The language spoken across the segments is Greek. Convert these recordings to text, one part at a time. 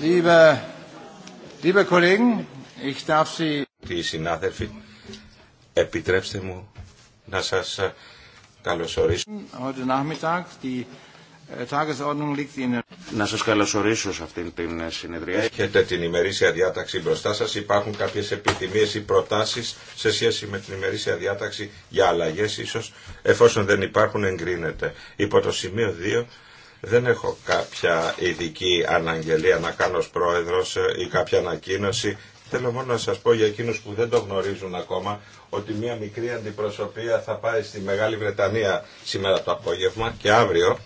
Liebe, liebe Οι συνάδελφοι, επιτρέψτε μου να σας ε, καλωσορίσω. Äh, να σας καλωσορίσω σε αυτήν την ε, συνεδρία. Έχετε την ημερήσια διάταξη μπροστά σας. Υπάρχουν κάποιες επιθυμίες ή προτάσεις σε σχέση με την ημερήσια διάταξη για αλλαγές ίσως. Εφόσον δεν υπάρχουν εγκρίνεται. Υπό το σημείο 2 δεν έχω κάποια ειδική αναγγελία να κάνω ως πρόεδρος ή κάποια ανακοίνωση. Θέλω μόνο να σας πω για εκείνους που δεν το γνωρίζουν ακόμα ότι μια μικρή αντιπροσωπεία θα πάει στη Μεγάλη Βρετανία σήμερα το απόγευμα και αύριο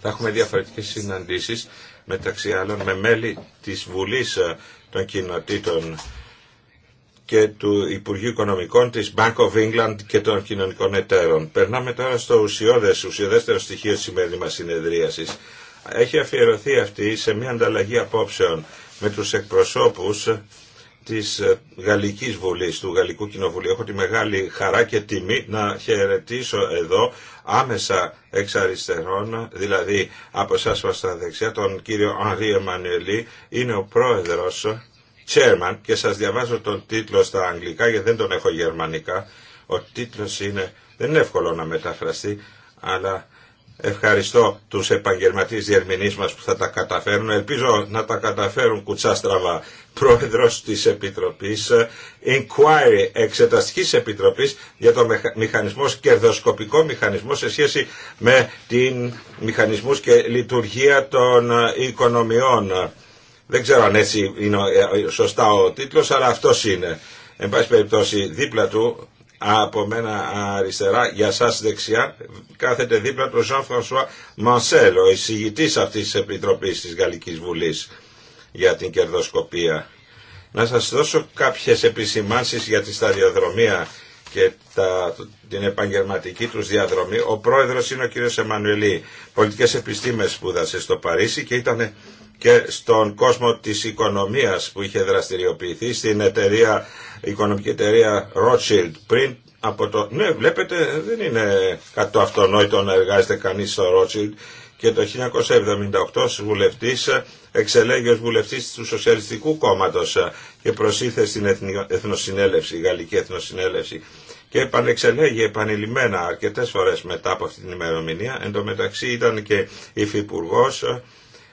θα έχουμε διαφορετικές συναντήσεις μεταξύ άλλων με μέλη της Βουλής των Κοινοτήτων και του Υπουργείου Οικονομικών της Bank of England και των κοινωνικών εταίρων. Περνάμε τώρα στο ουσιώδες, ουσιοδέστερο στοιχείο της σημερινής μας συνεδρίασης. Έχει αφιερωθεί αυτή σε μια ανταλλαγή απόψεων με τους εκπροσώπους της ε, Γαλλικής Βουλής, του Γαλλικού Κοινοβουλίου. Έχω τη μεγάλη χαρά και τιμή να χαιρετήσω εδώ άμεσα εξ αριστερών, δηλαδή από εσάς δεξιά, τον κύριο Ανρί Εμμανουελή, είναι ο πρόεδρος chairman και σας διαβάζω τον τίτλο στα αγγλικά γιατί δεν τον έχω γερμανικά. Ο τίτλος είναι, δεν είναι εύκολο να μεταφραστεί, αλλά ευχαριστώ τους επαγγελματίες διερμηνείς μας που θα τα καταφέρουν. Ελπίζω να τα καταφέρουν κουτσάστραβα, Πρόεδρος της Επιτροπής Inquiry, Εξεταστικής Επιτροπής για το μηχανισμό, κερδοσκοπικό μηχανισμό σε σχέση με την μηχανισμούς και λειτουργία των οικονομιών. Δεν ξέρω αν έτσι είναι ε, σωστά ο τίτλος, αλλά αυτό είναι. Εν πάση περιπτώσει, δίπλα του, από μένα αριστερά, για σας δεξιά, κάθεται δίπλα του Ζαν Φρανσουά Μανσέλ, ο εισηγητής αυτής της Επιτροπής της Γαλλικής Βουλής για την κερδοσκοπία. Να σας δώσω κάποιες επισημάνσεις για τη σταδιοδρομία και τα, την επαγγελματική του διαδρομή. Ο πρόεδρος είναι ο κύριος Εμμανουελή, πολιτικές επιστήμες σπούδασε στο Παρίσι και ήταν και στον κόσμο της οικονομίας που είχε δραστηριοποιηθεί στην εταιρεία, οικονομική εταιρεία Rothschild πριν από το... Ναι, βλέπετε, δεν είναι κάτι το αυτονόητο να εργάζεται κανείς στο Rothschild και το 1978 βουλευτής εξελέγει ως βουλευτής του Σοσιαλιστικού Κόμματος και προσήθε στην Εθνοσυνέλευση, η Γαλλική Εθνοσυνέλευση και επανεξελέγει επανειλημμένα αρκετές φορές μετά από αυτή την ημερομηνία. Εν ήταν και υφυπουργός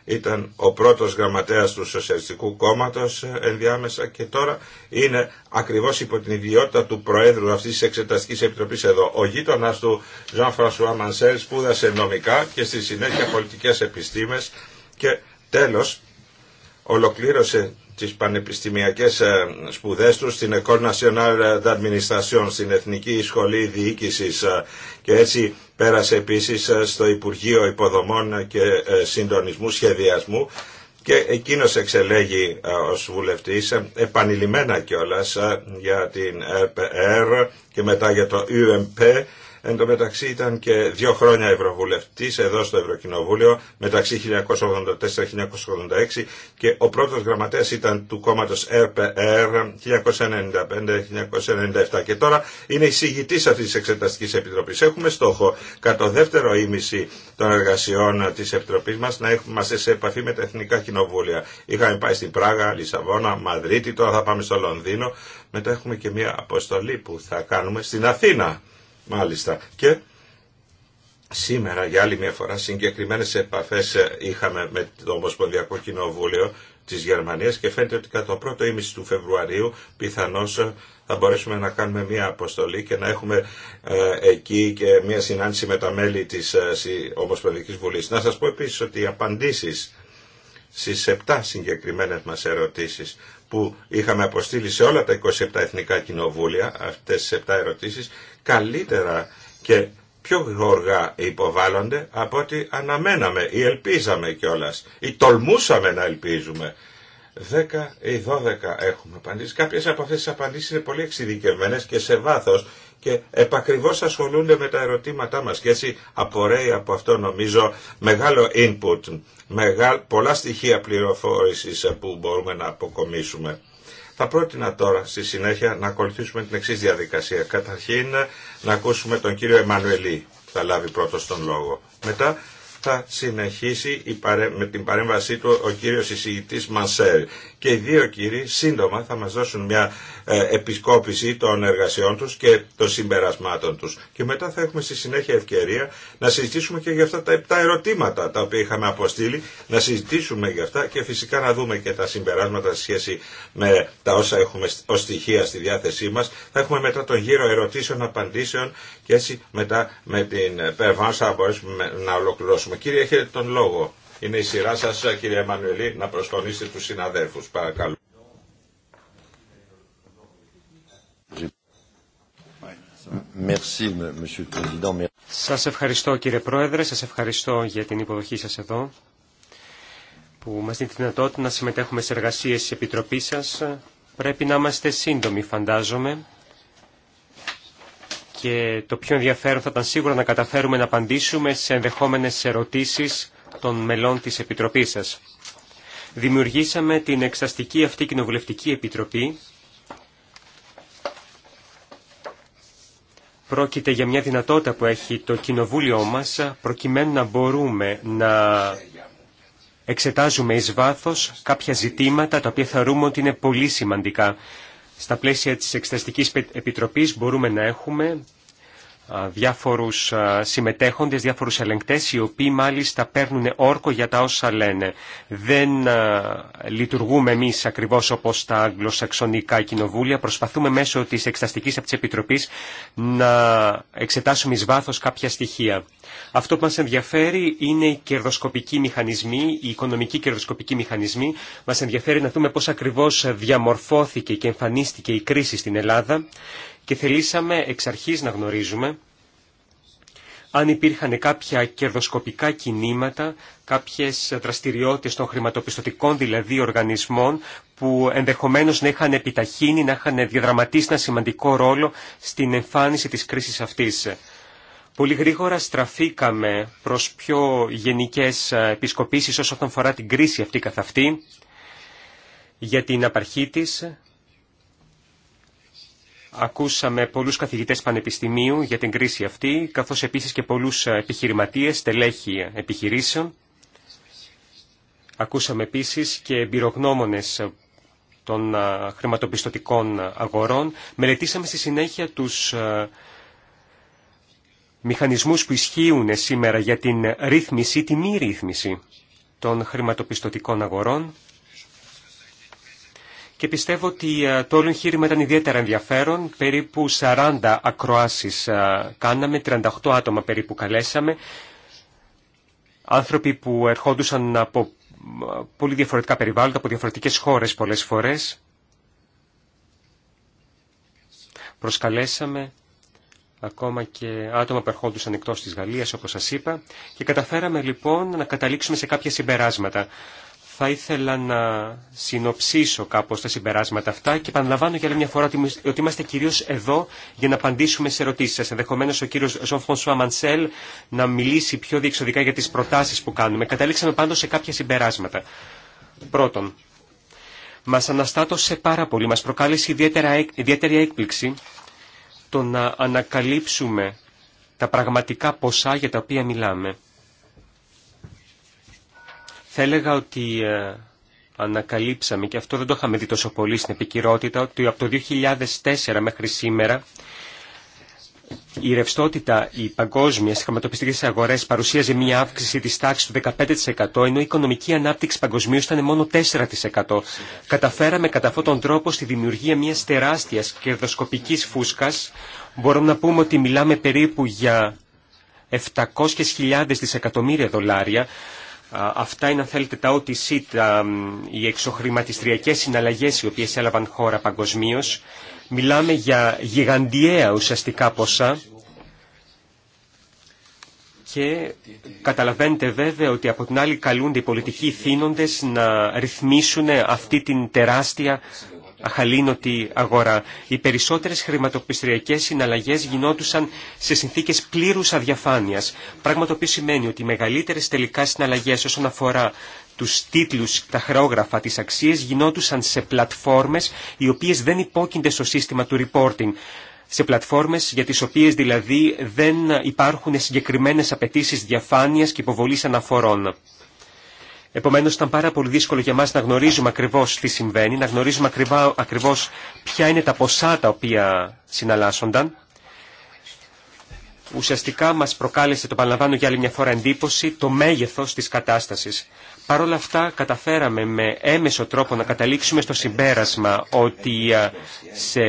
ήταν ο πρώτος γραμματέας του Σοσιαλιστικού Κόμματος ε, ενδιάμεσα και τώρα είναι ακριβώς υπό την ιδιότητα του Προέδρου αυτής της Εξεταστικής Επιτροπής εδώ. Ο γείτονα του Ζαν Φρανσουά Μανσέλ σπούδασε νομικά και στη συνέχεια πολιτικές επιστήμες και τέλος ολοκλήρωσε τις πανεπιστημιακές ε, σπουδές του, στην École Nationale d'Administration, στην Εθνική Σχολή Διοίκησης ε, και έτσι πέρασε επίσης ε, στο Υπουργείο Υποδομών και Συντονισμού Σχεδιασμού και εκείνος εξελέγει ως βουλευτής επανειλημμένα κιόλας για την ΕΠΕΡ και μετά για το UMP Εν τω μεταξύ ήταν και δύο χρόνια ευρωβουλευτής εδώ στο Ευρωκοινοβούλιο μεταξύ 1984-1986 και ο πρώτος γραμματέας ήταν του κόμματος RPR 1995-1997 και τώρα είναι εισηγητής αυτή της εξεταστική επιτροπή. Έχουμε στόχο κατά το δεύτερο ήμιση των εργασιών της Επιτροπής μας να είμαστε σε επαφή με τα Εθνικά Κοινοβούλια. Είχαμε πάει στην Πράγα, Λισαβόνα, Μαδρίτη, τώρα θα πάμε στο Λονδίνο. Μετά έχουμε και μια αποστολή που θα κάνουμε στην Αθήνα. Μάλιστα. Και σήμερα για άλλη μια φορά συγκεκριμένες επαφές ε, είχαμε με το Ομοσπονδιακό Κοινοβούλιο της Γερμανίας και φαίνεται ότι κατά το πρώτο ήμιση του Φεβρουαρίου πιθανώς ε, θα μπορέσουμε να κάνουμε μια αποστολή και να έχουμε ε, εκεί και μια συνάντηση με τα μέλη της ε, Ομοσπονδιακής Βουλής. Να σας πω επίσης ότι οι απαντήσεις στις 7 συγκεκριμένες μας ερωτήσεις που είχαμε αποστείλει σε όλα τα 27 εθνικά κοινοβούλια αυτές τις 7 ερωτήσεις καλύτερα και πιο γοργά υποβάλλονται από ό,τι αναμέναμε ή ελπίζαμε κιόλας ή τολμούσαμε να ελπίζουμε. 10 ή 12 έχουμε απαντήσει. Κάποιε από αυτέ τι απαντήσει είναι πολύ εξειδικευμένε και σε βάθο και επακριβώ ασχολούνται με τα ερωτήματά μα. Και έτσι απορρέει από αυτό νομίζω μεγάλο input, πολλά στοιχεία πληροφόρηση που μπορούμε να αποκομίσουμε. Θα πρότεινα τώρα στη συνέχεια να ακολουθήσουμε την εξή διαδικασία. Καταρχήν να ακούσουμε τον κύριο Εμμανουελή που θα λάβει πρώτος τον λόγο. Μετά θα συνεχίσει με την παρέμβασή του ο κύριος εισηγητής Μανσέρ και οι δύο κύριοι σύντομα θα μας δώσουν μια ε, επισκόπηση των εργασιών τους και των συμπερασμάτων τους. Και μετά θα έχουμε στη συνέχεια ευκαιρία να συζητήσουμε και για αυτά τα επτά ερωτήματα τα οποία είχαμε αποστείλει, να συζητήσουμε για αυτά και φυσικά να δούμε και τα συμπεράσματα σε σχέση με τα όσα έχουμε ως στοιχεία στη διάθεσή μας. Θα έχουμε μετά τον γύρο ερωτήσεων, απαντήσεων και έτσι μετά με την περβάνσα θα μπορέσουμε να ολοκληρώσουμε. Κύριε, έχετε τον λόγο. Είναι η σειρά σας κύριε Εμμανουελή να προσφωνήσετε τους συναδέλφους. Παρακαλώ. Σας ευχαριστώ κύριε Πρόεδρε, σας ευχαριστώ για την υποδοχή σας εδώ που μας δίνει τη δυνατότητα να συμμετέχουμε σε εργασίες της Επιτροπής σας. Πρέπει να είμαστε σύντομοι φαντάζομαι και το πιο ενδιαφέρον θα ήταν σίγουρα να καταφέρουμε να απαντήσουμε σε ενδεχόμενες ερωτήσεις των μελών της Επιτροπής σας. Δημιουργήσαμε την εξαστική αυτή κοινοβουλευτική επιτροπή. Πρόκειται για μια δυνατότητα που έχει το κοινοβούλιο μας προκειμένου να μπορούμε να εξετάζουμε εις βάθος κάποια ζητήματα τα οποία θεωρούμε ότι είναι πολύ σημαντικά. Στα πλαίσια της Εξεταστικής Επιτροπής μπορούμε να έχουμε διάφορους συμμετέχοντες, διάφορους ελεγκτές, οι οποίοι μάλιστα παίρνουν όρκο για τα όσα λένε. Δεν λειτουργούμε εμείς ακριβώς όπως τα αγγλοσαξονικά κοινοβούλια. Προσπαθούμε μέσω της Εξεταστικής Επιτροπής να εξετάσουμε εις βάθος κάποια στοιχεία. Αυτό που μας ενδιαφέρει είναι οι κερδοσκοπικοί μηχανισμοί, οι οικονομικοί κερδοσκοπικοί μηχανισμοί. Μας ενδιαφέρει να δούμε πώς ακριβώς διαμορφώθηκε και εμφανίστηκε η κρίση στην Ελλάδα και θελήσαμε εξ αρχής να γνωρίζουμε αν υπήρχαν κάποια κερδοσκοπικά κινήματα, κάποιες δραστηριότητες των χρηματοπιστωτικών δηλαδή οργανισμών που ενδεχομένως να είχαν επιταχύνει, να είχαν διαδραματίσει ένα σημαντικό ρόλο στην εμφάνιση της κρίσης αυτής. Πολύ γρήγορα στραφήκαμε προς πιο γενικές επισκοπήσεις όσον αφορά την κρίση αυτή καθ' αυτή, για την απαρχή της, Ακούσαμε πολλούς καθηγητές πανεπιστημίου για την κρίση αυτή, καθώς επίσης και πολλούς ε, επιχειρηματίες, τελέχη επιχειρήσεων. Ακούσαμε επίσης και εμπειρογνώμονες ε, των ε, χρηματοπιστωτικών αγορών. Μελετήσαμε στη συνέχεια τους μηχανισμούς που ισχύουν σήμερα για την ρύθμιση, τη μη ρύθμιση των χρηματοπιστωτικών αγορών και πιστεύω ότι ε, το όλο εγχείρημα ήταν ιδιαίτερα ενδιαφέρον. Περίπου 40 ακροάσεις ε, κάναμε, 38 άτομα περίπου καλέσαμε. Άνθρωποι που ερχόντουσαν από ε, πολύ διαφορετικά περιβάλλοντα, από διαφορετικές χώρες πολλές φορές. Προσκαλέσαμε ακόμα και άτομα που ερχόντουσαν εκτός της Γαλλίας, όπως σας είπα, και καταφέραμε λοιπόν να καταλήξουμε σε κάποια συμπεράσματα. Θα ήθελα να συνοψίσω κάπως τα συμπεράσματα αυτά και επαναλαμβάνω για άλλη μια φορά ότι είμαστε κυρίως εδώ για να απαντήσουμε σε ερωτήσεις σας. Ενδεχομένως ο κύριος Ζων Φωνσουά Μανσέλ να μιλήσει πιο διεξοδικά για τις προτάσεις που κάνουμε. Καταλήξαμε πάντως σε κάποια συμπεράσματα. Πρώτον, μας αναστάτωσε πάρα πολύ, μας προκάλεσε ιδιαίτερη έκπληξη το να ανακαλύψουμε τα πραγματικά ποσά για τα οποία μιλάμε. Θα έλεγα ότι ε, ανακαλύψαμε, και αυτό δεν το είχαμε δει τόσο πολύ στην επικυρότητα, ότι από το 2004 μέχρι σήμερα η ρευστότητα, η παγκόσμια στι χρηματοπιστικέ αγορέ παρουσίαζε μια αύξηση της τάξης του 15%, ενώ η οικονομική ανάπτυξη παγκοσμίω ήταν μόνο 4%. Καταφέραμε κατά αυτόν τον τρόπο στη δημιουργία μιας τεράστια κερδοσκοπικής φούσκας Μπορούμε να πούμε ότι μιλάμε περίπου για 700.000 δισεκατομμύρια δολάρια, Αυτά είναι αν θέλετε τα OTC, τα, οι εξοχρηματιστριακές συναλλαγές οι οποίες έλαβαν χώρα παγκοσμίω. Μιλάμε για γιγαντιαία ουσιαστικά ποσά και καταλαβαίνετε βέβαια ότι από την άλλη καλούνται οι πολιτικοί θύνοντες να ρυθμίσουν αυτή την τεράστια αχαλήνωτη αγορά. Οι περισσότερες χρηματοπιστριακές συναλλαγές γινόντουσαν σε συνθήκες πλήρους αδιαφάνειας, πράγμα το οποίο σημαίνει ότι οι μεγαλύτερες τελικά συναλλαγές όσον αφορά τους τίτλους, τα χρεόγραφα, τις αξίες γινόντουσαν σε πλατφόρμες οι οποίες δεν υπόκεινται στο σύστημα του reporting σε πλατφόρμες για τις οποίες δηλαδή δεν υπάρχουν συγκεκριμένες απαιτήσεις διαφάνειας και υποβολής αναφορών. Επομένως ήταν πάρα πολύ δύσκολο για μας να γνωρίζουμε ακριβώς τι συμβαίνει, να γνωρίζουμε ακριβά, ακριβώς ποια είναι τα ποσά τα οποία συναλλάσσονταν. Ουσιαστικά μας προκάλεσε, το παραλαμβάνω για άλλη μια φορά εντύπωση, το μέγεθος της κατάστασης. Παρ' όλα αυτά καταφέραμε με έμεσο τρόπο να καταλήξουμε στο συμπέρασμα ότι σε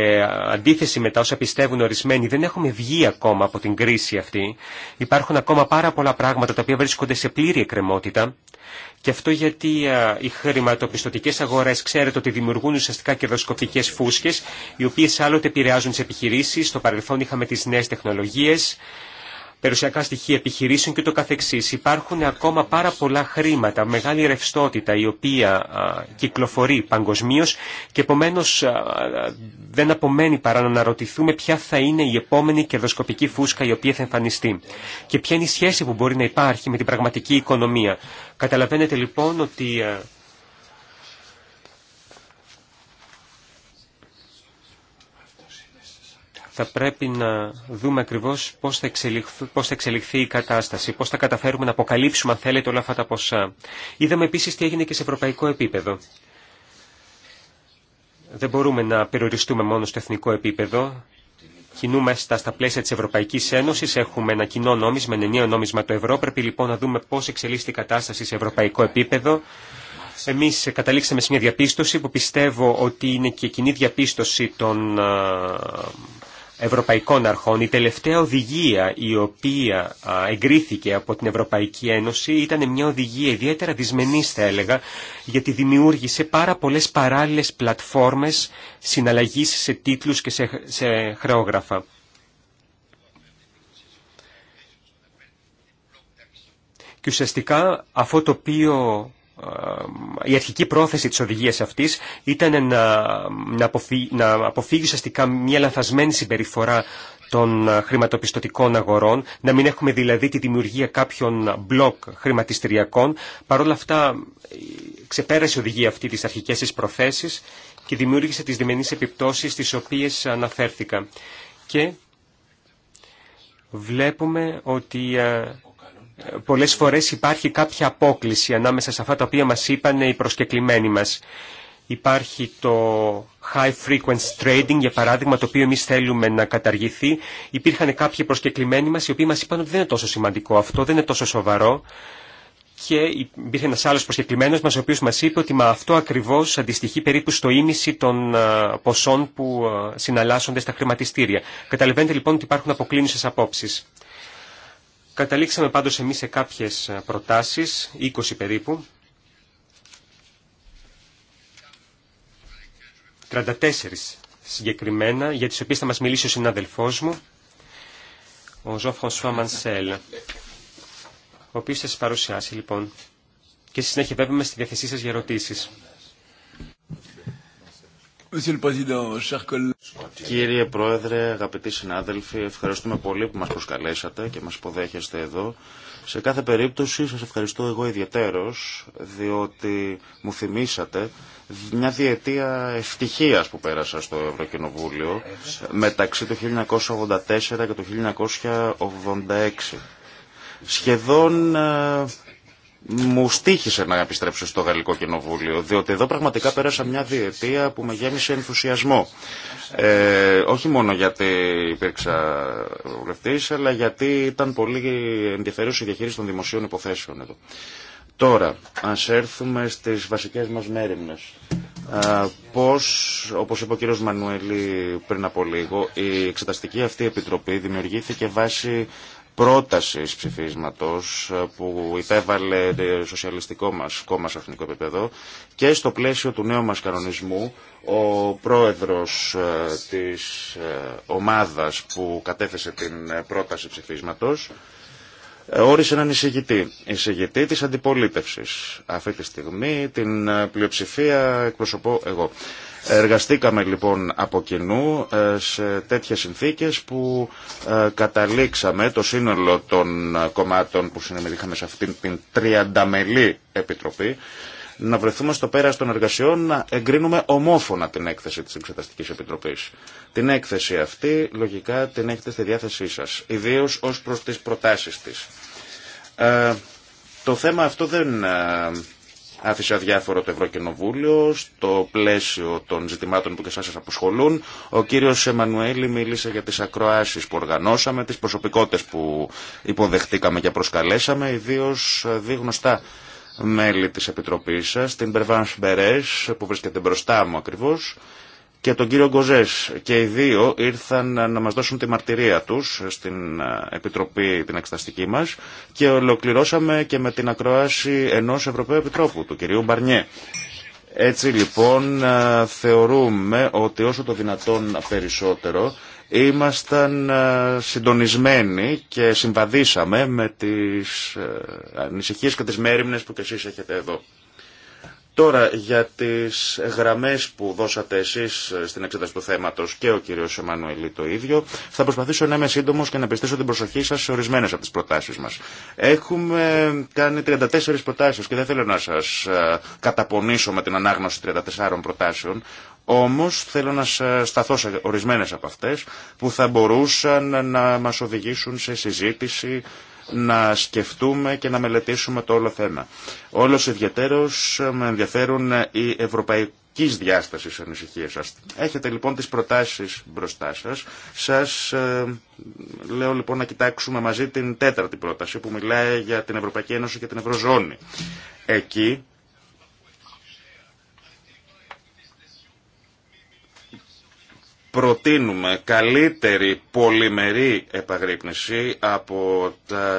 αντίθεση με τα όσα πιστεύουν ορισμένοι δεν έχουμε βγει ακόμα από την κρίση αυτή. Υπάρχουν ακόμα πάρα πολλά πράγματα τα οποία βρίσκονται σε πλήρη εκκρεμότητα και αυτό γιατί οι χρηματοπιστωτικές αγορές ξέρετε ότι δημιουργούν ουσιαστικά κερδοσκοπικές φούσκες οι οποίες άλλοτε επηρεάζουν τις επιχειρήσεις. Στο παρελθόν είχαμε τις νέες τεχνολογίες περιουσιακά στοιχεία επιχειρήσεων και το καθεξής. Υπάρχουν ακόμα πάρα πολλά χρήματα, μεγάλη ρευστότητα η οποία κυκλοφορεί παγκοσμίω και επομένω δεν απομένει παρά να αναρωτηθούμε ποια θα είναι η επόμενη κερδοσκοπική φούσκα η οποία θα εμφανιστεί και ποια είναι η σχέση που μπορεί να υπάρχει με την πραγματική οικονομία. Καταλαβαίνετε λοιπόν ότι θα πρέπει να δούμε ακριβώς πώς θα, εξελιχθεί η κατάσταση, πώς θα καταφέρουμε να αποκαλύψουμε, αν θέλετε, όλα αυτά τα ποσά. Είδαμε επίσης τι έγινε και σε ευρωπαϊκό επίπεδο. Δεν μπορούμε να περιοριστούμε μόνο στο εθνικό επίπεδο. Κινούμαστε στα πλαίσια της Ευρωπαϊκής Ένωσης, έχουμε ένα κοινό νόμισμα, ένα νέο νόμισμα το ευρώ. Πρέπει λοιπόν να δούμε πώς εξελίσσεται η κατάσταση σε ευρωπαϊκό επίπεδο. Εμεί καταλήξαμε σε μια διαπίστωση που πιστεύω ότι είναι και κοινή διαπίστωση των ευρωπαϊκών αρχών. Η τελευταία οδηγία η οποία εγκρίθηκε από την Ευρωπαϊκή Ένωση ήταν μια οδηγία ιδιαίτερα δυσμενής θα έλεγα γιατί δημιούργησε πάρα πολλές παράλληλες πλατφόρμες συναλλαγής σε τίτλους και σε χρεόγραφα. Και ουσιαστικά αυτό το οποίο ε, η αρχική πρόθεση της οδηγίας αυτής ήταν να, να, αποφύγει, να αποφύγει ουσιαστικά μια λανθασμένη συμπεριφορά των χρηματοπιστωτικών αγορών, να μην έχουμε δηλαδή τη δημιουργία κάποιων μπλοκ χρηματιστηριακών. Παρ' όλα αυτά ε, ξεπέρασε η οδηγία αυτή της αρχικές της προθέσεις και δημιούργησε τις διμενείς επιπτώσεις τις οποίες αναφέρθηκα. Και βλέπουμε ότι ε, πολλές φορές υπάρχει κάποια απόκληση ανάμεσα σε αυτά τα οποία μας είπαν οι προσκεκλημένοι μας. Υπάρχει το high frequency trading, για παράδειγμα, το οποίο εμείς θέλουμε να καταργηθεί. Υπήρχαν κάποιοι προσκεκλημένοι μας οι οποίοι μας είπαν ότι δεν είναι τόσο σημαντικό αυτό, δεν είναι τόσο σοβαρό. Και υπήρχε ένας άλλος προσκεκλημένος μας ο οποίος μας είπε ότι μα αυτό ακριβώς αντιστοιχεί περίπου στο ίμιση των ε, ποσών που ε, συναλλάσσονται στα χρηματιστήρια. Καταλαβαίνετε λοιπόν ότι υπάρχουν αποκλίνουσες απόψεις. Καταλήξαμε πάντως εμείς σε κάποιες ε, προτάσεις, 20 περίπου. 34 συγκεκριμένα, για τις οποίες θα μας μιλήσει ο συνάδελφός μου, ο Ζωφρονσουά Μανσέλ, ο οποίος θα σας παρουσιάσει λοιπόν. Και στη συνέχεια βέβαια στη διαθεσή σας για ερωτήσεις. Κύριε Πρόεδρε, αγαπητοί συνάδελφοι, ευχαριστούμε πολύ που μας προσκαλέσατε και μας υποδέχεστε εδώ. Σε κάθε περίπτωση σας ευχαριστώ εγώ ιδιαίτερος, διότι μου θυμήσατε μια διετία ευτυχίας που πέρασα στο Ευρωκοινοβούλιο μεταξύ του 1984 και του 1986. Σχεδόν ε, μου στήχησε να επιστρέψω στο Γαλλικό Κοινοβούλιο, διότι εδώ πραγματικά πέρασα μια διετία που με γέννησε ενθουσιασμό. Ε, όχι μόνο γιατί υπήρξα βουλευτής, αλλά γιατί ήταν πολύ ενδιαφέρουσα η διαχείριση των δημοσίων υποθέσεων εδώ. Τώρα, ας έρθουμε στις βασικές μας μέρημνες. Πώς, όπως είπε ο κύριος Μανουέλη πριν από λίγο, η εξεταστική αυτή επιτροπή δημιουργήθηκε βάσει πρόταση ψηφίσματος ε, που υπέβαλε το ε, σοσιαλιστικό μας κόμμα σε εθνικό επίπεδο και στο πλαίσιο του νέου μα κανονισμού ο πρόεδρος ε, της ομάδας που κατέθεσε την πρόταση ψηφίσματος ε, όρισε έναν εισηγητή, εισηγητή της αντιπολίτευσης. Αυτή τη στιγμή την ε, πλειοψηφία εκπροσωπώ εγώ. Εργαστήκαμε λοιπόν από κοινού ε, σε τέτοιες συνθήκες που καταλήξαμε το σύνολο των κομμάτων που συνέμεριχαμε σε αυτήν την τριανταμελή επιτροπή να βρεθούμε στο πέρα των εργασιών να εγκρίνουμε ομόφωνα την έκθεση τη Εξεταστική Επιτροπή. Την έκθεση αυτή λογικά την έχετε στη διάθεσή σα, ιδίω ω προ τι προτάσει τη. Ε, το θέμα αυτό δεν ε, άφησε αδιάφορο το Ευρωκοινοβούλιο στο πλαίσιο των ζητημάτων που και σας αποσχολούν. Ο κύριος Εμμανουέλη μίλησε για τις ακροάσεις που οργανώσαμε, τις προσωπικότητες που υποδεχτήκαμε και προσκαλέσαμε, ιδίως ε, δίγνωστά μέλη της Επιτροπής σας, την Περβάνς Μπερές που βρίσκεται μπροστά μου ακριβώς και τον κύριο Γκοζές. Και οι δύο ήρθαν να μας δώσουν τη μαρτυρία τους στην ε, Επιτροπή την Εξεταστική μας και ολοκληρώσαμε και με την ακροάση ενός Ευρωπαίου Επιτρόπου, του κυρίου Μπαρνιέ. Έτσι λοιπόν ε, θεωρούμε ότι όσο το δυνατόν περισσότερο Ήμασταν ε, συντονισμένοι και συμβαδίσαμε με τις ε, ανησυχίες και τις μέρημνες που και εσείς έχετε εδώ. Τώρα για τις γραμμές που δώσατε εσείς ε, στην εξέταση του θέματος και ο κύριος Εμμανουελή το ίδιο, θα προσπαθήσω να είμαι σύντομο και να πιστέψω την προσοχή σας σε ορισμένες από τις προτάσεις μας. Έχουμε κάνει 34 προτάσεις και δεν θέλω να σας ε, καταπονήσω με την ανάγνωση 34 προτάσεων, όμως θέλω να σταθώ σε ορισμένες από αυτές που θα μπορούσαν να μας οδηγήσουν σε συζήτηση να σκεφτούμε και να μελετήσουμε το όλο θέμα. Όλος ιδιαίτερος ε, με ενδιαφέρουν οι ε, ευρωπαϊκοί διάστασεις διάστασης ανησυχία σας. Έχετε λοιπόν τις προτάσεις μπροστά σας. Σας ε, λέω λοιπόν να κοιτάξουμε μαζί την τέταρτη πρόταση που μιλάει για την Ευρωπαϊκή Ένωση και την Ευρωζώνη. Εκεί προτείνουμε καλύτερη πολυμερή επαγρύπνηση από τα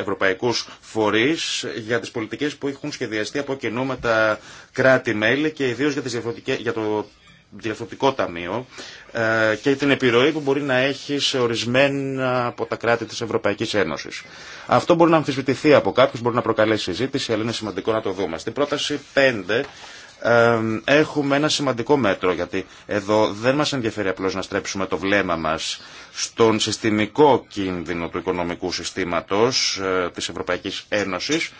ευρωπαϊκούς φορείς για τις πολιτικές που έχουν σχεδιαστεί από κοινού με τα κράτη-μέλη και ιδίως για, για το διαφορετικό ταμείο ε, και την επιρροή που μπορεί να έχει σε ορισμένα από τα κράτη της Ευρωπαϊκής Ένωσης. Αυτό μπορεί να αμφισβητηθεί από κάποιους, μπορεί να προκαλέσει συζήτηση, αλλά είναι σημαντικό να το δούμε. Στην πρόταση 5 έχουμε ένα σημαντικό μέτρο, γιατί εδώ δεν μας ενδιαφέρει απλώς να στρέψουμε το βλέμμα μας στον συστημικό κίνδυνο του οικονομικού συστήματος ε, της Ευρωπαϊκής Ένωσης,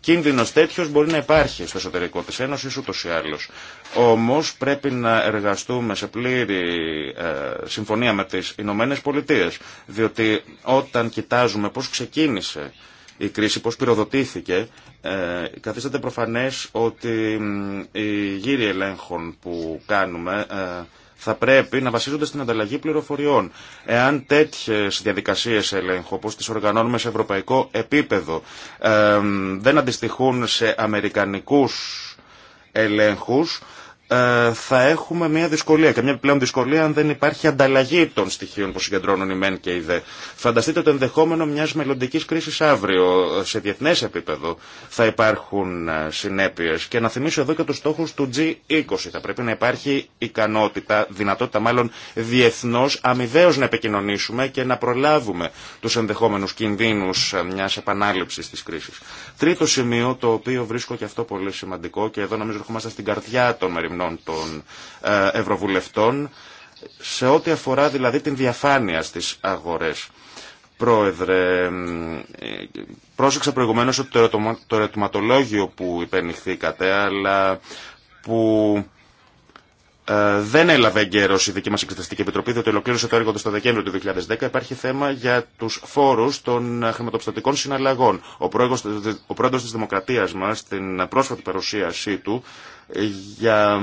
Κίνδυνος τέτοιο μπορεί να υπάρχει στο εσωτερικό της Ένωσης ούτως ή άλλως. Όμω πρέπει να εργαστούμε σε πλήρη ε, συμφωνία με τις Ηνωμένε Πολιτείε. Διότι όταν κοιτάζουμε πώς ξεκίνησε η κρίση, πώς πυροδοτήθηκε, ε, καθίσταται προφανές ότι οι γύροι ελέγχων που κάνουμε ε, θα πρέπει να βασίζονται στην ανταλλαγή πληροφοριών. Εάν τέτοιες διαδικασίες ελέγχου, όπως τις οργανώνουμε σε ευρωπαϊκό επίπεδο, ε, δεν αντιστοιχούν σε αμερικανικούς ελέγχους... Ε, θα έχουμε μια δυσκολία και μια πλέον δυσκολία αν δεν υπάρχει ανταλλαγή των στοιχείων που συγκεντρώνουν οι ΜΕΝ και οι ΔΕ. Φανταστείτε το ενδεχόμενο μια μελλοντική κρίση αύριο σε διεθνέ επίπεδο θα υπάρχουν ε, συνέπειε. Και να θυμίσω εδώ και του στόχου του G20. Θα πρέπει να υπάρχει ικανότητα, δυνατότητα μάλλον διεθνώ αμοιβαίω να επικοινωνήσουμε και να προλάβουμε του ενδεχόμενου κινδύνου ε, μια επανάληψη τη κρίση. Τρίτο σημείο το οποίο βρίσκω και αυτό πολύ σημαντικό και εδώ νομίζω στην καρδιά των ερευνών των ε, Ευρωβουλευτών σε ό,τι αφορά δηλαδή την διαφάνεια στις αγορές. Πρόεδρε, πρόσεξα προηγουμένως ότι το ερωτηματολόγιο που υπενηχθήκατε, αλλά που ε, δεν έλαβε εγκαίρω η δική μα Εξεταστική Επιτροπή, διότι ολοκλήρωσε το έργο του στο Δεκέμβριο του 2010. Υπάρχει θέμα για του φόρου των χρηματοπιστωτικών συναλλαγών. Ο πρόεδρο τη Δημοκρατία μα, στην πρόσφατη παρουσίασή του, για,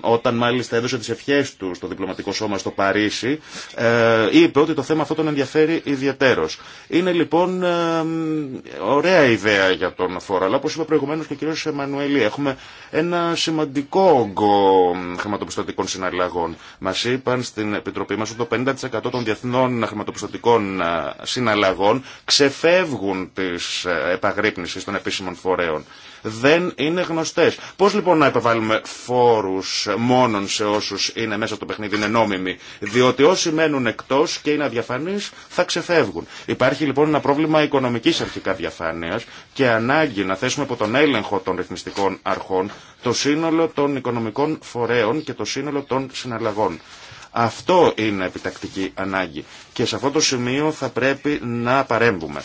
όταν μάλιστα έδωσε τις ευχές του στο διπλωματικό σώμα στο Παρίσι, ε, είπε ότι το θέμα αυτό τον ενδιαφέρει ιδιαίτερος. Είναι λοιπόν ε, ωραία ιδέα για τον φόρο, αλλά όπως είπε προηγουμένως και ο κ. Εμμανουέλη, έχουμε ένα σημαντικό όγκο χρηματοπιστωτικών συναλλαγών. Μας είπαν στην Επιτροπή μας ότι το 50% των διεθνών χρηματοπιστωτικών ε, συναλλαγών ξεφεύγουν της ε, επαγρύπνησης των επίσημων φορέων δεν είναι γνωστέ. Πώ λοιπόν να επιβάλλουμε φόρου μόνον σε όσου είναι μέσα το παιχνίδι, είναι νόμιμοι, διότι όσοι μένουν εκτό και είναι αδιαφανεί θα ξεφεύγουν. Υπάρχει λοιπόν ένα πρόβλημα οικονομική αρχικά διαφάνεια και ανάγκη να θέσουμε από τον έλεγχο των ρυθμιστικών αρχών το σύνολο των οικονομικών φορέων και το σύνολο των συναλλαγών. Αυτό είναι επιτακτική ανάγκη και σε αυτό το σημείο θα πρέπει να παρέμβουμε.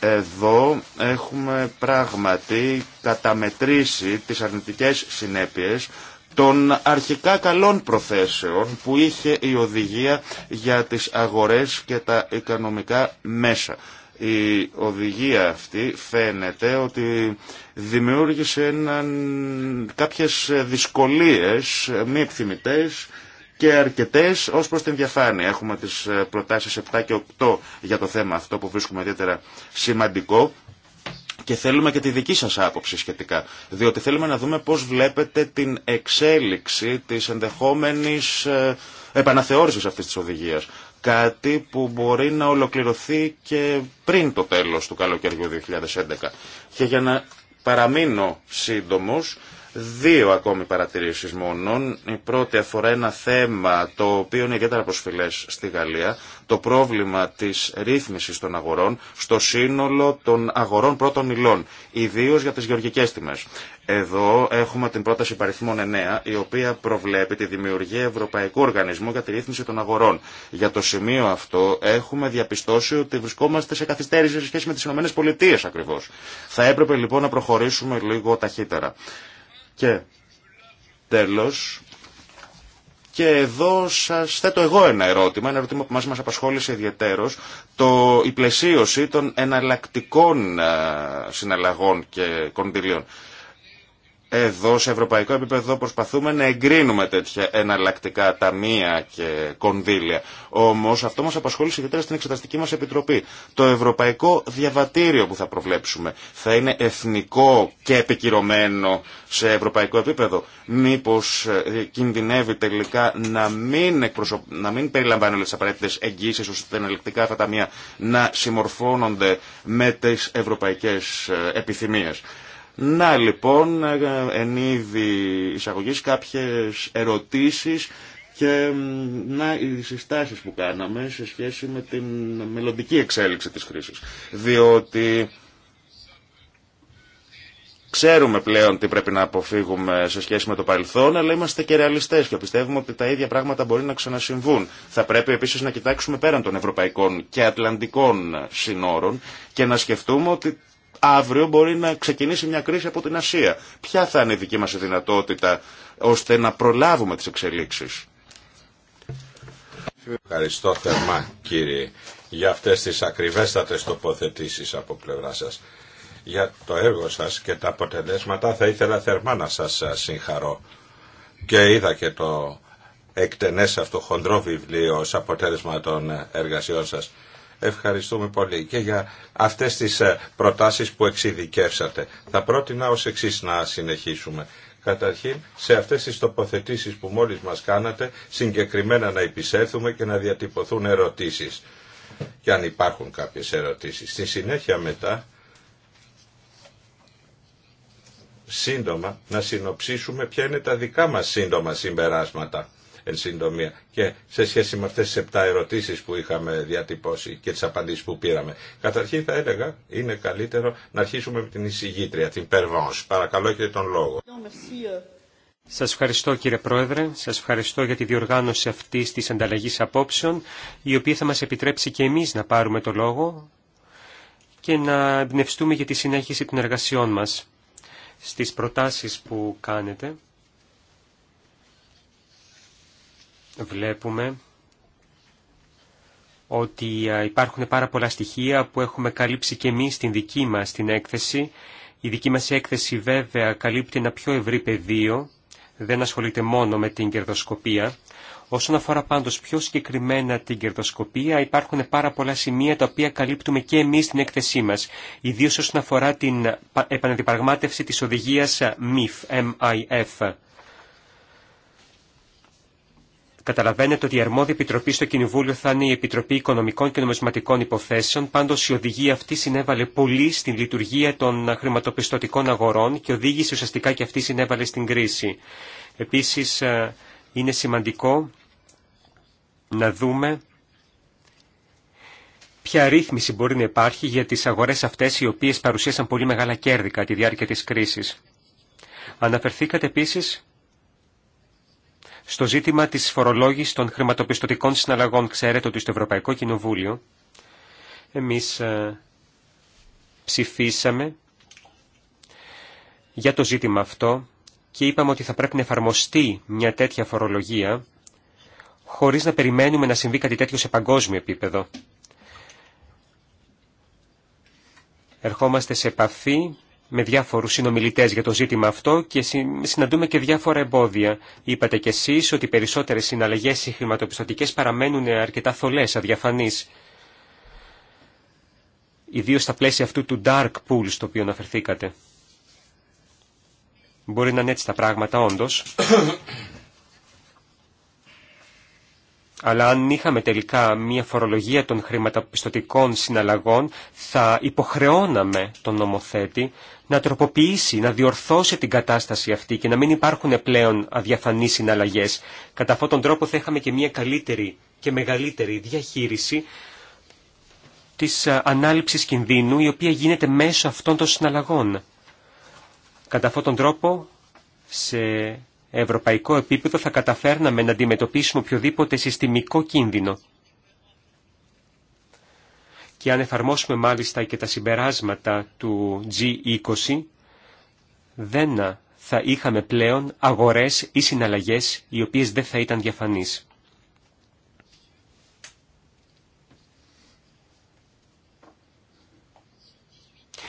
Εδώ έχουμε πράγματι καταμετρήσει τις αρνητικές συνέπειες των αρχικά καλών προθέσεων που είχε η οδηγία για τις αγορές και τα οικονομικά μέσα. Η οδηγία αυτή φαίνεται ότι δημιούργησε έναν, κάποιες δυσκολίες μη επιθυμητές και αρκετέ ω προ την διαφάνεια. Έχουμε τι ε, προτάσει 7 και 8 για το θέμα αυτό που βρίσκουμε ιδιαίτερα σημαντικό. Και θέλουμε και τη δική σας άποψη σχετικά, διότι θέλουμε να δούμε πώς βλέπετε την εξέλιξη της ενδεχόμενης ε, επαναθεώρησης αυτής της οδηγίας. Κάτι που μπορεί να ολοκληρωθεί και πριν το τέλος του καλοκαιριού 2011. Και για να παραμείνω σύντομος, Δύο ακόμη παρατηρήσεις μόνον. Η πρώτη αφορά ένα θέμα το οποίο είναι ιδιαίτερα προσφυλές στη Γαλλία, το πρόβλημα της ρύθμισης των αγορών στο σύνολο των αγορών πρώτων υλών, ιδίω για τις γεωργικές τιμές. Εδώ έχουμε την πρόταση παριθμών 9, η οποία προβλέπει τη δημιουργία Ευρωπαϊκού Οργανισμού για τη ρύθμιση των αγορών. Για το σημείο αυτό έχουμε διαπιστώσει ότι βρισκόμαστε σε καθυστέρηση σε σχέση με τις ΗΠΑ ακριβώς. Θα έπρεπε λοιπόν να προχωρήσουμε λίγο ταχύτερα. Και τέλος, και εδώ σας θέτω εγώ ένα ερώτημα, ένα ερώτημα που μας, μας απασχόλησε ιδιαίτερος, το, η πλαισίωση των εναλλακτικών ε, συναλλαγών και κοντιλιών. Εδώ σε ευρωπαϊκό επίπεδο προσπαθούμε να εγκρίνουμε τέτοια εναλλακτικά ταμεία και κονδύλια. Όμω αυτό μα απασχολεί ιδιαίτερα στην εξεταστική μα επιτροπή. Το ευρωπαϊκό διαβατήριο που θα προβλέψουμε θα είναι εθνικό και επικυρωμένο σε ευρωπαϊκό επίπεδο. Μήπω ε, κινδυνεύει τελικά να μην, εκπροσωπ... να μην περιλαμβάνει όλε τι απαραίτητε εγγύσει ώστε τα εναλλακτικά αυτά ταμεία να συμμορφώνονται με τι ευρωπαϊκέ ε, επιθυμίε. Να λοιπόν, ε, εν είδη εισαγωγής κάποιες ερωτήσεις και να, οι συστάσεις που κάναμε σε σχέση με την μελλοντική εξέλιξη της χρήσης. Διότι ξέρουμε πλέον τι πρέπει να αποφύγουμε σε σχέση με το παρελθόν, αλλά είμαστε και ρεαλιστές και πιστεύουμε ότι τα ίδια πράγματα μπορεί να ξανασυμβούν. Θα πρέπει επίσης να κοιτάξουμε πέραν των ευρωπαϊκών και ατλαντικών συνόρων και να σκεφτούμε ότι αύριο μπορεί να ξεκινήσει μια κρίση από την Ασία. Ποια θα είναι η δική μας δυνατότητα ώστε να προλάβουμε τις εξελίξεις. Ευχαριστώ θερμά κύριε για αυτές τις ακριβέστατες τοποθετήσεις από πλευρά σας. Για το έργο σας και τα αποτελέσματα θα ήθελα θερμά να σας ε, συγχαρώ. Και είδα και το εκτενές αυτό χοντρό βιβλίο ως αποτέλεσμα των ε, εργασιών σας. Ευχαριστούμε πολύ και για αυτές τις ε, προτάσεις που εξειδικεύσατε. Θα πρότεινα ως εξής να συνεχίσουμε. Καταρχήν, σε αυτές τις τοποθετήσεις που μόλις μας κάνατε, συγκεκριμένα να επισέλθουμε και να διατυπωθούν ερωτήσεις. Και αν υπάρχουν κάποιες ερωτήσεις. Στη συνέχεια μετά, σύντομα, να συνοψίσουμε ποια είναι τα δικά μας σύντομα συμπεράσματα εν συντομία και σε σχέση με αυτές τις επτά ερωτήσεις που είχαμε διατυπώσει και τις απαντήσεις που πήραμε. Καταρχήν θα έλεγα είναι καλύτερο να αρχίσουμε με την εισηγήτρια, την Περβόνς. Παρακαλώ και τον λόγο. Σας ευχαριστώ κύριε Πρόεδρε, σας ευχαριστώ για τη διοργάνωση αυτής της ανταλλαγής απόψεων, η οποία θα μας επιτρέψει και εμείς να πάρουμε το λόγο και να εμπνευστούμε για τη συνέχιση των εργασιών μας στις προτάσεις που κάνετε. βλέπουμε ότι υπάρχουν πάρα πολλά στοιχεία που έχουμε καλύψει και εμείς την δική μας την έκθεση. Η δική μας έκθεση βέβαια καλύπτει ένα πιο ευρύ πεδίο, δεν ασχολείται μόνο με την κερδοσκοπία. Όσον αφορά πάντως πιο συγκεκριμένα την κερδοσκοπία, υπάρχουν πάρα πολλά σημεία τα οποία καλύπτουμε και εμείς στην έκθεσή μας, ιδίως όσον αφορά την επαναδιπραγμάτευση της οδηγίας ε, MIF. MIF. Καταλαβαίνετε ότι η αρμόδια επιτροπή στο Κοινοβούλιο θα είναι η Επιτροπή Οικονομικών και Νομισματικών Υποθέσεων. Πάντω η οδηγία αυτή συνέβαλε πολύ στην λειτουργία των χρηματοπιστωτικών αγορών και οδήγησε ουσιαστικά και αυτή συνέβαλε στην κρίση. Επίση ε, είναι σημαντικό να δούμε ποια ρύθμιση μπορεί να υπάρχει για τι αγορέ αυτέ, οι οποίε παρουσίασαν πολύ μεγάλα κέρδη κατά τη διάρκεια τη κρίση. Αναφερθήκατε επίσης στο ζήτημα της φορολόγησης των χρηματοπιστωτικών συναλλαγών. Ξέρετε ότι στο Ευρωπαϊκό Κοινοβούλιο εμείς ε, ψηφίσαμε για το ζήτημα αυτό και είπαμε ότι θα πρέπει να εφαρμοστεί μια τέτοια φορολογία χωρίς να περιμένουμε να συμβεί κάτι τέτοιο σε παγκόσμιο επίπεδο. Ερχόμαστε σε επαφή με διάφορους συνομιλητές για το ζήτημα αυτό και συναντούμε και διάφορα εμπόδια. Είπατε κι εσείς ότι περισσότερες συναλλαγές οι χρηματοπιστωτικές παραμένουν αρκετά θολές, αδιαφανείς. Ιδίως στα πλαίσια αυτού του dark pool στο οποίο αναφερθήκατε. Μπορεί να είναι έτσι τα πράγματα όντως, αλλά αν είχαμε τελικά μια φορολογία των χρηματοπιστωτικών συναλλαγών, θα υποχρεώναμε τον νομοθέτη να τροποποιήσει, να διορθώσει την κατάσταση αυτή και να μην υπάρχουν πλέον αδιαφανείς συναλλαγές. Κατά αυτόν τον τρόπο θα είχαμε και μια καλύτερη και μεγαλύτερη διαχείριση της ε, ανάληψης κινδύνου, η οποία γίνεται μέσω αυτών των συναλλαγών. Κατά αυτόν τον τρόπο, σε ευρωπαϊκό επίπεδο θα καταφέρναμε να αντιμετωπίσουμε οποιοδήποτε συστημικό κίνδυνο. Και αν εφαρμόσουμε μάλιστα και τα συμπεράσματα του G20, δεν θα είχαμε πλέον αγορές ή συναλλαγές οι οποίες δεν θα ήταν διαφανείς.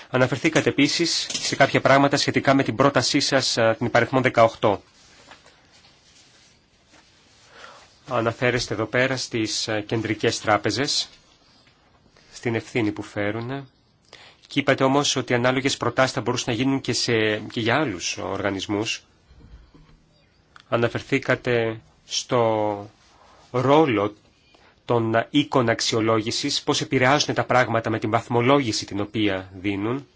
Αναφερθήκατε επίσης σε κάποια πράγματα σχετικά με την πρότασή σας την υπαριθμό 18. αναφέρεστε εδώ πέρα στις ε, κεντρικές τράπεζες, στην ευθύνη που φέρουν. Και είπατε όμως ότι ανάλογες προτάσεις θα μπορούσαν να γίνουν και, σε, και για άλλους οργανισμούς. Αναφερθήκατε στο ρόλο των οίκων αξιολόγησης, πώς επηρεάζουν τα πράγματα με την βαθμολόγηση την οποία δίνουν.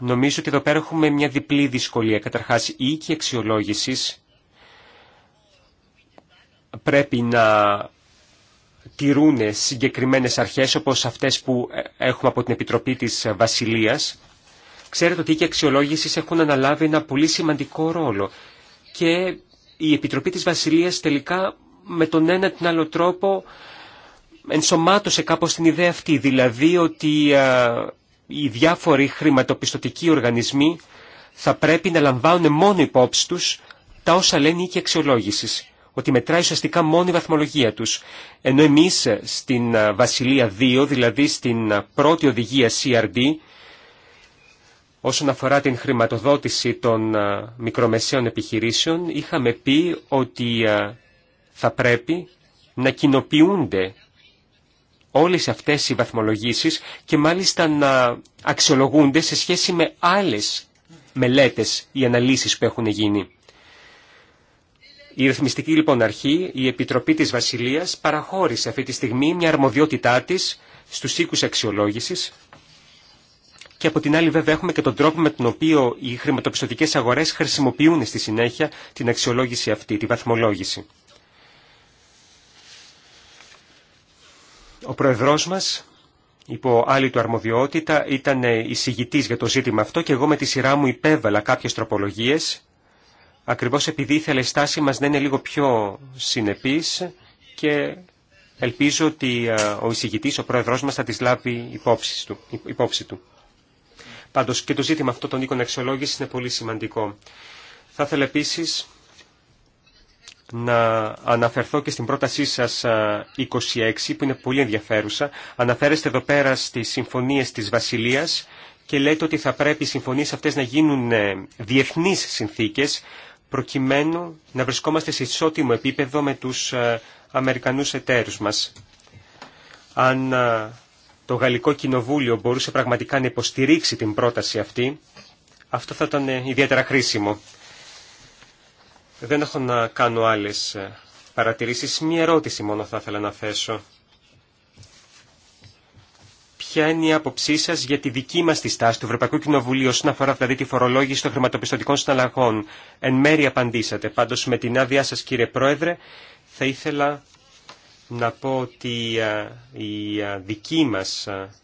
Νομίζω ότι εδώ πέρα έχουμε μια διπλή δυσκολία. Καταρχάς, οι οίκοι αξιολόγησης πρέπει να τηρούν συγκεκριμένες αρχές όπως αυτές που έχουμε από την Επιτροπή της Βασιλείας. Ξέρετε ότι οι αξιολόγησεις έχουν αναλάβει ένα πολύ σημαντικό ρόλο και η Επιτροπή της Βασιλείας τελικά με τον ένα την άλλο τρόπο ενσωμάτωσε κάπως την ιδέα αυτή, δηλαδή ότι οι διάφοροι χρηματοπιστωτικοί οργανισμοί θα πρέπει να λαμβάνουν μόνο υπόψη τους τα όσα λένε οι ότι μετράει ουσιαστικά μόνο η βαθμολογία τους. Ενώ εμείς ε, στην ε, Βασιλεία 2, δηλαδή στην ε, πρώτη οδηγία CRD, όσον αφορά την χρηματοδότηση των μικρομεσαίων επιχειρήσεων, είχαμε πει ότι θα πρέπει να κοινοποιούνται όλες αυτές οι βαθμολογήσεις και μάλιστα να αξιολογούνται σε σχέση με άλλες μελέτες ή αναλύσεις που έχουν γίνει. Η ρυθμιστική λοιπόν αρχή, η Επιτροπή της Βασιλείας, παραχώρησε αυτή τη στιγμή μια αρμοδιότητά της στους οίκους αξιολόγησης και από την άλλη βέβαια έχουμε και τον τρόπο με τον οποίο οι χρηματοπιστωτικές αγορές χρησιμοποιούν στη συνέχεια την αξιολόγηση αυτή, τη βαθμολόγηση. Ο Προεδρός μας, υπό άλλη του αρμοδιότητα, ήταν εισηγητής για το ζήτημα αυτό και εγώ με τη σειρά μου υπέβαλα κάποιες τροπολογίες ακριβώς επειδή ήθελε η στάση μας να είναι λίγο πιο συνεπής και ελπίζω ότι ε, ο εισηγητής, ο πρόεδρός μας θα τις λάβει υπόψη του. Υπόψη του. Πάντως και το ζήτημα αυτό των οίκων αξιολόγηση είναι πολύ σημαντικό. Θα ήθελα επίση να αναφερθώ και στην πρότασή σας 26 ε, που είναι πολύ ενδιαφέρουσα. Αναφέρεστε εδώ πέρα στις συμφωνίες της Βασιλείας και λέτε ότι θα πρέπει οι συμφωνίες αυτές να γίνουν ε, διεθνείς συνθήκες προκειμένου να βρισκόμαστε σε ισότιμο επίπεδο με τους ε, Αμερικανούς εταίρους μας. Αν ε, το Γαλλικό Κοινοβούλιο μπορούσε πραγματικά να υποστηρίξει την πρόταση αυτή, αυτό θα ήταν ε, ιδιαίτερα χρήσιμο. Δεν έχω να κάνω άλλες παρατηρήσεις. Μία ερώτηση μόνο θα ήθελα να θέσω ποια είναι η άποψή σα για τη δική μα τη στάση του Ευρωπαϊκού Κοινοβουλίου όσον αφορά δηλαδή τη φορολόγηση των χρηματοπιστωτικών συναλλαγών. Εν μέρη απαντήσατε. Πάντω με την άδειά σα κύριε Πρόεδρε θα ήθελα να πω ότι η δική μα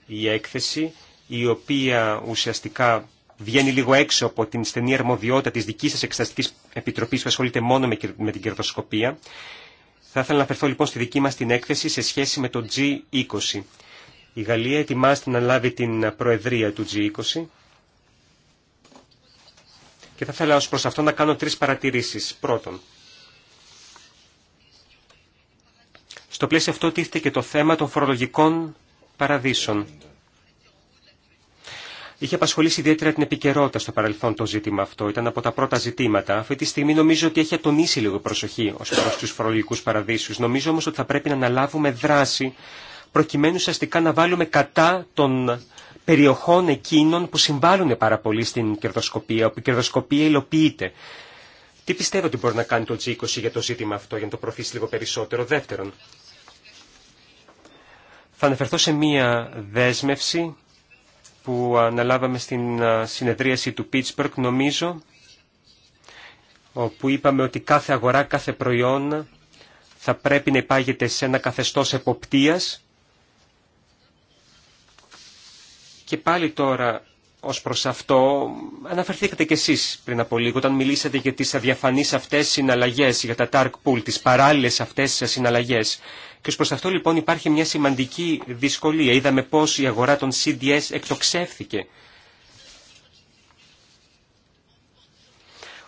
η έκθεση η οποία ουσιαστικά βγαίνει λίγο έξω από την στενή αρμοδιότητα τη δική σα Εξεταστική επιτροπή που ασχολείται μόνο με την κερδοσκοπία. Θα ήθελα να αφαιρθώ λοιπόν στη δική μας την έκθεση σε σχέση με το G20. Η Γαλλία ετοιμάζεται να λάβει την προεδρία του G20 και θα ήθελα ως προς αυτό να κάνω τρεις παρατηρήσεις. Πρώτον, στο πλαίσιο αυτό τίθεται και το θέμα των φορολογικών παραδείσων. Είχε απασχολήσει ιδιαίτερα την επικαιρότητα στο παρελθόν το ζήτημα αυτό. Ήταν από τα πρώτα ζητήματα. Αυτή τη στιγμή νομίζω ότι έχει ατονίσει λίγο προσοχή ως προς τους φορολογικού παραδείσους. Νομίζω όμως ότι θα πρέπει να αναλάβουμε δράση προκειμένου ουσιαστικά να βάλουμε κατά των περιοχών εκείνων που συμβάλλουν πάρα πολύ στην κερδοσκοπία, όπου η κερδοσκοπία υλοποιείται. Τι πιστεύω ότι μπορεί να κάνει το G20 για το ζήτημα αυτό, για να το προωθήσει λίγο περισσότερο. Δεύτερον, θα αναφερθώ σε μία δέσμευση που αναλάβαμε στην συνεδρίαση του Pittsburgh, νομίζω, όπου είπαμε ότι κάθε αγορά, κάθε προϊόν θα πρέπει να υπάγεται σε ένα καθεστώς εποπτείας Και πάλι τώρα ως προς αυτό αναφερθήκατε κι εσείς πριν από λίγο όταν μιλήσατε για τις αδιαφανείς αυτές συναλλαγές, για τα dark pool, τις παράλληλες αυτές συναλλαγές. Και ως προς αυτό λοιπόν υπάρχει μια σημαντική δυσκολία. Είδαμε πώς η αγορά των CDS εκτοξεύθηκε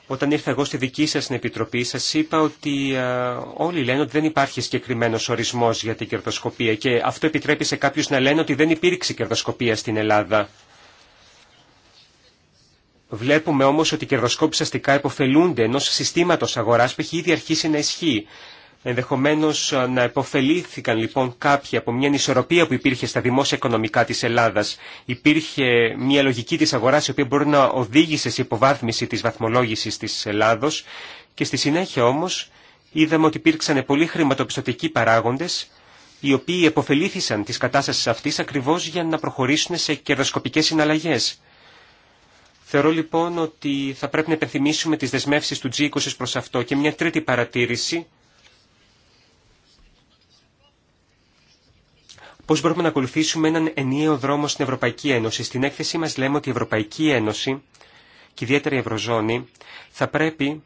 Όταν ήρθα εγώ στη δική σας επιτροπή, σας είπα ότι ε, όλοι λένε ότι δεν υπάρχει συγκεκριμένο ορισμός για την κερδοσκοπία και αυτό επιτρέπει σε κάποιους να λένε ότι δεν υπήρξε κερδοσκοπία στην Ελλάδα. Βλέπουμε όμως ότι οι κερδοσκόποι αστικά υποφελούνται ενός συστήματος αγοράς που έχει ήδη αρχίσει να ισχύει. Ενδεχομένως ε, να επωφελήθηκαν λοιπόν κάποιοι από μια ανισορροπία που υπήρχε στα δημόσια οικονομικά της Ελλάδας. Υπήρχε μια λογική της αγοράς η οποία μπορεί να οδήγησε σε υποβάθμιση της βαθμολόγησης της Ελλάδος και στη συνέχεια όμως είδαμε ότι υπήρξαν πολλοί χρηματοπιστωτικοί παράγοντες οι οποίοι επωφελήθησαν της κατάστασης αυτής ακριβώς για να προχωρήσουν σε κερδοσκοπικές συναλλαγές. Θεωρώ λοιπόν ότι θα πρέπει να επενθυμίσουμε τις δεσμεύσεις του G20 προ αυτό και μια τρίτη παρατήρηση Πώ μπορούμε να ακολουθήσουμε έναν ενιαίο δρόμο στην Ευρωπαϊκή Ένωση. Στην έκθεσή μα λέμε ότι η Ευρωπαϊκή Ένωση και ιδιαίτερα η Ευρωζώνη θα πρέπει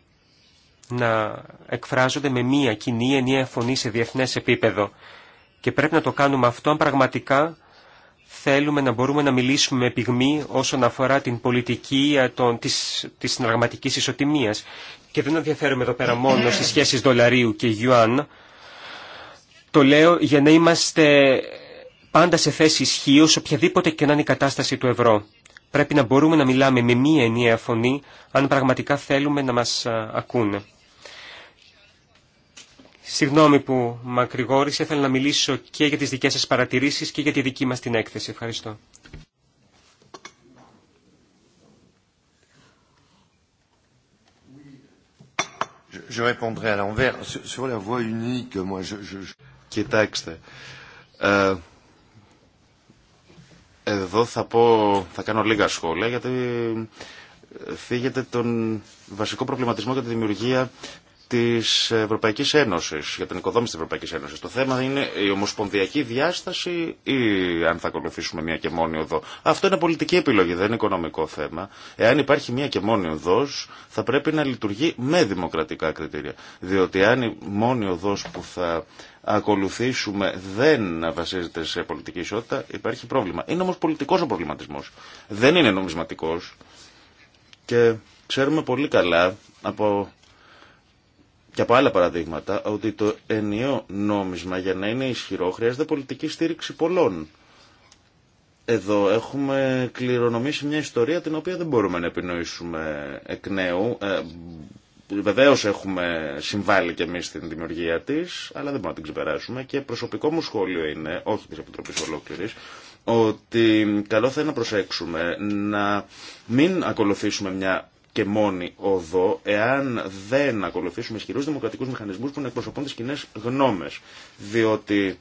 να εκφράζονται με μία κοινή ενιαία φωνή σε διεθνέ επίπεδο. Και πρέπει να το κάνουμε αυτό αν πραγματικά θέλουμε να μπορούμε να μιλήσουμε με πυγμή όσον αφορά την πολιτική ε, τη της, της ισοτιμίας. Και δεν ενδιαφέρομαι εδώ πέρα μόνο στις σχέσεις δολαρίου και γιουάν. Το λέω για να είμαστε πάντα σε θέση ισχύω οποιαδήποτε και να είναι η κατάσταση του ευρώ. Πρέπει να μπορούμε να μιλάμε με μία ενιαία φωνή αν πραγματικά θέλουμε να μας ακούνε. Συγγνώμη που μακρηγόρησε, Θέλω να μιλήσω και για τις δικές σας παρατηρήσεις και για τη δική μας την έκθεση. Ευχαριστώ. Κοιτάξτε, εδώ θα, πω, θα κάνω λίγα σχόλια γιατί φύγεται ε, τον βασικό προβληματισμό για τη δημιουργία της Ευρωπαϊκής Ένωσης, για την οικοδόμηση της Ευρωπαϊκής Ένωσης. Το θέμα είναι η ομοσπονδιακή διάσταση ή αν θα ακολουθήσουμε μια και μόνη οδό. Αυτό είναι πολιτική επιλογή, δεν είναι οικονομικό θέμα. Εάν υπάρχει μια και μόνη οδός, θα πρέπει να λειτουργεί με δημοκρατικά κριτήρια. Διότι αν η μόνη οδός που θα ακολουθήσουμε δεν βασίζεται σε πολιτική ισότητα, υπάρχει πρόβλημα. Είναι όμως πολιτικός ο προβληματισμό. Δεν είναι νομισματικός. Και ξέρουμε πολύ καλά από και από άλλα παραδείγματα ότι το ενίο νόμισμα για να είναι ισχυρό χρειάζεται πολιτική στήριξη πολλών. Εδώ έχουμε κληρονομήσει μια ιστορία την οποία δεν μπορούμε να επινοήσουμε εκ νέου. Ε, Βεβαίω έχουμε συμβάλει και εμεί στην δημιουργία τη, αλλά δεν μπορούμε να την ξεπεράσουμε. Και προσωπικό μου σχόλιο είναι, όχι τη Επιτροπή ολόκληρη, ότι καλό θα είναι να προσέξουμε να μην ακολουθήσουμε μια και μόνη οδό εάν δεν ακολουθήσουμε ισχυρού δημοκρατικού μηχανισμού που να εκπροσωπούν τι κοινέ γνώμε. Διότι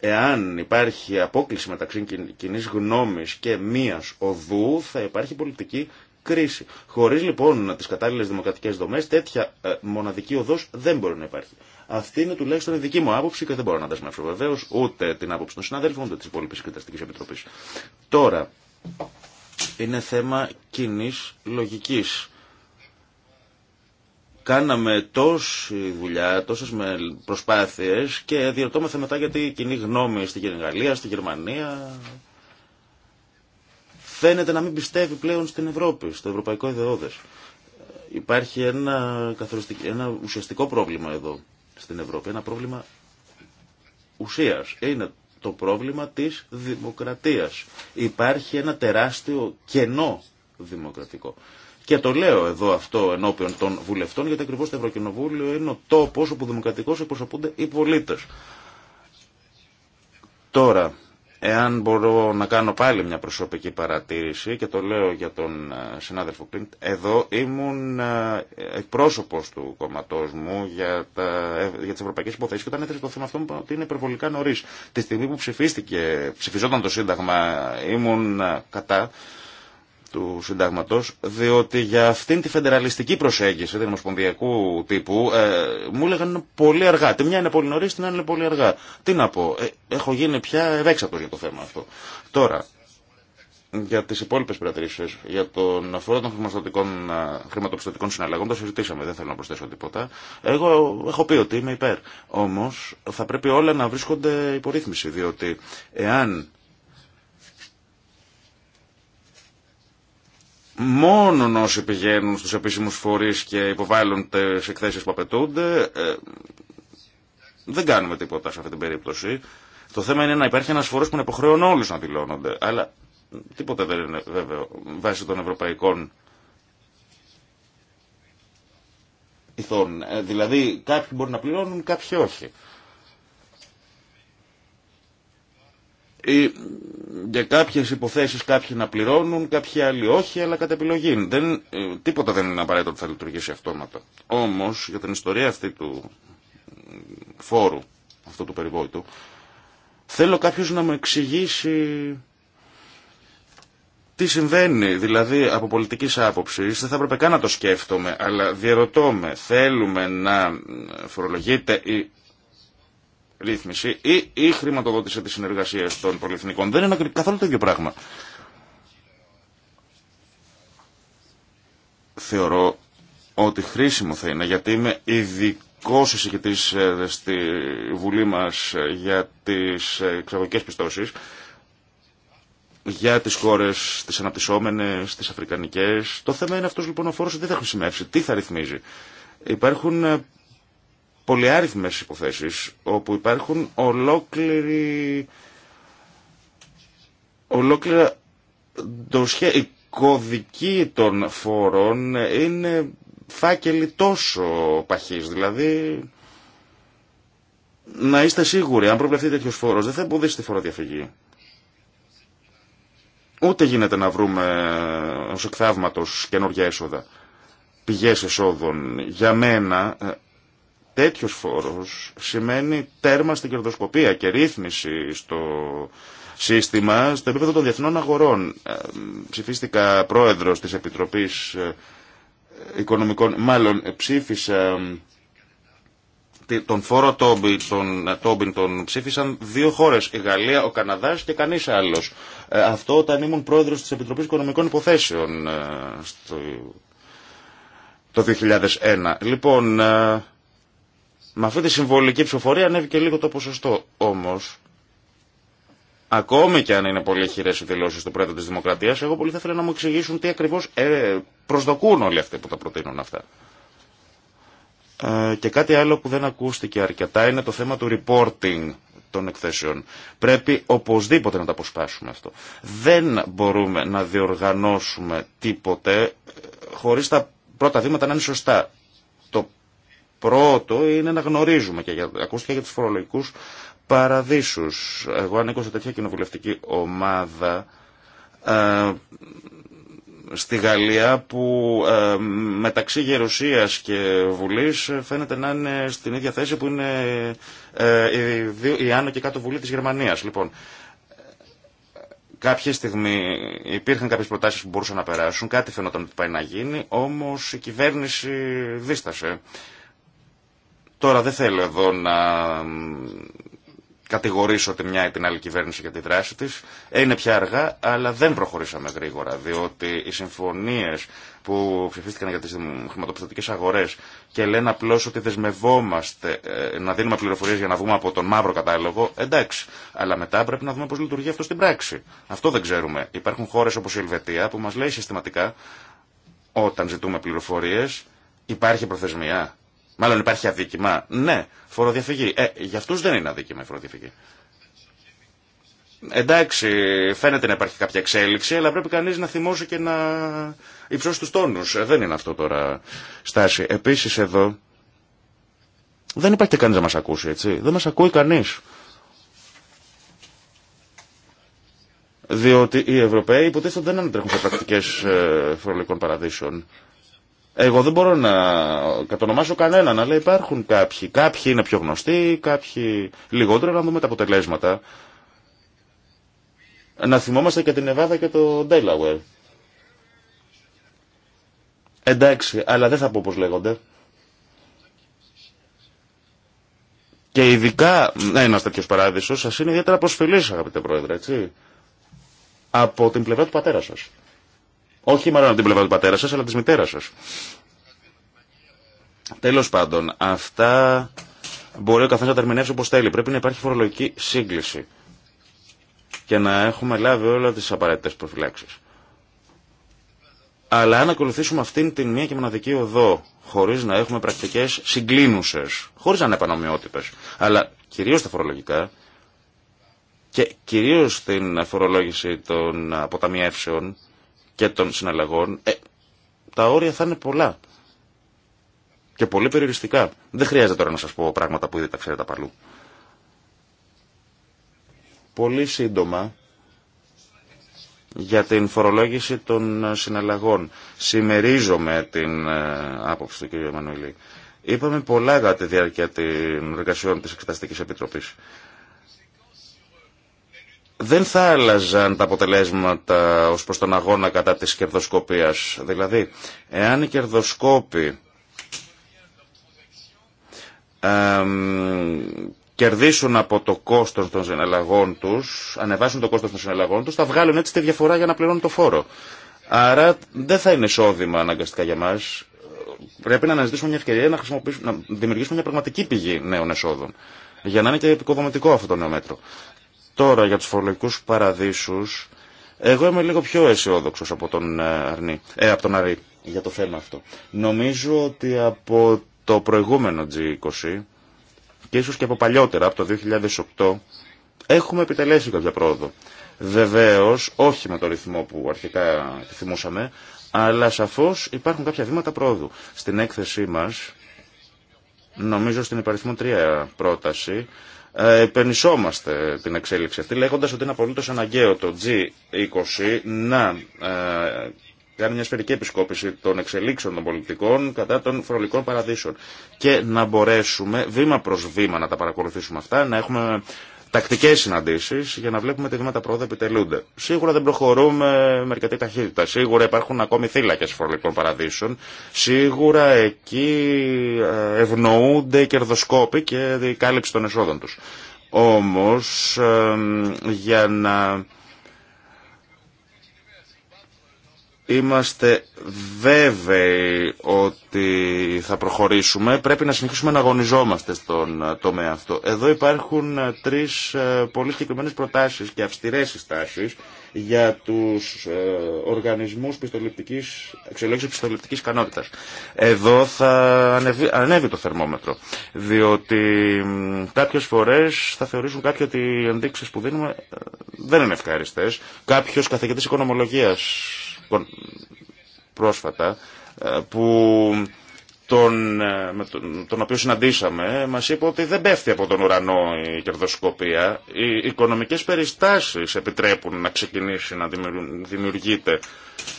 εάν υπάρχει απόκληση μεταξύ κοινή γνώμη και μία οδού, θα υπάρχει πολιτική κρίση. Χωρί λοιπόν τι κατάλληλε δημοκρατικέ δομέ, τέτοια ε, μοναδική οδό δεν μπορεί να υπάρχει. Αυτή είναι τουλάχιστον η δική μου άποψη και δεν μπορώ να δεσμεύσω βεβαίω ούτε την άποψη των συναδέλφων, ούτε τη υπόλοιπη Επιτροπή. Τώρα, είναι θέμα κοινή λογικής. Κάναμε τόση δουλειά, τόσες με προσπάθειες και διερωτώμεθα μετά γιατί η κοινή γνώμη στην Γαλλία, στη Γερμανία. Φαίνεται να μην πιστεύει πλέον στην Ευρώπη, στο ευρωπαϊκό ιδεώδε. Υπάρχει ένα, ένα ουσιαστικό πρόβλημα εδώ στην Ευρώπη, ένα πρόβλημα ουσία Είναι το πρόβλημα της δημοκρατίας. Υπάρχει ένα τεράστιο κενό δημοκρατικό. Και το λέω εδώ αυτό ενώπιον των βουλευτών, γιατί ακριβώς το Ευρωκοινοβούλιο είναι ο τόπο όπου δημοκρατικώς εκπροσωπούνται οι πολίτε. Τώρα, Εάν μπορώ να κάνω πάλι μια προσωπική παρατήρηση και το λέω για τον ε, συνάδελφο Κλίντ, εδώ ήμουν ε, εκπρόσωπο του κόμματό μου για, τα, ε, για τι ευρωπαϊκέ υποθέσει και όταν έθεσε το θέμα αυτό μου ότι είναι υπερβολικά νωρίς. Τη στιγμή που ψηφίστηκε, ψηφιζόταν το Σύνταγμα, ήμουν κατά του συντάγματο, διότι για αυτήν τη φεντεραλιστική προσέγγιση του δημοσπονδιακού τύπου ε, μου έλεγαν πολύ αργά. Τη μια είναι πολύ νωρί, την άλλη είναι πολύ αργά. Τι να πω, ε, έχω γίνει πια ευέξατος για το θέμα αυτό. Τώρα, για τι υπόλοιπε παρατηρήσεις, για τον αφορό των ε, χρηματοπιστωτικών συναλλαγών, το συζητήσαμε, δεν θέλω να προσθέσω τίποτα. Εγώ έχω πει ότι είμαι υπέρ. Όμω θα πρέπει όλα να βρίσκονται υπορρύθμιση, διότι εάν Μόνο όσοι πηγαίνουν στους επίσημους φορείς και υποβάλλουν τις εκθέσεις που απαιτούνται, ε, δεν κάνουμε τίποτα σε αυτή την περίπτωση. Το θέμα είναι να υπάρχει ένας φορός που να υποχρεώνουν όλους να δηλώνονται. Αλλά τίποτα δεν είναι βέβαιο βάσει των ευρωπαϊκών ηθών. Ε, δηλαδή κάποιοι μπορεί να πληρώνουν, κάποιοι όχι. ή για κάποιες υποθέσεις κάποιοι να πληρώνουν, κάποιοι άλλοι όχι, αλλά κατά επιλογή. Δεν, ε, τίποτα δεν είναι απαραίτητο ότι θα λειτουργήσει αυτόματα. Όμως, για την ιστορία αυτή του φόρου, αυτού του περιβόητου, θέλω κάποιος να μου εξηγήσει τι συμβαίνει. Δηλαδή, από πολιτικής άποψης, δεν θα έπρεπε καν να το σκέφτομαι, αλλά διαρωτώ με, θέλουμε να φορολογείται η ρύθμιση ή η χρηματοδότηση της συνεργασίας των πολυεθνικών. Δεν είναι καθόλου το ίδιο πράγμα. Θεωρώ ότι χρήσιμο θα είναι γιατί είμαι ειδικό εισηγητής ε, στη Βουλή μας ε, για τις ε, εξαγωγικές πιστώσεις για τις χώρες, τις αναπτυσσόμενες, τις αφρικανικές. Το θέμα είναι αυτός λοιπόν ο φόρος ότι θα χρησιμεύσει. Τι θα ρυθμίζει. Υπάρχουν πολυάριθμες υποθέσεις όπου υπάρχουν ολόκληρη ολόκληρα ντοσχέ, η κωδική των φόρων είναι φάκελοι τόσο παχής δηλαδή να είστε σίγουροι αν προβλεφθεί τέτοιος φόρος δεν θα εμποδίσει τη φοροδιαφυγή ούτε γίνεται να βρούμε ως εκθαύματος καινούργια έσοδα πηγές εσόδων για μένα ε, τέτοιος φόρος σημαίνει τέρμα στην κερδοσκοπία και ρύθμιση στο σύστημα στο επίπεδο των διεθνών αγορών. Ε, ψηφίστηκα πρόεδρος της Επιτροπής ε, Οικονομικών, μάλλον ε, ψήφισα τον φόρο Τόμπιν τον, ψήφισαν δύο χώρε, η Γαλλία, ο Καναδά και κανεί άλλο. αυτό όταν ήμουν πρόεδρο τη Επιτροπή Οικονομικών Υποθέσεων το 2001. Λοιπόν, με αυτή τη συμβολική ψηφοφορία ανέβηκε λίγο το ποσοστό. Όμως, ακόμη και αν είναι πολύ χειρέ οι δηλώσει του Πρόεδρου της Δημοκρατίας, εγώ πολύ θα ήθελα να μου εξηγήσουν τι ακριβώς ε, προσδοκούν όλοι αυτοί που τα προτείνουν αυτά. Ε, και κάτι άλλο που δεν ακούστηκε αρκετά είναι το θέμα του reporting των εκθέσεων. Πρέπει οπωσδήποτε να τα αποσπάσουμε αυτό. Δεν μπορούμε να διοργανώσουμε τίποτε ε, χωρί τα πρώτα βήματα να είναι σωστά. Πρώτο είναι να γνωρίζουμε και για, ακούστηκε για τους φορολογικούς παραδείσους. Εγώ ανήκω σε τέτοια κοινοβουλευτική ομάδα ε, στη Γαλλία που ε, μεταξύ Γερουσίας και Βουλής φαίνεται να είναι στην ίδια θέση που είναι η, ε, η Άνω και κάτω Βουλή της Γερμανίας. Λοιπόν, κάποια στιγμή υπήρχαν κάποιες προτάσεις που μπορούσαν να περάσουν, κάτι φαινόταν ότι πάει να γίνει, όμως η κυβέρνηση δίστασε. Τώρα δεν θέλω εδώ να κατηγορήσω τη μια ή την άλλη κυβέρνηση για τη δράση της. Είναι πια αργά, αλλά δεν προχωρήσαμε γρήγορα, διότι οι συμφωνίες που ψηφίστηκαν για τις χρηματοπιστωτικές αγορές και λένε απλώ ότι δεσμευόμαστε ε, να δίνουμε πληροφορίες για να βγούμε από τον μαύρο κατάλογο, εντάξει. Αλλά μετά πρέπει να δούμε πώς λειτουργεί αυτό στην πράξη. Αυτό δεν ξέρουμε. Υπάρχουν χώρες όπως η Ελβετία που μας λέει συστηματικά όταν ζητούμε πληροφορίες υπάρχει προθεσμία. Μάλλον υπάρχει αδίκημα. Ναι, φοροδιαφυγή. Ε, για αυτούς δεν είναι αδίκημα η φοροδιαφυγή. Εντάξει, φαίνεται να υπάρχει κάποια εξέλιξη, αλλά πρέπει κανείς να θυμώσει και να υψώσει τους τόνους. Ε, δεν είναι αυτό τώρα στάση. Επίσης εδώ δεν υπάρχει κανεί να μα ακούσει, έτσι. Δεν μας ακούει κανείς. Διότι οι Ευρωπαίοι υποτίθεται δεν αντρέχουν σε πρακτικές ε, φορολογικών παραδείσων. Εγώ δεν μπορώ να κατονομάσω κανέναν, αλλά υπάρχουν κάποιοι. Κάποιοι είναι πιο γνωστοί, κάποιοι λιγότερο, να δούμε τα αποτελέσματα. Να θυμόμαστε και την Εβάδα και το Ντέλαουερ. Εντάξει, αλλά δεν θα πω πώς λέγονται. Και ειδικά ναι, ένα τέτοιο παράδεισο σα είναι ιδιαίτερα προσφυλή, αγαπητέ Πρόεδρε, έτσι. Από την πλευρά του πατέρα σας. Όχι μάλλον από την πλευρά του πατέρα σας, αλλά της μητέρας σας. Τέλος πάντων, αυτά μπορεί ο καθένας να τα ερμηνεύσει όπως θέλει. Πρέπει να υπάρχει φορολογική σύγκληση και να έχουμε λάβει όλα τις απαραίτητες προφυλάξεις. Αλλά αν ακολουθήσουμε αυτήν την μία και μοναδική οδό, χωρίς να έχουμε πρακτικές συγκλίνουσες, χωρίς ανεπανομοιότητες, αλλά κυρίως τα φορολογικά και κυρίως την φορολόγηση των αποταμιεύσεων, και των συναλλαγών, ε, τα όρια θα είναι πολλά και πολύ περιοριστικά. Δεν χρειάζεται τώρα να σας πω πράγματα που ήδη τα ξέρετε παλού. Πολύ σύντομα για την φορολόγηση των συναλλαγών. Σημερίζομαι την ε, άποψη του κ. Εμμανουηλή. Είπαμε πολλά κατά τη διάρκεια των εργασιών της Εξεταστικής Επιτροπής δεν θα άλλαζαν τα αποτελέσματα ως προς τον αγώνα κατά της κερδοσκοπίας. Δηλαδή, εάν οι κερδοσκόποι κερδίσουν από το κόστος των συναλλαγών τους, ανεβάσουν το κόστος των συναλλαγών τους, θα βγάλουν έτσι τη διαφορά για να πληρώνουν το φόρο. Άρα δεν θα είναι εισόδημα αναγκαστικά για μας. Πρέπει να αναζητήσουμε μια ευκαιρία να, να δημιουργήσουμε μια πραγματική πηγή νέων εσόδων. Για να είναι και επικοδομητικό αυτό το νέο μέτρο. Τώρα για τους φορολογικούς παραδείσους, εγώ είμαι λίγο πιο αισιόδοξο από τον ε, Αρνή, ε, από τον Αρή για το θέμα αυτό. Νομίζω ότι από το προηγούμενο G20 και ίσως και από παλιότερα, από το 2008, έχουμε επιτελέσει κάποια πρόοδο. Βεβαίως, όχι με το ρυθμό που αρχικά θυμούσαμε, αλλά σαφώς υπάρχουν κάποια βήματα πρόοδου. Στην έκθεσή μας, νομίζω στην υπαριθμό 3 πρόταση, ε, επενισόμαστε την εξέλιξη αυτή λέγοντας ότι είναι απολύτως αναγκαίο το G20 να ε, κάνει μια σφαιρική επισκόπηση των εξελίξεων των πολιτικών κατά των φρονικών παραδείσων. Και να μπορέσουμε βήμα προς βήμα να τα παρακολουθήσουμε αυτά, να έχουμε Τακτικέ συναντήσει για να βλέπουμε τι βήματα πρόοδο επιτελούνται. Σίγουρα δεν προχωρούμε με αρκετή ταχύτητα. Σίγουρα υπάρχουν ακόμη θύλακε φορολογικών παραδείσων. Σίγουρα εκεί ε, ευνοούνται οι κερδοσκόποι και η κάλυψη των εσόδων τους. Όμως ε, για να είμαστε βέβαιοι ότι θα προχωρήσουμε, πρέπει να συνεχίσουμε να αγωνιζόμαστε στον τομέα αυτό. Εδώ υπάρχουν τρεις ε, πολύ συγκεκριμένε προτάσεις και αυστηρές συστάσεις για τους ε, οργανισμούς πιστοληπτικής, εξελίξης πιστοληπτικής ικανότητας. Εδώ θα ανεβεί, ανέβει το θερμόμετρο, διότι κάποιες φορές θα θεωρήσουν κάποιοι ότι οι ενδείξεις που δίνουμε ε, δεν είναι ευχάριστες. Κάποιος καθηγητής οικονομολογίας Λοιπόν, πρόσφατα ε, που τον, ε, τον, τον οποίο συναντήσαμε μας είπε ότι δεν πέφτει από τον ουρανό η κερδοσκοπία. Οι οικονομικές περιστάσεις επιτρέπουν να ξεκινήσει να δημιουργείται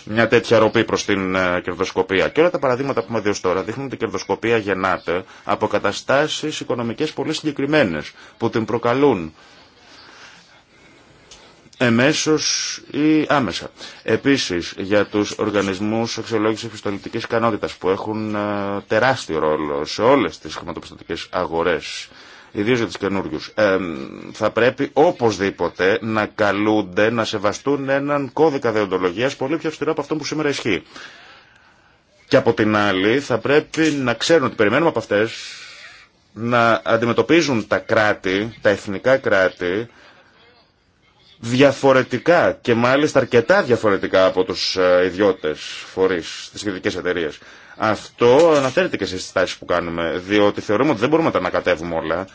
μια τέτοια ροπή προς την ε, κερδοσκοπία. Και όλα τα παραδείγματα που έχουμε δει τώρα δείχνουν ότι η κερδοσκοπία γεννάται από καταστάσεις οικονομικές πολύ συγκεκριμένες που την προκαλούν εμέσως ή άμεσα. Επίσης, για τους οργανισμούς αξιολόγησης επιστολητικής ικανότητας που έχουν ε, τεράστιο ρόλο σε όλες τις χρηματοπιστωτικές αγορές, ιδίως για τους καινούριους, ε, θα πρέπει οπωσδήποτε να καλούνται να σεβαστούν έναν κώδικα δεοντολογίας πολύ πιο αυστηρό από αυτό που σήμερα ισχύει. Και από την άλλη θα πρέπει να ξέρουν ότι περιμένουμε από αυτές να αντιμετωπίζουν τα κράτη, τα εθνικά κράτη, διαφορετικά και μάλιστα αρκετά διαφορετικά από τους ε, ιδιώτες φορείς, τι ιδιωτικές εταιρείε. Αυτό αναφέρεται και στις τάσεις που κάνουμε, διότι θεωρούμε ότι δεν μπορούμε να τα ανακατεύουμε όλα.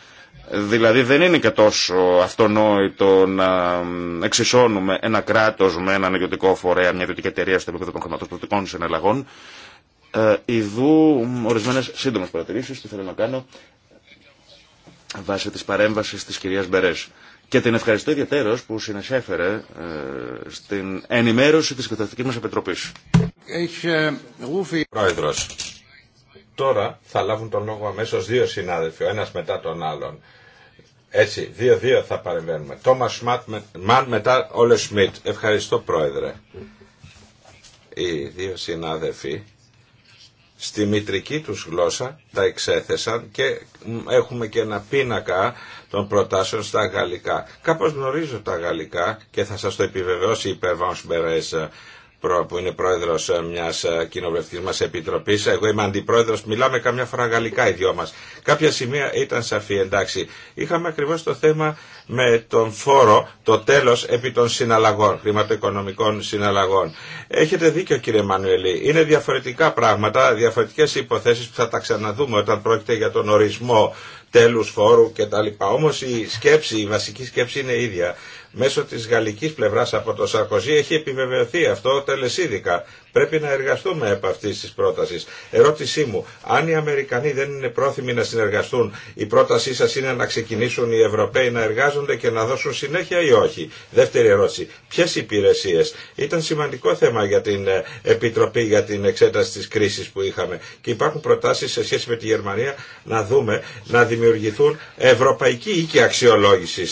Δηλαδή δεν είναι και τόσο αυτονόητο να εξισώνουμε ένα κράτος με έναν ιδιωτικό φορέα, μια ιδιωτική εταιρεία στο επίπεδο των χρηματοδοτικών συναλλαγών. Ε, ιδού ορισμένες σύντομες παρατηρήσεις που θέλω να κάνω βάσει της παρέμβαση τη κυρία Μπερέ. Και την ευχαριστώ ιδιαίτερω που συνεισέφερε ε, στην ενημέρωση τη Εκτελεστική μα Επιτροπή. Ε, Πρόεδρο, τώρα θα λάβουν τον λόγο αμέσω δύο συνάδελφοι, ο ένα μετά τον άλλον. Έτσι, δύο-δύο θα παρεμβαίνουμε. Τόμα Μαν μετά Όλε Σμιτ. Ευχαριστώ, Πρόεδρε. Οι δύο συνάδελφοι στη μητρική τους γλώσσα τα εξέθεσαν και έχουμε και ένα πίνακα των προτάσεων στα γαλλικά. Κάπως γνωρίζω τα γαλλικά και θα σας το επιβεβαιώσει η Περβάνς που είναι πρόεδρο ε, μια ε, κοινοβουλευτική μα επιτροπή, Εγώ είμαι αντιπρόεδρο, μιλάμε καμιά φορά γαλλικά οι δυο μα. Κάποια σημεία ήταν σαφή, εντάξει. Είχαμε ακριβώ το θέμα με τον φόρο, το τέλο επί των συναλλαγών, χρηματοοικονομικών συναλλαγών. Έχετε δίκιο κύριε Μανουελή, είναι διαφορετικά πράγματα, διαφορετικέ υποθέσει που θα τα ξαναδούμε όταν πρόκειται για τον ορισμό τέλους φόρου κτλ. Όμως η σκέψη, η βασική σκέψη είναι ίδια μέσω της γαλλικής πλευράς από το Σαρκοζή έχει επιβεβαιωθεί αυτό τελεσίδικα. Πρέπει να εργαστούμε από αυτής της πρότασης. Ερώτησή μου, αν οι Αμερικανοί δεν είναι πρόθυμοι να συνεργαστούν, η πρότασή σας είναι να ξεκινήσουν οι Ευρωπαίοι να εργάζονται και να δώσουν συνέχεια ή όχι. Δεύτερη ερώτηση, ποιες υπηρεσίες. Ήταν σημαντικό θέμα για την ε, Επιτροπή για την εξέταση της κρίσης που είχαμε και υπάρχουν προτάσεις σε σχέση με τη Γερμανία να δούμε να δημιουργηθούν ευρωπαϊκοί οίκοι αξιολόγηση.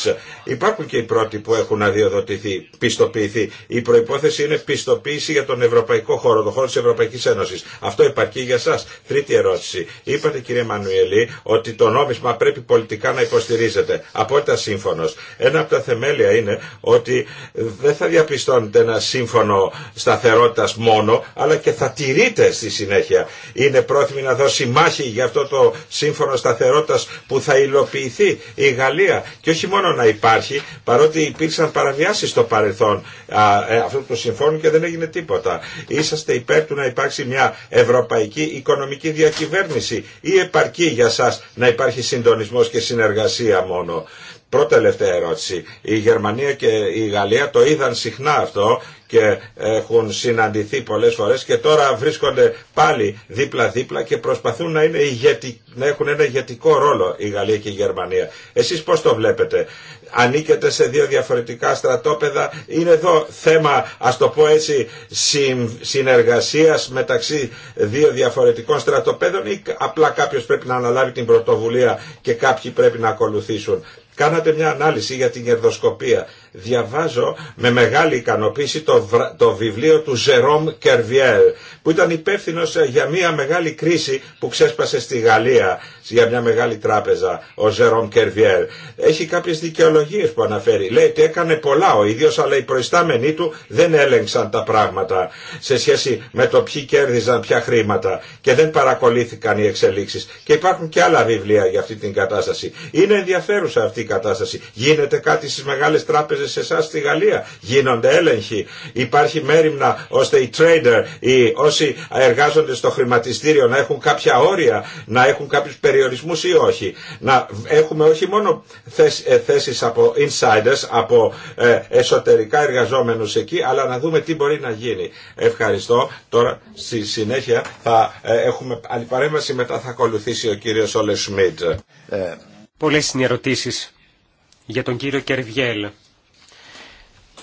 Υπάρχουν και οι πρώτοι που έχουν αδειοδοτηθεί, πιστοποιηθεί. Η προπόθεση είναι πιστοποίηση για τον ευρωπαϊκό χώρο, τον χώρο τη Ευρωπαϊκή Ένωση. Αυτό επαρκεί για εσά. Τρίτη ερώτηση. Είπατε κύριε Μανουελή ότι το νόμισμα πρέπει πολιτικά να υποστηρίζεται. Απόλυτα σύμφωνο. Ένα από τα θεμέλια είναι ότι δεν θα διαπιστώνεται ένα σύμφωνο σταθερότητα μόνο, αλλά και θα τηρείται στη συνέχεια. Είναι πρόθυμη να δώσει μάχη για αυτό το σύμφωνο σταθερότητα που θα υλοποιηθεί η Γαλλία. Και όχι μόνο να υπάρχει, παρότι υπήρξαν παραβιάσεις στο παρελθόν ε, αυτού του συμφώνου και δεν έγινε τίποτα. Είσαστε υπέρ του να υπάρξει μια ευρωπαϊκή οικονομική διακυβέρνηση ή επαρκεί για σας να υπάρχει συντονισμός και συνεργασία μόνο. Πρώτη τελευταία ερώτηση. Η Γερμανία και η Γαλλία το είδαν συχνά αυτό και έχουν συναντηθεί πολλές φορές και τώρα βρίσκονται πάλι δίπλα-δίπλα και προσπαθούν να, είναι ηγετι... να έχουν ένα ηγετικό ρόλο η Γαλλία και η Γερμανία. Εσείς πώς το βλέπετε. Ανήκετε σε δύο διαφορετικά στρατόπεδα. Είναι εδώ θέμα, ας το πω έτσι, συμ... συνεργασίας μεταξύ δύο διαφορετικών στρατοπέδων ή απλά κάποιος πρέπει να αναλάβει την πρωτοβουλία και κάποιοι πρέπει να ακολουθήσουν. Κάνατε μια ανάλυση για την κερδοσκοπία διαβάζω με μεγάλη ικανοποίηση το, το βιβλίο του Ζερόμ Κερβιέλ που ήταν υπεύθυνο ε, για μια μεγάλη κρίση που ξέσπασε στη Γαλλία για μια μεγάλη τράπεζα, ο Ζερόμ Κερβιέλ. Έχει κάποιε δικαιολογίε που αναφέρει. Λέει ότι έκανε πολλά ο ίδιο, αλλά οι προϊστάμενοι του δεν έλεγξαν τα πράγματα σε σχέση με το ποιοι κέρδιζαν ποια χρήματα και δεν παρακολύθηκαν οι εξελίξει. Και υπάρχουν και άλλα βιβλία για αυτή την κατάσταση. Είναι ενδιαφέρουσα αυτή η κατάσταση. Γίνεται κάτι στι μεγάλε τράπεζε σε εσά στη Γαλλία. Γίνονται έλεγχοι. Υπάρχει μέρημνα ώστε οι trader, οι όσοι εργάζονται στο χρηματιστήριο να έχουν κάποια όρια, να έχουν κάποιου περιορισμού ή όχι. Να έχουμε όχι μόνο ε, θέσει από insiders, από ε, εσωτερικά εργαζόμενους εκεί, αλλά να δούμε τι μπορεί να γίνει. Ευχαριστώ. Τώρα στη συνέχεια θα ε, έχουμε άλλη μετά θα ακολουθήσει ο κύριος Όλε Σμιτ. Πολλές είναι οι ερωτήσεις για τον κύριο Κερβιέλ.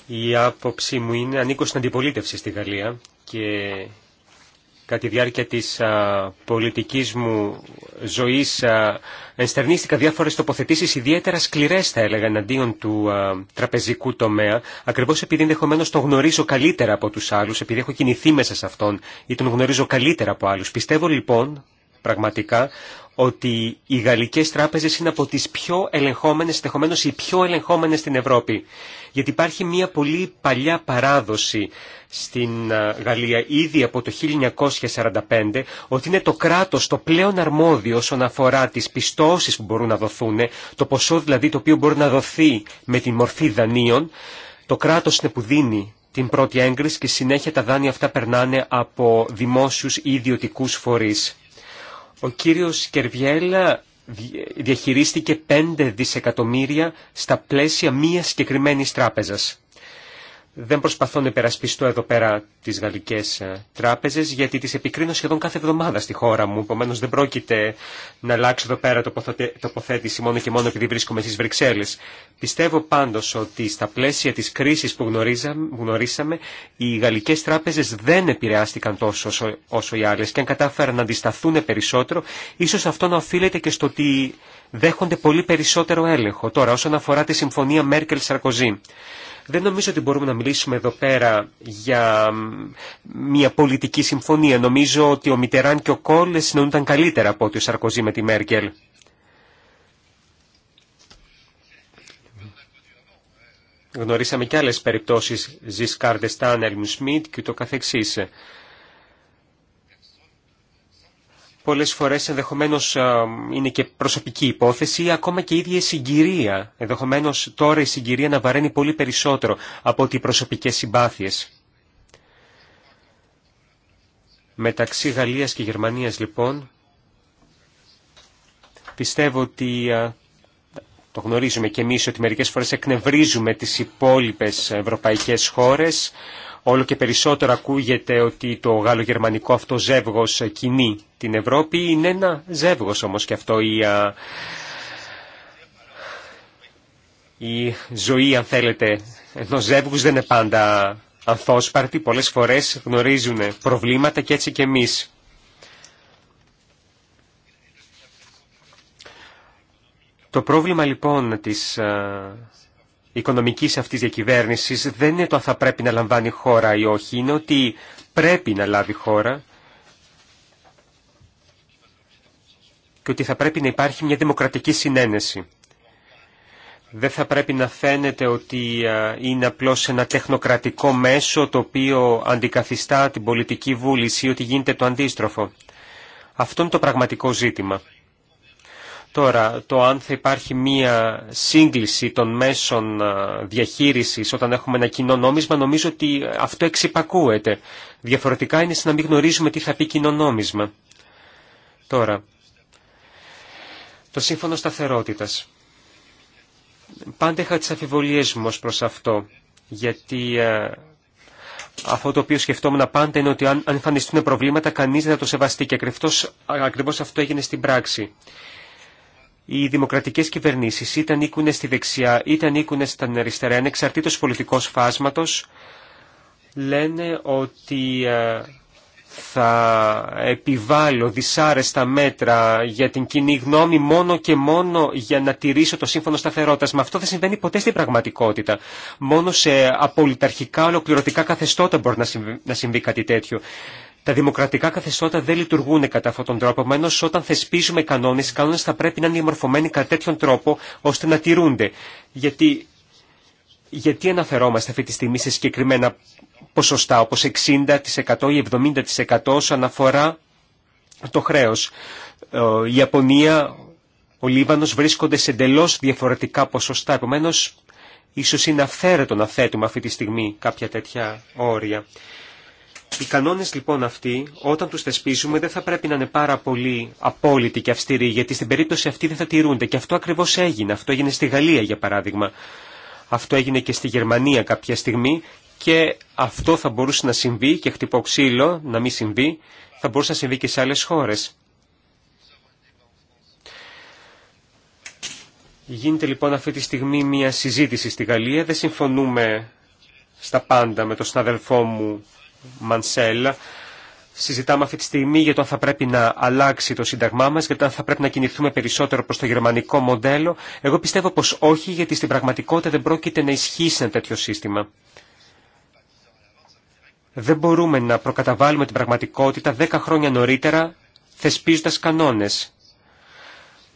Η άποψή μου είναι ανήκω στην αντιπολίτευση στη Γαλλία και κατά τη διάρκεια της α, πολιτικής μου ζωής ενστερνίστηκα διάφορες τοποθετήσεις ιδιαίτερα σκληρές θα έλεγα εναντίον του τραπεζικού τομέα ακριβώς επειδή ενδεχομένω τον γνωρίζω καλύτερα από τους άλλους επειδή έχω κινηθεί μέσα σε αυτόν ή τον γνωρίζω καλύτερα από άλλους. Πιστεύω λοιπόν πραγματικά ότι οι γαλλικές τράπεζες είναι από τις πιο ελεγχόμενες, ενδεχομένω οι πιο ελεγχόμενες στην Ευρώπη. Γιατί υπάρχει μια πολύ παλιά παράδοση στην ε, Γαλλία ήδη από το 1945 ότι είναι το κράτος το πλέον αρμόδιο όσον αφορά τις πιστώσεις που μπορούν να δοθούν, το ποσό δηλαδή το οποίο μπορεί να δοθεί με τη μορφή δανείων, το κράτος είναι που δίνει την πρώτη έγκριση και συνέχεια τα δάνεια αυτά περνάνε από δημόσιους ή ιδιωτικούς φορείς. Ο κύριος Κερβιέλ διαχειρίστηκε 5 δισεκατομμύρια στα πλαίσια μίας συγκεκριμένη τράπεζας δεν προσπαθώ να υπερασπιστώ εδώ πέρα τις γαλλικές ε, τράπεζες γιατί τις επικρίνω σχεδόν κάθε εβδομάδα στη χώρα μου. Επομένω δεν πρόκειται να αλλάξω εδώ πέρα τοποθέτηση μόνο και μόνο επειδή βρίσκομαι στις Βρυξέλλες. Πιστεύω πάντως ότι στα πλαίσια της κρίσης που, γνωρίσαμε οι γαλλικές τράπεζες δεν επηρεάστηκαν τόσο όσο, οι άλλες και αν κατάφεραν να αντισταθούν περισσότερο ίσως αυτό να οφείλεται και στο ότι δέχονται πολύ περισσότερο έλεγχο. Τώρα όσον αφορά τη συμφωνία Μέρκελ-Σαρκοζή δεν νομίζω ότι μπορούμε να μιλήσουμε εδώ πέρα για μια πολιτική συμφωνία. Νομίζω ότι ο Μιτεράν και ο Κόλ συνονούνταν καλύτερα από ότι ο Σαρκοζή με τη Μέρκελ. Γνωρίσαμε και άλλες περιπτώσεις Ζισκάρ, Στάνερ, Σμιτ και ούτω καθεξής πολλές φορές ενδεχομένως ε, είναι και προσωπική υπόθεση ακόμα και η ίδια η συγκυρία. Ενδεχομένως τώρα η συγκυρία να βαραίνει πολύ περισσότερο από ότι οι προσωπικές συμπάθειες. Μεταξύ Γαλλίας και Γερμανίας λοιπόν πιστεύω ότι ε, το γνωρίζουμε και εμείς ότι μερικές φορές εκνευρίζουμε τις υπόλοιπες ευρωπαϊκές χώρες Όλο και περισσότερο ακούγεται ότι το γαλλογερμανικό αυτό ζεύγος κινεί την Ευρώπη. Είναι ένα ζεύγος όμως και αυτό η, ζωή αν θέλετε ενώ ζεύγους δεν είναι πάντα ανθόσπαρτη. Πολλές φορές γνωρίζουν προβλήματα και έτσι και εμείς. Το πρόβλημα λοιπόν της οικονομική αυτής διακυβέρνησης δεν είναι το αν θα πρέπει να λαμβάνει χώρα ή όχι, είναι ότι πρέπει να λάβει χώρα και ότι θα πρέπει να υπάρχει μια δημοκρατική συνένεση. Δεν θα πρέπει να φαίνεται ότι είναι απλώς ένα τεχνοκρατικό μέσο το οποίο αντικαθιστά την πολιτική βούληση ή ότι γίνεται το αντίστροφο. Αυτό είναι το πραγματικό ζήτημα. Τώρα, το αν θα υπάρχει μία σύγκληση των μέσων ε, διαχείρισης όταν έχουμε ένα κοινό νόμισμα, νομίζω ότι αυτό εξυπακούεται. Διαφορετικά είναι σαν να μην γνωρίζουμε τι θα πει κοινό νόμισμα. Τώρα, το σύμφωνο σταθερότητας. Πάντα είχα τις αφιβολίες μου ως προς αυτό, γιατί ε, αυτό το οποίο σκεφτόμουν πάντα είναι ότι αν εμφανιστούν προβλήματα, κανείς δεν θα το σεβαστεί και ακριβώς αυτό έγινε στην πράξη οι δημοκρατικές κυβερνήσεις είτε ανήκουν στη δεξιά είτε ανήκουν στα αριστερά, ανεξαρτήτως πολιτικός φάσματος, λένε ότι ε, θα επιβάλλω δυσάρεστα μέτρα για την κοινή γνώμη μόνο και μόνο για να τηρήσω το σύμφωνο σταθερότητας. Μα αυτό δεν συμβαίνει ποτέ στην πραγματικότητα. Μόνο σε απολυταρχικά ολοκληρωτικά καθεστώτα μπορεί να να συμβεί κάτι τέτοιο. Τα δημοκρατικά καθεστώτα δεν λειτουργούν κατά αυτόν τον τρόπο, επομένω όταν θεσπίζουμε κανόνες, οι κανόνε θα πρέπει να είναι διαμορφωμένοι κατά τέτοιον τρόπο ώστε να τηρούνται. Γιατί, γιατί αναφερόμαστε αυτή τη στιγμή σε συγκεκριμένα ποσοστά όπως 60% ή 70% όσον αφορά το χρέος. Ε, η Ιαπωνία, ο Λίβανος βρίσκονται σε εντελώ διαφορετικά ποσοστά, επομένως ίσως είναι αυθαίρετο να θέτουμε αυτή τη στιγμή κάποια τέτοια όρια. Οι κανόνες λοιπόν αυτοί, όταν τους θεσπίσουμε, δεν θα πρέπει να είναι πάρα πολύ απόλυτοι και αυστηροί, γιατί στην περίπτωση αυτή δεν θα τηρούνται. Και αυτό ακριβώς έγινε. Αυτό έγινε στη Γαλλία, για παράδειγμα. Αυτό έγινε και στη Γερμανία κάποια στιγμή και αυτό θα μπορούσε να συμβεί και χτυπώ ξύλο να μην συμβεί, θα μπορούσε να συμβεί και σε άλλες χώρες. Γίνεται λοιπόν αυτή τη στιγμή μια συζήτηση στη Γαλλία. Δεν συμφωνούμε στα πάντα με τον συναδελφό μου Μανσέλ. Συζητάμε αυτή τη στιγμή για το αν θα πρέπει να αλλάξει το σύνταγμά μα, για το αν θα πρέπει να κινηθούμε περισσότερο προ το γερμανικό μοντέλο. Εγώ πιστεύω πω όχι, γιατί στην πραγματικότητα δεν πρόκειται να ισχύσει ένα τέτοιο σύστημα. Δεν μπορούμε να προκαταβάλουμε την πραγματικότητα δέκα χρόνια νωρίτερα, θεσπίζοντα κανόνε.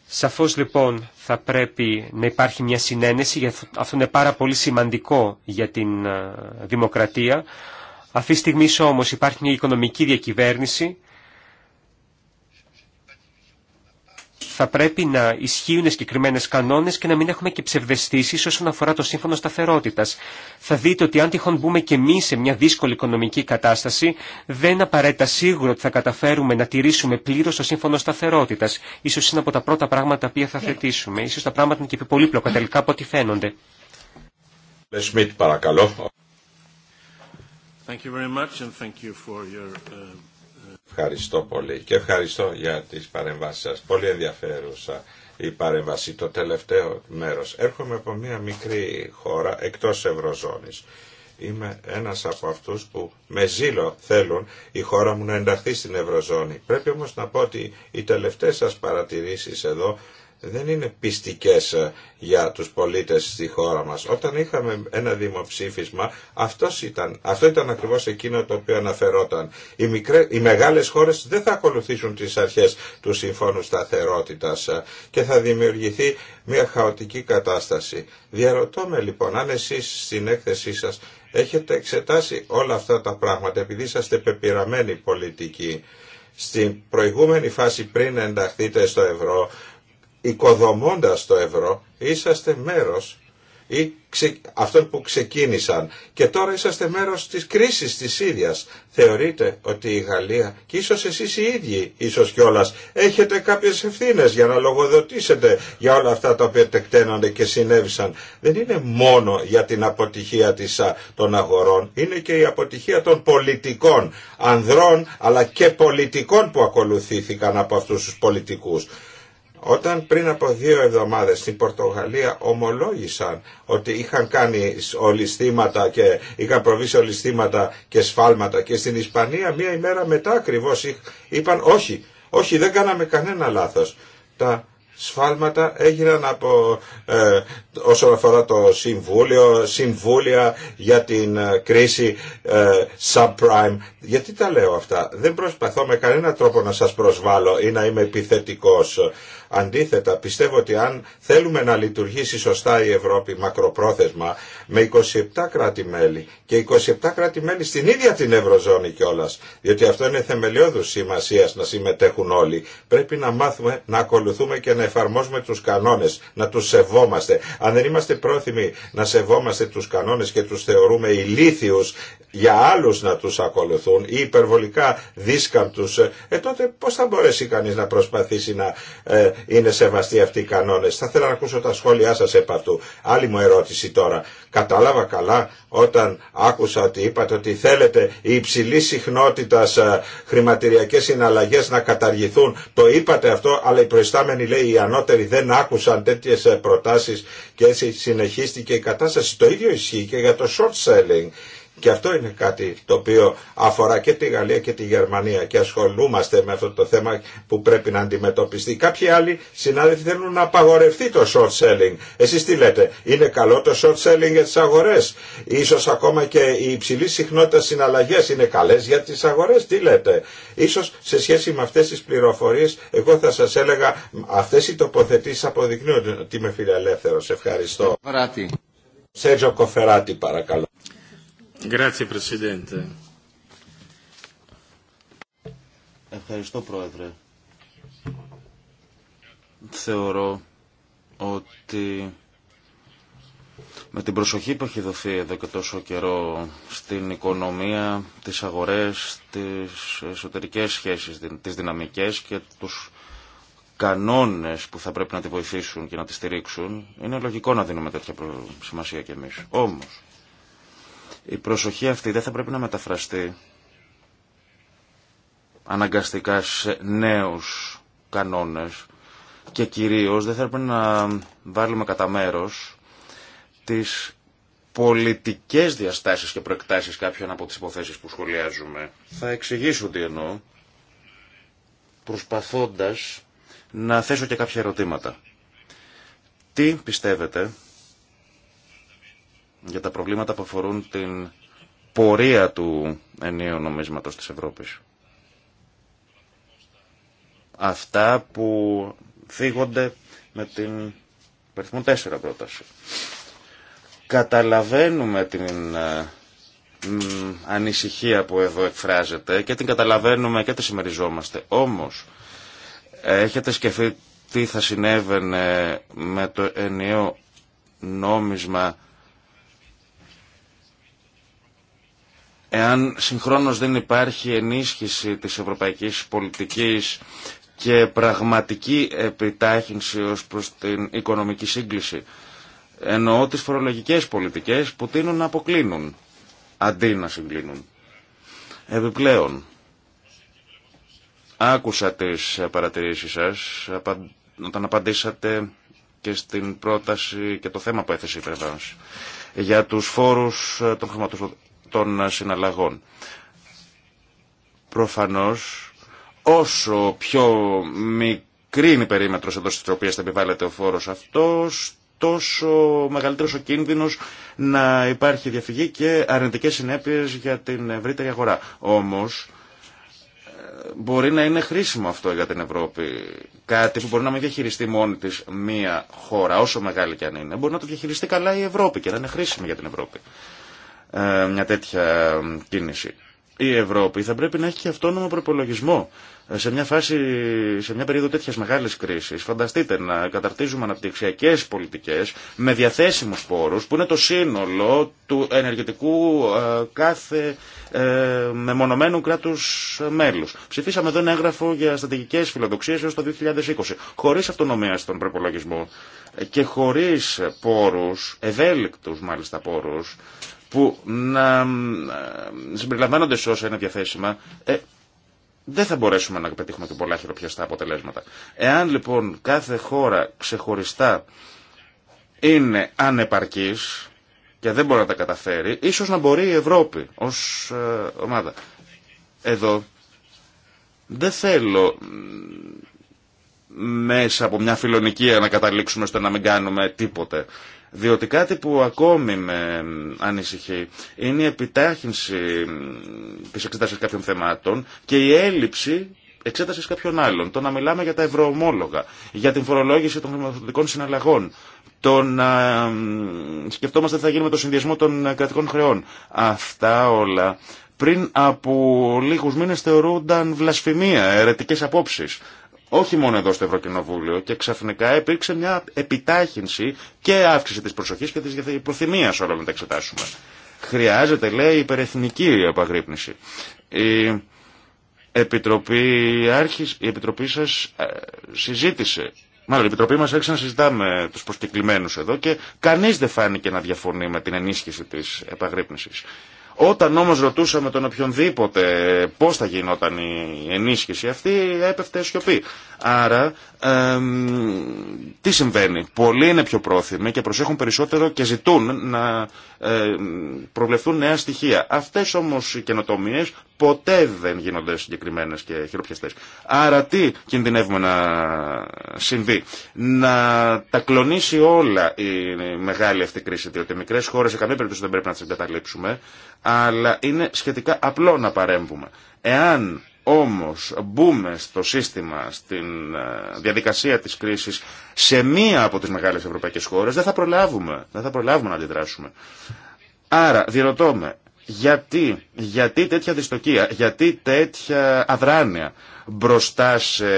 Σαφώ λοιπόν θα πρέπει να υπάρχει μια συνένεση, αυτό είναι πάρα πολύ σημαντικό για την ε, δημοκρατία. Αυτή τη στιγμή όμως υπάρχει μια οικονομική διακυβέρνηση. Θα πρέπει να ισχύουν συγκεκριμένε κανόνες και να μην έχουμε και ψευδεστήσεις όσον αφορά το σύμφωνο σταθερότητας. Θα δείτε ότι αν τυχόν μπούμε και εμείς σε μια δύσκολη οικονομική κατάσταση, δεν είναι απαραίτητα σίγουρο ότι θα καταφέρουμε να τηρήσουμε πλήρως το σύμφωνο σταθερότητας. Ίσως είναι από τα πρώτα πράγματα τα οποία θα θετήσουμε. Ίσως τα πράγματα είναι και πιο πολύπλοκα τελικά από ό,τι φαίνονται. παρακαλώ. Ευχαριστώ πολύ και ευχαριστώ για τις παρεμβάσεις σας. Πολύ ενδιαφέρουσα η παρέμβαση το τελευταίο μέρος. Έρχομαι από μια μικρή χώρα εκτός Ευρωζώνης. Είμαι ένας από αυτούς που με ζήλο θέλουν η χώρα μου να ενταχθεί στην Ευρωζώνη. Πρέπει όμως να πω ότι οι τελευταίες σας παρατηρήσεις εδώ δεν είναι πιστικές ε, για τους πολίτες στη χώρα μας. Όταν είχαμε ένα δημοψήφισμα, αυτός ήταν, αυτό ήταν ακριβώς εκείνο το οποίο αναφερόταν. Οι, μικρές, οι μεγάλες χώρες δεν θα ακολουθήσουν τις αρχές του Συμφώνου Σταθερότητας ε, και θα δημιουργηθεί μια χαοτική κατάσταση. Διαρωτώ με λοιπόν, αν εσείς στην έκθεσή σας έχετε εξετάσει όλα αυτά τα πράγματα, επειδή είσαστε πεπειραμένοι πολιτικοί, στην προηγούμενη φάση πριν ενταχθείτε στο ευρώ, οικοδομώντας το ευρώ είσαστε μέρος ή ξε, αυτών που ξεκίνησαν και τώρα είσαστε μέρος της κρίσης της ίδιας. Θεωρείτε ότι η Γαλλία και ίσως εσείς οι ίδιοι ίσως κιόλας έχετε κάποιες ευθύνες για να λογοδοτήσετε για όλα αυτά τα οποία τεκταίνονται και συνέβησαν. Δεν είναι μόνο για την αποτυχία της, των αγορών, είναι και η αποτυχία των πολιτικών ανδρών αλλά και πολιτικών που ακολουθήθηκαν από αυτούς τους πολιτικούς. Όταν πριν από δύο εβδομάδες στην Πορτογαλία ομολόγησαν ότι είχαν κάνει ολιστήματα και είχαν προβεί ολιστήματα και σφάλματα και στην Ισπανία μία ημέρα μετά ακριβώς είπαν όχι, όχι δεν κάναμε κανένα λάθος. Τα σφάλματα έγιναν από ε, όσον αφορά το συμβούλιο, συμβούλια για την ε, κρίση ε, subprime. Γιατί τα λέω αυτά. Δεν προσπαθώ με κανένα τρόπο να σας προσβάλλω ή να είμαι επιθετικός. Αντίθετα, πιστεύω ότι αν θέλουμε να λειτουργήσει σωστά η Ευρώπη μακροπρόθεσμα με 27 κράτη-μέλη και 27 κράτη-μέλη στην ίδια την Ευρωζώνη κιόλα, διότι αυτό είναι θεμελιώδου σημασία να συμμετέχουν όλοι, πρέπει να μάθουμε να ακολουθούμε και να εφαρμόζουμε του κανόνε, να του σεβόμαστε. Αν δεν είμαστε πρόθυμοι να σεβόμαστε του κανόνε και του θεωρούμε ηλίθιου για άλλου να του ακολουθούν ή υπερβολικά δίσκαμπτου, ε τότε πώ θα μπορέσει κανεί να προσπαθήσει να ε, είναι σεβαστοί αυτοί οι κανόνες. Θα ήθελα να ακούσω τα σχόλιά σας επ' αυτού. Άλλη μου ερώτηση τώρα. Κατάλαβα καλά όταν άκουσα ότι είπατε ότι θέλετε οι υψηλή συχνότητα χρηματηριακές συναλλαγές να καταργηθούν. Το είπατε αυτό, αλλά οι προϊστάμενοι λέει οι ανώτεροι δεν άκουσαν τέτοιες ε, προτάσεις και έτσι συνεχίστηκε η κατάσταση. Το ίδιο ισχύει και για το short selling και αυτό είναι κάτι το οποίο αφορά και τη Γαλλία και τη Γερμανία και ασχολούμαστε με αυτό το θέμα που πρέπει να αντιμετωπιστεί. Κάποιοι άλλοι συνάδελφοι θέλουν να απαγορευτεί το short selling. Εσείς τι λέτε, είναι καλό το short selling για τις αγορές. Ίσως ακόμα και οι υψηλή συχνότητα συναλλαγές είναι καλές για τις αγορές. Τι λέτε. Ίσως σε σχέση με αυτές τις πληροφορίες εγώ θα σας έλεγα αυτές οι τοποθετήσεις αποδεικνύουν ότι είμαι φιλελεύθερος. Ευχαριστώ. Σέτζο Κοφεράτη παρακαλώ. Ευχαριστώ, Πρόεδρε. Θεωρώ ότι με την προσοχή που έχει δοθεί εδώ και τόσο καιρό στην οικονομία, τις αγορές, τις εσωτερικές σχέσεις, τις δυναμικές και τους κανόνες που θα πρέπει να τη βοηθήσουν και να τη στηρίξουν, είναι λογικό να δίνουμε τέτοια σημασία κι εμείς. Όμως, η προσοχή αυτή δεν θα πρέπει να μεταφραστεί αναγκαστικά σε νέους κανόνες και κυρίως δεν θα πρέπει να βάλουμε κατά μέρο τις πολιτικές διαστάσεις και προεκτάσεις κάποιων από τις υποθέσεις που σχολιάζουμε. Θα εξηγήσω τι εννοώ προσπαθώντας να θέσω και κάποια ερωτήματα. Τι πιστεύετε για τα προβλήματα που αφορούν την πορεία του ενίου νομίσματος της Ευρώπης. Αυτά που θίγονται με την περιθμό 4 πρόταση. Καταλαβαίνουμε την ε, ανησυχία που εδώ εκφράζεται και την καταλαβαίνουμε και τη συμμεριζόμαστε. Όμως, έχετε σκεφτεί τι θα συνέβαινε με το ενιαίο νόμισμα Εάν συγχρόνως δεν υπάρχει ενίσχυση της ευρωπαϊκής πολιτικής και πραγματική επιτάχυνση ως προς την οικονομική σύγκληση, εννοώ τις φορολογικές πολιτικές που τείνουν να αποκλίνουν, αντί να συγκλίνουν. Επιπλέον, άκουσα τις παρατηρήσεις σας όταν απαντήσατε και στην πρόταση και το θέμα που έθεσε η για τους φόρους των των συναλλαγών. Προφανώς, όσο πιο μικρή είναι η περίμετρος εδώ στην οποία θα επιβάλλεται ο φόρος αυτός, τόσο μεγαλύτερος ο κίνδυνος να υπάρχει διαφυγή και αρνητικές συνέπειες για την ευρύτερη αγορά. Όμως, μπορεί να είναι χρήσιμο αυτό για την Ευρώπη. Κάτι που μπορεί να μην διαχειριστεί μόνη της μία χώρα, όσο μεγάλη και αν είναι, μπορεί να το διαχειριστεί καλά η Ευρώπη και να είναι χρήσιμη για την Ευρώπη. Ε, μια τέτοια κίνηση. Η Ευρώπη θα πρέπει να έχει και αυτόνομο προπολογισμό σε μια, φάση, σε μια περίοδο τέτοια μεγάλη κρίση. Φανταστείτε να καταρτίζουμε αναπτυξιακέ πολιτικέ με διαθέσιμου πόρου που είναι το σύνολο του ενεργητικού ε, κάθε ε, μεμονωμένου κράτου μέλου. Ψηφίσαμε εδώ ένα έγγραφο για στρατηγικές φιλοδοξίε έω το 2020. Χωρί αυτονομία στον προπολογισμό και χωρί πόρου, ευέλικτου μάλιστα πόρου, που να ε, συμπεριλαμβάνονται σε όσα είναι διαθέσιμα, ε, δεν θα μπορέσουμε να πετύχουμε και πολλά χειροπιαστά αποτελέσματα. Εάν λοιπόν κάθε χώρα ξεχωριστά είναι ανεπαρκής και δεν μπορεί να τα καταφέρει, ίσως να μπορεί η Ευρώπη ως ε, ομάδα. Εδώ δεν θέλω μέσα από μια φιλονικία να καταλήξουμε στο να μην κάνουμε τίποτε. Διότι κάτι που ακόμη με ανησυχεί είναι η επιτάχυνση της εξέτασης κάποιων θεμάτων και η έλλειψη εξέτασης κάποιων άλλων. Το να μιλάμε για τα ευρωομόλογα, για την φορολόγηση των χρηματοδοτικών συναλλαγών, το να σκεφτόμαστε τι θα γίνει με το συνδυασμό των κρατικών χρεών. Αυτά όλα πριν από λίγους μήνες θεωρούνταν βλασφημία, αιρετικές απόψεις όχι μόνο εδώ στο Ευρωκοινοβούλιο και ξαφνικά υπήρξε μια επιτάχυνση και αύξηση της προσοχής και της υποθυμίας όλα να τα εξετάσουμε. Χρειάζεται, λέει, υπερεθνική επαγρύπνηση. Η Επιτροπή, η Επιτροπή σας ε, συζήτησε, μάλλον η Επιτροπή μας άρχισε να συζητάμε τους προσκεκλημένους εδώ και κανείς δεν φάνηκε να διαφωνεί με την ενίσχυση της επαγρύπνησης. Όταν όμως ρωτούσαμε τον οποιονδήποτε πώς θα γινόταν η ενίσχυση αυτή, έπεφτε σιωπή. Άρα τι συμβαίνει. Πολλοί είναι πιο πρόθυμοι και προσέχουν περισσότερο και ζητούν να ε, προβλεφθούν νέα στοιχεία. Αυτές όμως οι καινοτομίες ποτέ δεν γίνονται συγκεκριμένε και χειροπιαστές. Άρα τι κινδυνεύουμε να συμβεί. Να τα κλονίσει όλα η μεγάλη αυτή κρίση, διότι οι μικρές χώρες σε καμία περίπτωση δεν πρέπει να τις εγκαταλείψουμε, αλλά είναι σχετικά απλό να παρέμβουμε. Εάν όμως μπούμε στο σύστημα, στην ε, διαδικασία της κρίσης σε μία από τις μεγάλες ευρωπαϊκές χώρες, δεν θα προλάβουμε, δεν θα προλάβουμε να αντιδράσουμε. Άρα, διερωτώ γιατί, γιατί τέτοια δυστοκία, γιατί τέτοια αδράνεια μπροστά σε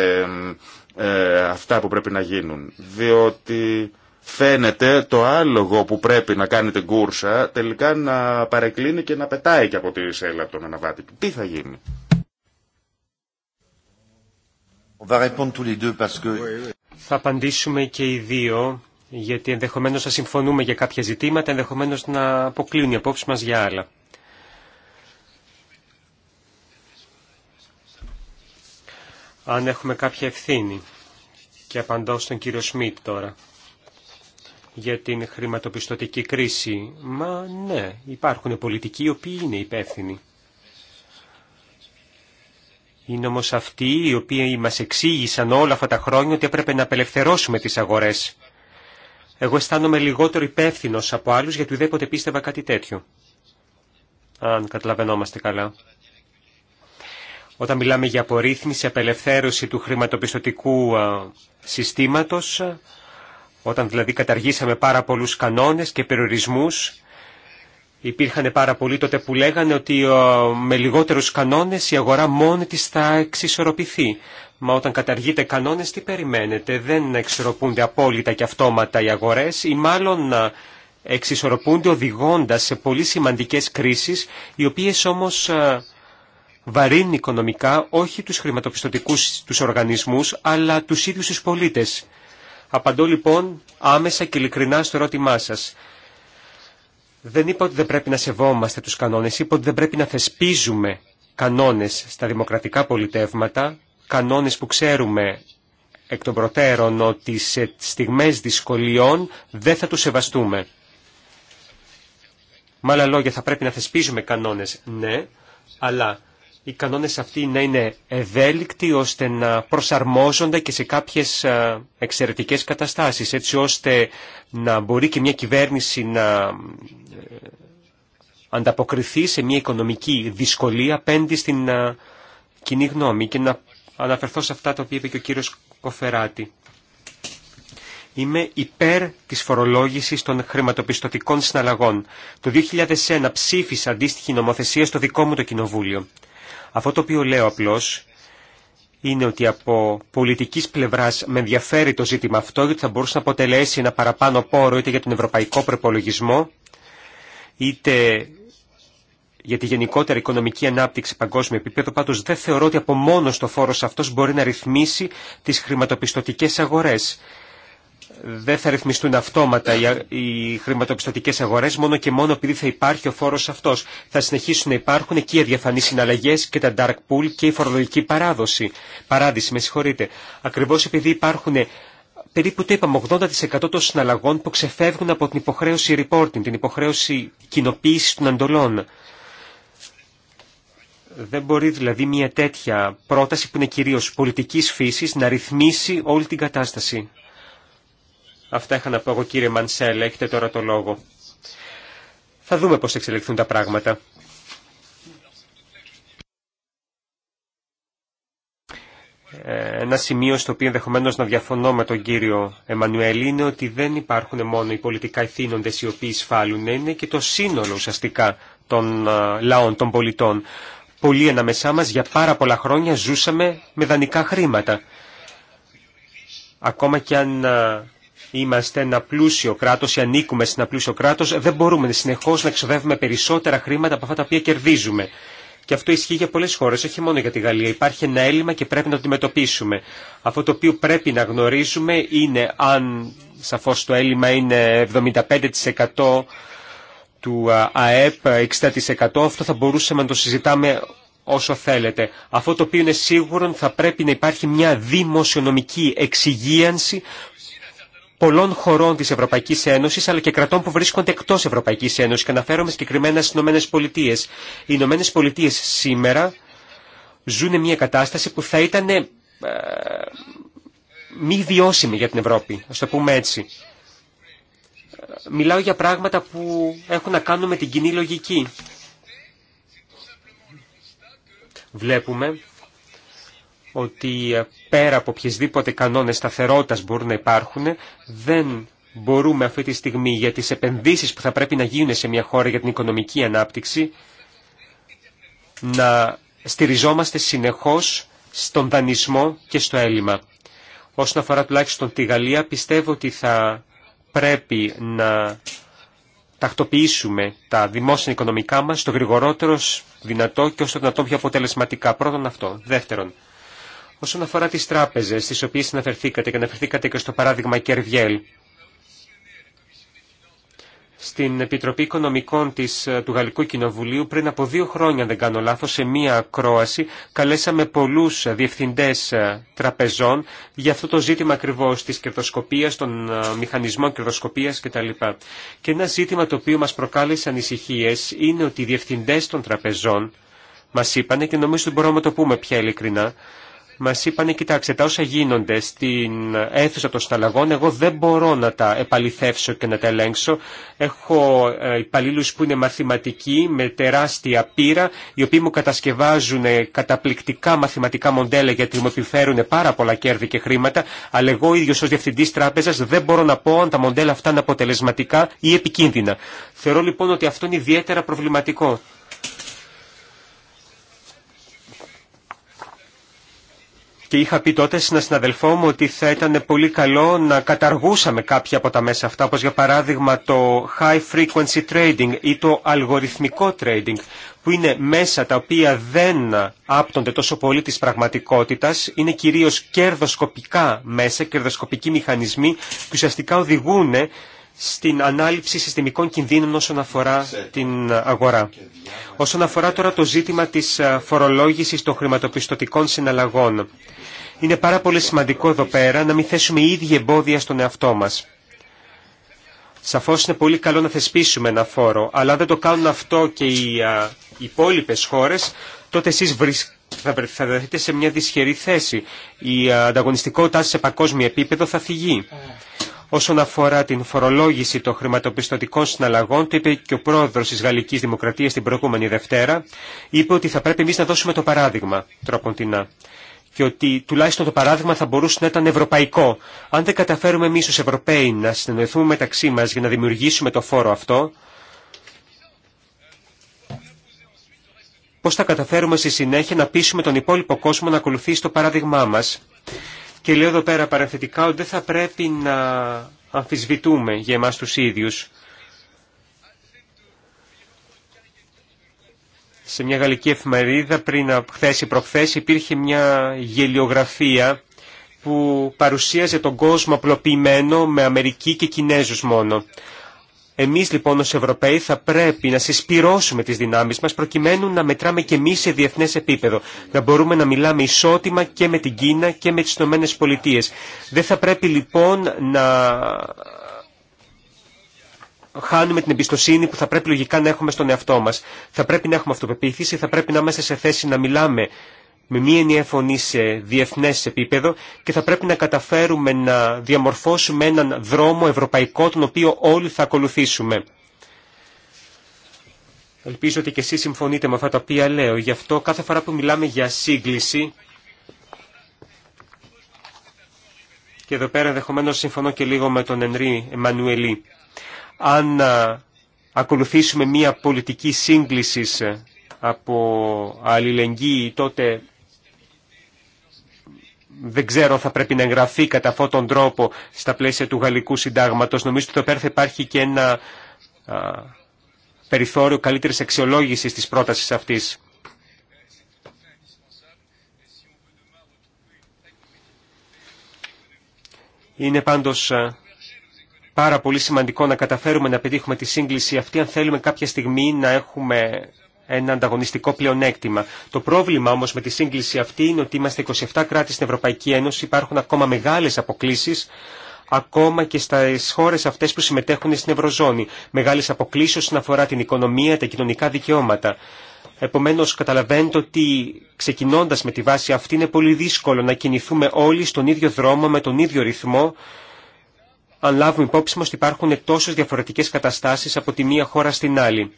ε, αυτά που πρέπει να γίνουν. Διότι φαίνεται το άλογο που πρέπει να κάνει την κούρσα τελικά να παρεκκλίνει και να πετάει και από τη σέλα από τον αναβάτη Τι θα γίνει. Θα απαντήσουμε και οι δύο, γιατί ενδεχομένως θα συμφωνούμε για κάποια ζητήματα, ενδεχομένως να αποκλείουν οι απόψεις μας για άλλα. Αν έχουμε κάποια ευθύνη, και απαντώ στον κύριο Σμιτ τώρα, για την χρηματοπιστωτική κρίση, μα ναι, υπάρχουν πολιτικοί οι οποίοι είναι υπεύθυνοι. Είναι όμως αυτοί οι οποίοι μας εξήγησαν όλα αυτά τα χρόνια ότι έπρεπε να απελευθερώσουμε τις αγορές. Εγώ αισθάνομαι λιγότερο υπεύθυνο από άλλους γιατί ουδέποτε πίστευα κάτι τέτοιο. Αν καταλαβαίνόμαστε καλά. Όταν μιλάμε για απορρίθμιση, απελευθέρωση του χρηματοπιστωτικού συστήματος, όταν δηλαδή καταργήσαμε πάρα πολλούς κανόνες και περιορισμούς, Υπήρχαν πάρα πολλοί τότε που λέγανε ότι ε, με λιγότερους κανόνες η αγορά μόνη της θα εξισορροπηθεί. Μα όταν καταργείται κανόνες τι περιμένετε, δεν εξισορροπούνται απόλυτα και αυτόματα οι αγορές ή μάλλον ε, εξισορροπούνται οδηγώντας σε πολύ σημαντικές κρίσεις οι οποίες όμως ε, βαρύνουν οικονομικά όχι τους χρηματοπιστωτικούς τους οργανισμούς αλλά τους ίδιους τους πολίτες. Απαντώ λοιπόν άμεσα και ειλικρινά στο ερώτημά σας. Δεν είπα ότι δεν πρέπει να σεβόμαστε τους κανόνες, είπα ότι δεν πρέπει να θεσπίζουμε κανόνες στα δημοκρατικά πολιτεύματα, κανόνες που ξέρουμε εκ των προτέρων ότι σε στιγμές δυσκολιών δεν θα τους σεβαστούμε. Με άλλα λόγια θα πρέπει να θεσπίζουμε κανόνες, ναι, αλλά οι κανόνες αυτοί να είναι ευέλικτοι ώστε να προσαρμόζονται και σε κάποιες ε, εξαιρετικές καταστάσεις, έτσι ώστε να μπορεί και μια κυβέρνηση να ανταποκριθεί σε μια οικονομική δυσκολία πέντι στην κοινή γνώμη και να αναφερθώ σε αυτά τα οποία είπε και ο κύριος Κοφεράτη. Είμαι υπέρ της φορολόγησης των χρηματοπιστωτικών συναλλαγών. Το 2001 ψήφισα αντίστοιχη νομοθεσία στο δικό μου το κοινοβούλιο. Αυτό το οποίο λέω απλώς είναι ότι από πολιτικής πλευράς με ενδιαφέρει το ζήτημα αυτό γιατί θα μπορούσε να αποτελέσει ένα παραπάνω πόρο είτε για τον ευρωπαϊκό προπολογισμό είτε για τη γενικότερη οικονομική ανάπτυξη παγκόσμιο επίπεδο, πάντως δεν θεωρώ ότι από μόνος το φόρος αυτός μπορεί να ρυθμίσει τις χρηματοπιστωτικές αγορές. Δεν θα ρυθμιστούν αυτόματα οι χρηματοπιστωτικές αγορές μόνο και μόνο επειδή θα υπάρχει ο φόρος αυτός. Θα συνεχίσουν να υπάρχουν και οι αδιαφανείς συναλλαγές και τα dark pool και η φορολογική παράδοση. Παράδειση, με συγχωρείτε. Ακριβώς επειδή υπάρχουν ε, περίπου το είπαμε 80% των συναλλαγών που ξεφεύγουν από την υποχρέωση reporting, την υποχρέωση κοινοποίηση των αντολών. Δεν μπορεί δηλαδή μια τέτοια πρόταση που είναι κυρίως πολιτικής φύσης να ρυθμίσει όλη την κατάσταση. Αυτά είχα να πω εγώ κύριε Μανσέλ, έχετε τώρα το λόγο. Θα δούμε πώς εξελιχθούν τα πράγματα. Ε, ένα σημείο στο οποίο ενδεχομένω να διαφωνώ με τον κύριο Εμμανουέλη είναι ότι δεν υπάρχουν μόνο οι πολιτικά ηθήνοντες οι οποίοι σφάλουν, είναι και το σύνολο ουσιαστικά των ε, λαών, των πολιτών πολλοί ανάμεσά μας για πάρα πολλά χρόνια ζούσαμε με δανεικά χρήματα. Ακόμα και αν είμαστε ένα πλούσιο κράτος ή ανήκουμε σε ένα πλούσιο κράτος, δεν μπορούμε συνεχώς να ξοδεύουμε περισσότερα χρήματα από αυτά τα οποία κερδίζουμε. Και αυτό ισχύει για πολλές χώρες, όχι μόνο για τη Γαλλία. Υπάρχει ένα έλλειμμα και πρέπει να το αντιμετωπίσουμε. Αυτό το οποίο πρέπει να γνωρίζουμε είναι αν σαφώς το έλλειμμα είναι 75% του ΑΕΠ 60% αυτό θα μπορούσαμε να το συζητάμε όσο θέλετε. Αυτό το οποίο είναι σίγουρο θα πρέπει να υπάρχει μια δημοσιονομική εξυγίανση πολλών χωρών της Ευρωπαϊκής Ένωσης αλλά και κρατών που βρίσκονται εκτός Ευρωπαϊκής Ένωσης και αναφέρομαι συγκεκριμένα στις Ηνωμένες Πολιτείες. Οι Ηνωμένες Πολιτείες σήμερα ζουν μια κατάσταση που θα ήταν ε, μη βιώσιμη για την Ευρώπη, ας το πούμε έτσι μιλάω για πράγματα που έχουν να κάνουν με την κοινή λογική. Βλέπουμε ότι ε, πέρα από οποιασδήποτε κανόνες σταθερότητας μπορούν να υπάρχουν, δεν μπορούμε αυτή τη στιγμή για τις επενδύσεις που θα πρέπει να γίνουν σε μια χώρα για την οικονομική ανάπτυξη να στηριζόμαστε συνεχώς στον δανεισμό και στο έλλειμμα. Όσον αφορά τουλάχιστον τη Γαλλία, πιστεύω ότι θα πρέπει να τακτοποιήσουμε τα δημόσια οικονομικά μας στο γρηγορότερο δυνατό και όσο δυνατόν πιο αποτελεσματικά. Πρώτον αυτό. Δεύτερον, όσον αφορά τις τράπεζες, στις οποίες αναφερθήκατε και αναφερθήκατε και στο παράδειγμα Κερβιέλ, στην Επιτροπή Οικονομικών της, ε, του Γαλλικού Κοινοβουλίου πριν από δύο χρόνια, δεν κάνω λάθος, σε μία ακρόαση καλέσαμε πολλούς ε, διευθυντές ε, τραπεζών για αυτό το ζήτημα ακριβώς της κερδοσκοπίας, των μηχανισμών κερδοσκοπίας κτλ. Και ένα ζήτημα το οποίο μας προκάλεσε ανησυχίες είναι ότι οι διευθυντές των τραπεζών μας είπανε και νομίζω ότι μπορούμε να το πούμε πια ειλικρινά μας είπανε, κοιτάξτε, τα όσα γίνονται στην αίθουσα των σταλαγών, εγώ δεν μπορώ να τα επαληθεύσω και να τα ελέγξω. Έχω ε, υπαλλήλου που είναι μαθηματικοί, με τεράστια πείρα, οι οποίοι μου κατασκευάζουν ε, καταπληκτικά μαθηματικά μοντέλα γιατί μου επιφέρουν πάρα πολλά κέρδη και χρήματα, αλλά εγώ ίδιο ω διευθυντή τράπεζα δεν μπορώ να πω αν τα μοντέλα αυτά είναι αποτελεσματικά ή επικίνδυνα. Θεωρώ λοιπόν ότι αυτό είναι ιδιαίτερα προβληματικό. και είχα πει τότε στην συναδελφό μου ότι θα ήταν πολύ καλό να καταργούσαμε κάποια από τα μέσα αυτά, όπως για παράδειγμα το high frequency trading ή το αλγοριθμικό trading, που είναι μέσα τα οποία δεν άπτονται τόσο πολύ της πραγματικότητας, είναι κυρίως κερδοσκοπικά μέσα, κερδοσκοπικοί μηχανισμοί που ουσιαστικά οδηγούν στην ανάληψη συστημικών κινδύνων όσον αφορά την αγορά. Όσον αφορά τώρα το ζήτημα της ε, φορολόγησης των χρηματοπιστωτικών συναλλαγών. Είναι πάρα πολύ σημαντικό εδώ πέρα να μην θέσουμε ίδια εμπόδια στον εαυτό μας. Σαφώς είναι πολύ καλό να θεσπίσουμε ένα φόρο, αλλά αν δεν το κάνουν αυτό και οι υπόλοιπε χώρες, τότε εσείς θα βρεθείτε σε μια δυσχερή θέση. Η ανταγωνιστικότητά σε παγκόσμιο επίπεδο θα θυγεί. Όσον αφορά την φορολόγηση των χρηματοπιστωτικών συναλλαγών, το είπε και ο πρόεδρος της Γαλλικής Δημοκρατίας την προηγούμενη Δευτέρα, είπε ότι θα πρέπει εμείς να δώσουμε το παράδειγμα τροποντινά και ότι τουλάχιστον το παράδειγμα θα μπορούσε να ήταν ευρωπαϊκό. Αν δεν καταφέρουμε εμείς ως Ευρωπαίοι να συνεννοηθούμε μεταξύ μας για να δημιουργήσουμε το φόρο αυτό, πώς θα καταφέρουμε στη συνέχεια να πείσουμε τον υπόλοιπο κόσμο να ακολουθήσει το παράδειγμά μας. Και λέω εδώ πέρα παραθετικά ότι δεν θα πρέπει να αμφισβητούμε για εμάς τους ίδιους. Σε μια γαλλική εφημερίδα πριν από χθες ή προχθές υπήρχε μια γελιογραφία που παρουσίαζε τον κόσμο απλοποιημένο με Αμερική και Κινέζους μόνο. Εμείς λοιπόν ως Ευρωπαίοι θα πρέπει να συσπυρώσουμε τις δυνάμεις μας προκειμένου να μετράμε και εμείς σε διεθνές επίπεδο. Να μπορούμε να μιλάμε ισότιμα και με την Κίνα και με τις Ηνωμένες Πολιτείες. Δεν θα πρέπει λοιπόν να χάνουμε την εμπιστοσύνη που θα πρέπει λογικά να έχουμε στον εαυτό μας. Θα πρέπει να έχουμε αυτοπεποίθηση, θα πρέπει να είμαστε σε θέση να μιλάμε με μία ενιαία φωνή σε διεθνές επίπεδο και θα πρέπει να καταφέρουμε να διαμορφώσουμε έναν δρόμο ευρωπαϊκό τον οποίο όλοι θα ακολουθήσουμε. Ελπίζω ότι και εσείς συμφωνείτε με αυτά τα οποία λέω. Γι' αυτό κάθε φορά που μιλάμε για σύγκληση και εδώ πέρα ενδεχομένω συμφωνώ και λίγο με τον Ενρή Εμμανουελή. Αν ακολουθήσουμε μία πολιτική σύγκλησης ε, από αλληλεγγύη τότε δεν ξέρω θα πρέπει να εγγραφεί κατά αυτόν τον τρόπο στα πλαίσια του γαλλικού συντάγματος. Νομίζω ότι το πέρα υπάρχει και ένα περιθώριο καλύτερης αξιολόγησης της πρότασης αυτής. Είναι πάντως πάρα πολύ σημαντικό να καταφέρουμε να πετύχουμε τη σύγκληση αυτή αν θέλουμε κάποια στιγμή να έχουμε ένα ανταγωνιστικό πλεονέκτημα. Το πρόβλημα όμω με τη σύγκληση αυτή είναι ότι είμαστε 27 κράτη στην Ευρωπαϊκή Ένωση, υπάρχουν ακόμα μεγάλε αποκλήσει ακόμα και στις χώρες αυτές που συμμετέχουν στην Ευρωζώνη. Μεγάλες αποκλήσεις όσον αφορά την οικονομία, τα κοινωνικά δικαιώματα. Επομένως καταλαβαίνετε ότι ξεκινώντας με τη βάση αυτή είναι πολύ δύσκολο να κινηθούμε όλοι στον ίδιο δρόμο, με τον ίδιο ρυθμό, αν λάβουμε υπόψη μας ότι υπάρχουν τόσες διαφορετικές καταστάσεις από τη μία χώρα στην άλλη.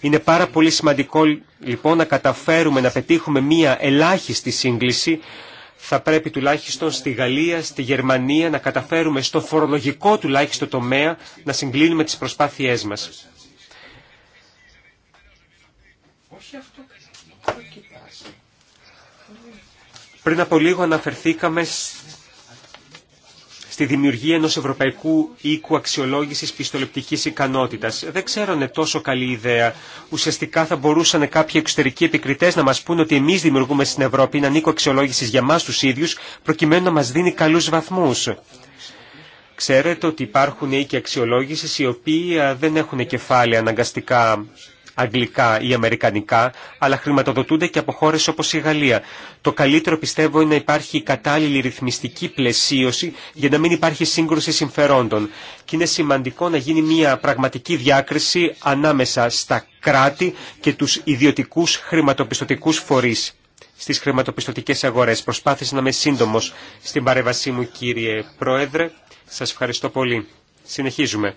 Είναι πάρα πολύ σημαντικό λοιπόν να καταφέρουμε να πετύχουμε μία ελάχιστη σύγκληση. Θα πρέπει τουλάχιστον στη Γαλλία, στη Γερμανία να καταφέρουμε στο φορολογικό τουλάχιστον τομέα να συγκλίνουμε τις προσπάθειές μας. Πριν από λίγο αναφερθήκαμε στη δημιουργία ενός ευρωπαϊκού οίκου αξιολόγησης πιστολεπτικής ικανότητας. Δεν ξέρω είναι τόσο καλή ιδέα. Ουσιαστικά θα μπορούσαν κάποιοι εξωτερικοί επικριτές να μας πούν ότι εμείς δημιουργούμε στην Ευρώπη έναν οίκο αξιολόγησης για μας τους ίδιους, προκειμένου να μας δίνει καλούς βαθμούς. Ξέρετε ότι υπάρχουν οίκοι αξιολόγησης οι οποίοι δεν έχουν κεφάλαια αναγκαστικά αγγλικά ή αμερικανικά, αλλά χρηματοδοτούνται και από χώρες όπως η Γαλλία. Το καλύτερο πιστεύω είναι να υπάρχει κατάλληλη ρυθμιστική πλαισίωση για να μην υπάρχει σύγκρουση συμφερόντων. Και είναι σημαντικό να γίνει μια πραγματική διάκριση ανάμεσα στα κράτη και τους ιδιωτικούς χρηματοπιστωτικούς φορείς στις χρηματοπιστωτικές αγορές. Προσπάθησα να είμαι σύντομος στην παρέμβασή μου κύριε Πρόεδρε. Σας ευχαριστώ πολύ. Συνεχίζουμε.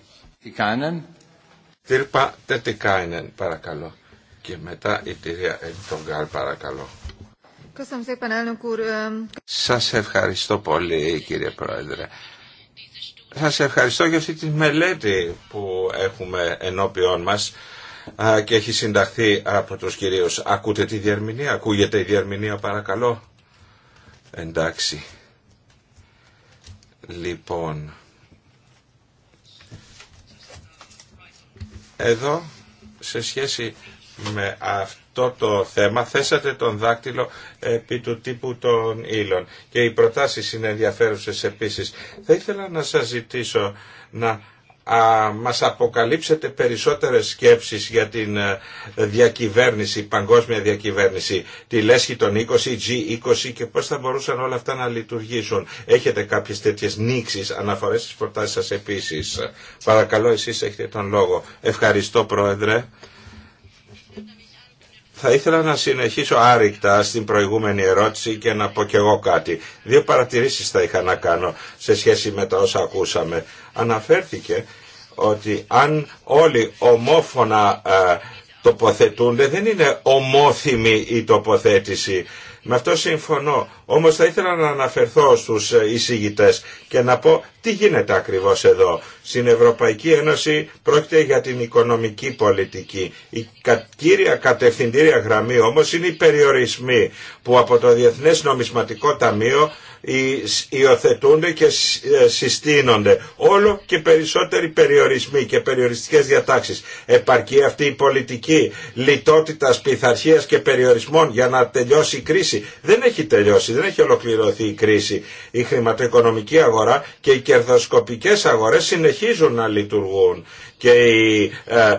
Τύρπα Τετικάινεν, παρακαλώ. Και μετά η κυρία Εντογκάλ, παρακαλώ. Σας ευχαριστώ πολύ κύριε Πρόεδρε. Σας ευχαριστώ για αυτή τη μελέτη που έχουμε ενώπιόν μας και έχει συνταχθεί από τους κυρίους. Ακούτε τη διερμηνία, ακούγεται η διερμηνία παρακαλώ. Εντάξει. Λοιπόν, Εδώ, σε σχέση με αυτό το θέμα, θέσατε τον δάκτυλο επί του τύπου των ύλων. Και οι προτάσεις είναι ενδιαφέρουσες επίσης. Θα ήθελα να σας ζητήσω να α, μας αποκαλύψετε περισσότερες σκέψεις για την ε, διακυβέρνηση, παγκόσμια διακυβέρνηση, τη λέσχη των 20, G20 και πώς θα μπορούσαν όλα αυτά να λειτουργήσουν. Έχετε κάποιες τέτοιες νήξεις, αναφορές στις προτάσεις σας επίσης. Παρακαλώ εσείς έχετε τον λόγο. Ευχαριστώ Πρόεδρε. Θα ήθελα να συνεχίσω άρρηκτα στην προηγούμενη ερώτηση και να πω κι εγώ κάτι. Δύο παρατηρήσεις θα είχα να κάνω σε σχέση με τα όσα ακούσαμε αναφέρθηκε ότι αν όλοι ομόφωνα ε, τοποθετούνται δεν είναι ομόθυμη η τοποθέτηση. Με αυτό συμφωνώ όμως θα ήθελα να αναφερθώ στους ε, εισηγητές και να πω τι γίνεται ακριβώς εδώ. Στην Ευρωπαϊκή Ένωση πρόκειται για την οικονομική πολιτική. Η κύρια κατευθυντήρια γραμμή όμως είναι οι περιορισμοί που από το Διεθνές Νομισματικό Ταμείο υιοθετούνται και ε, συστήνονται όλο και περισσότεροι περιορισμοί και περιοριστικές διατάξεις. Επαρκεί αυτή η πολιτική λιτότητας, πειθαρχίας και περιορισμών για να τελειώσει η κρίση. Δεν έχει τελειώσει, δεν έχει ολοκληρωθεί η κρίση. Η χρηματοοικονομική αγορά και οι κερδοσκοπικές αγορές συνεχίζουν να λειτουργούν και η ε,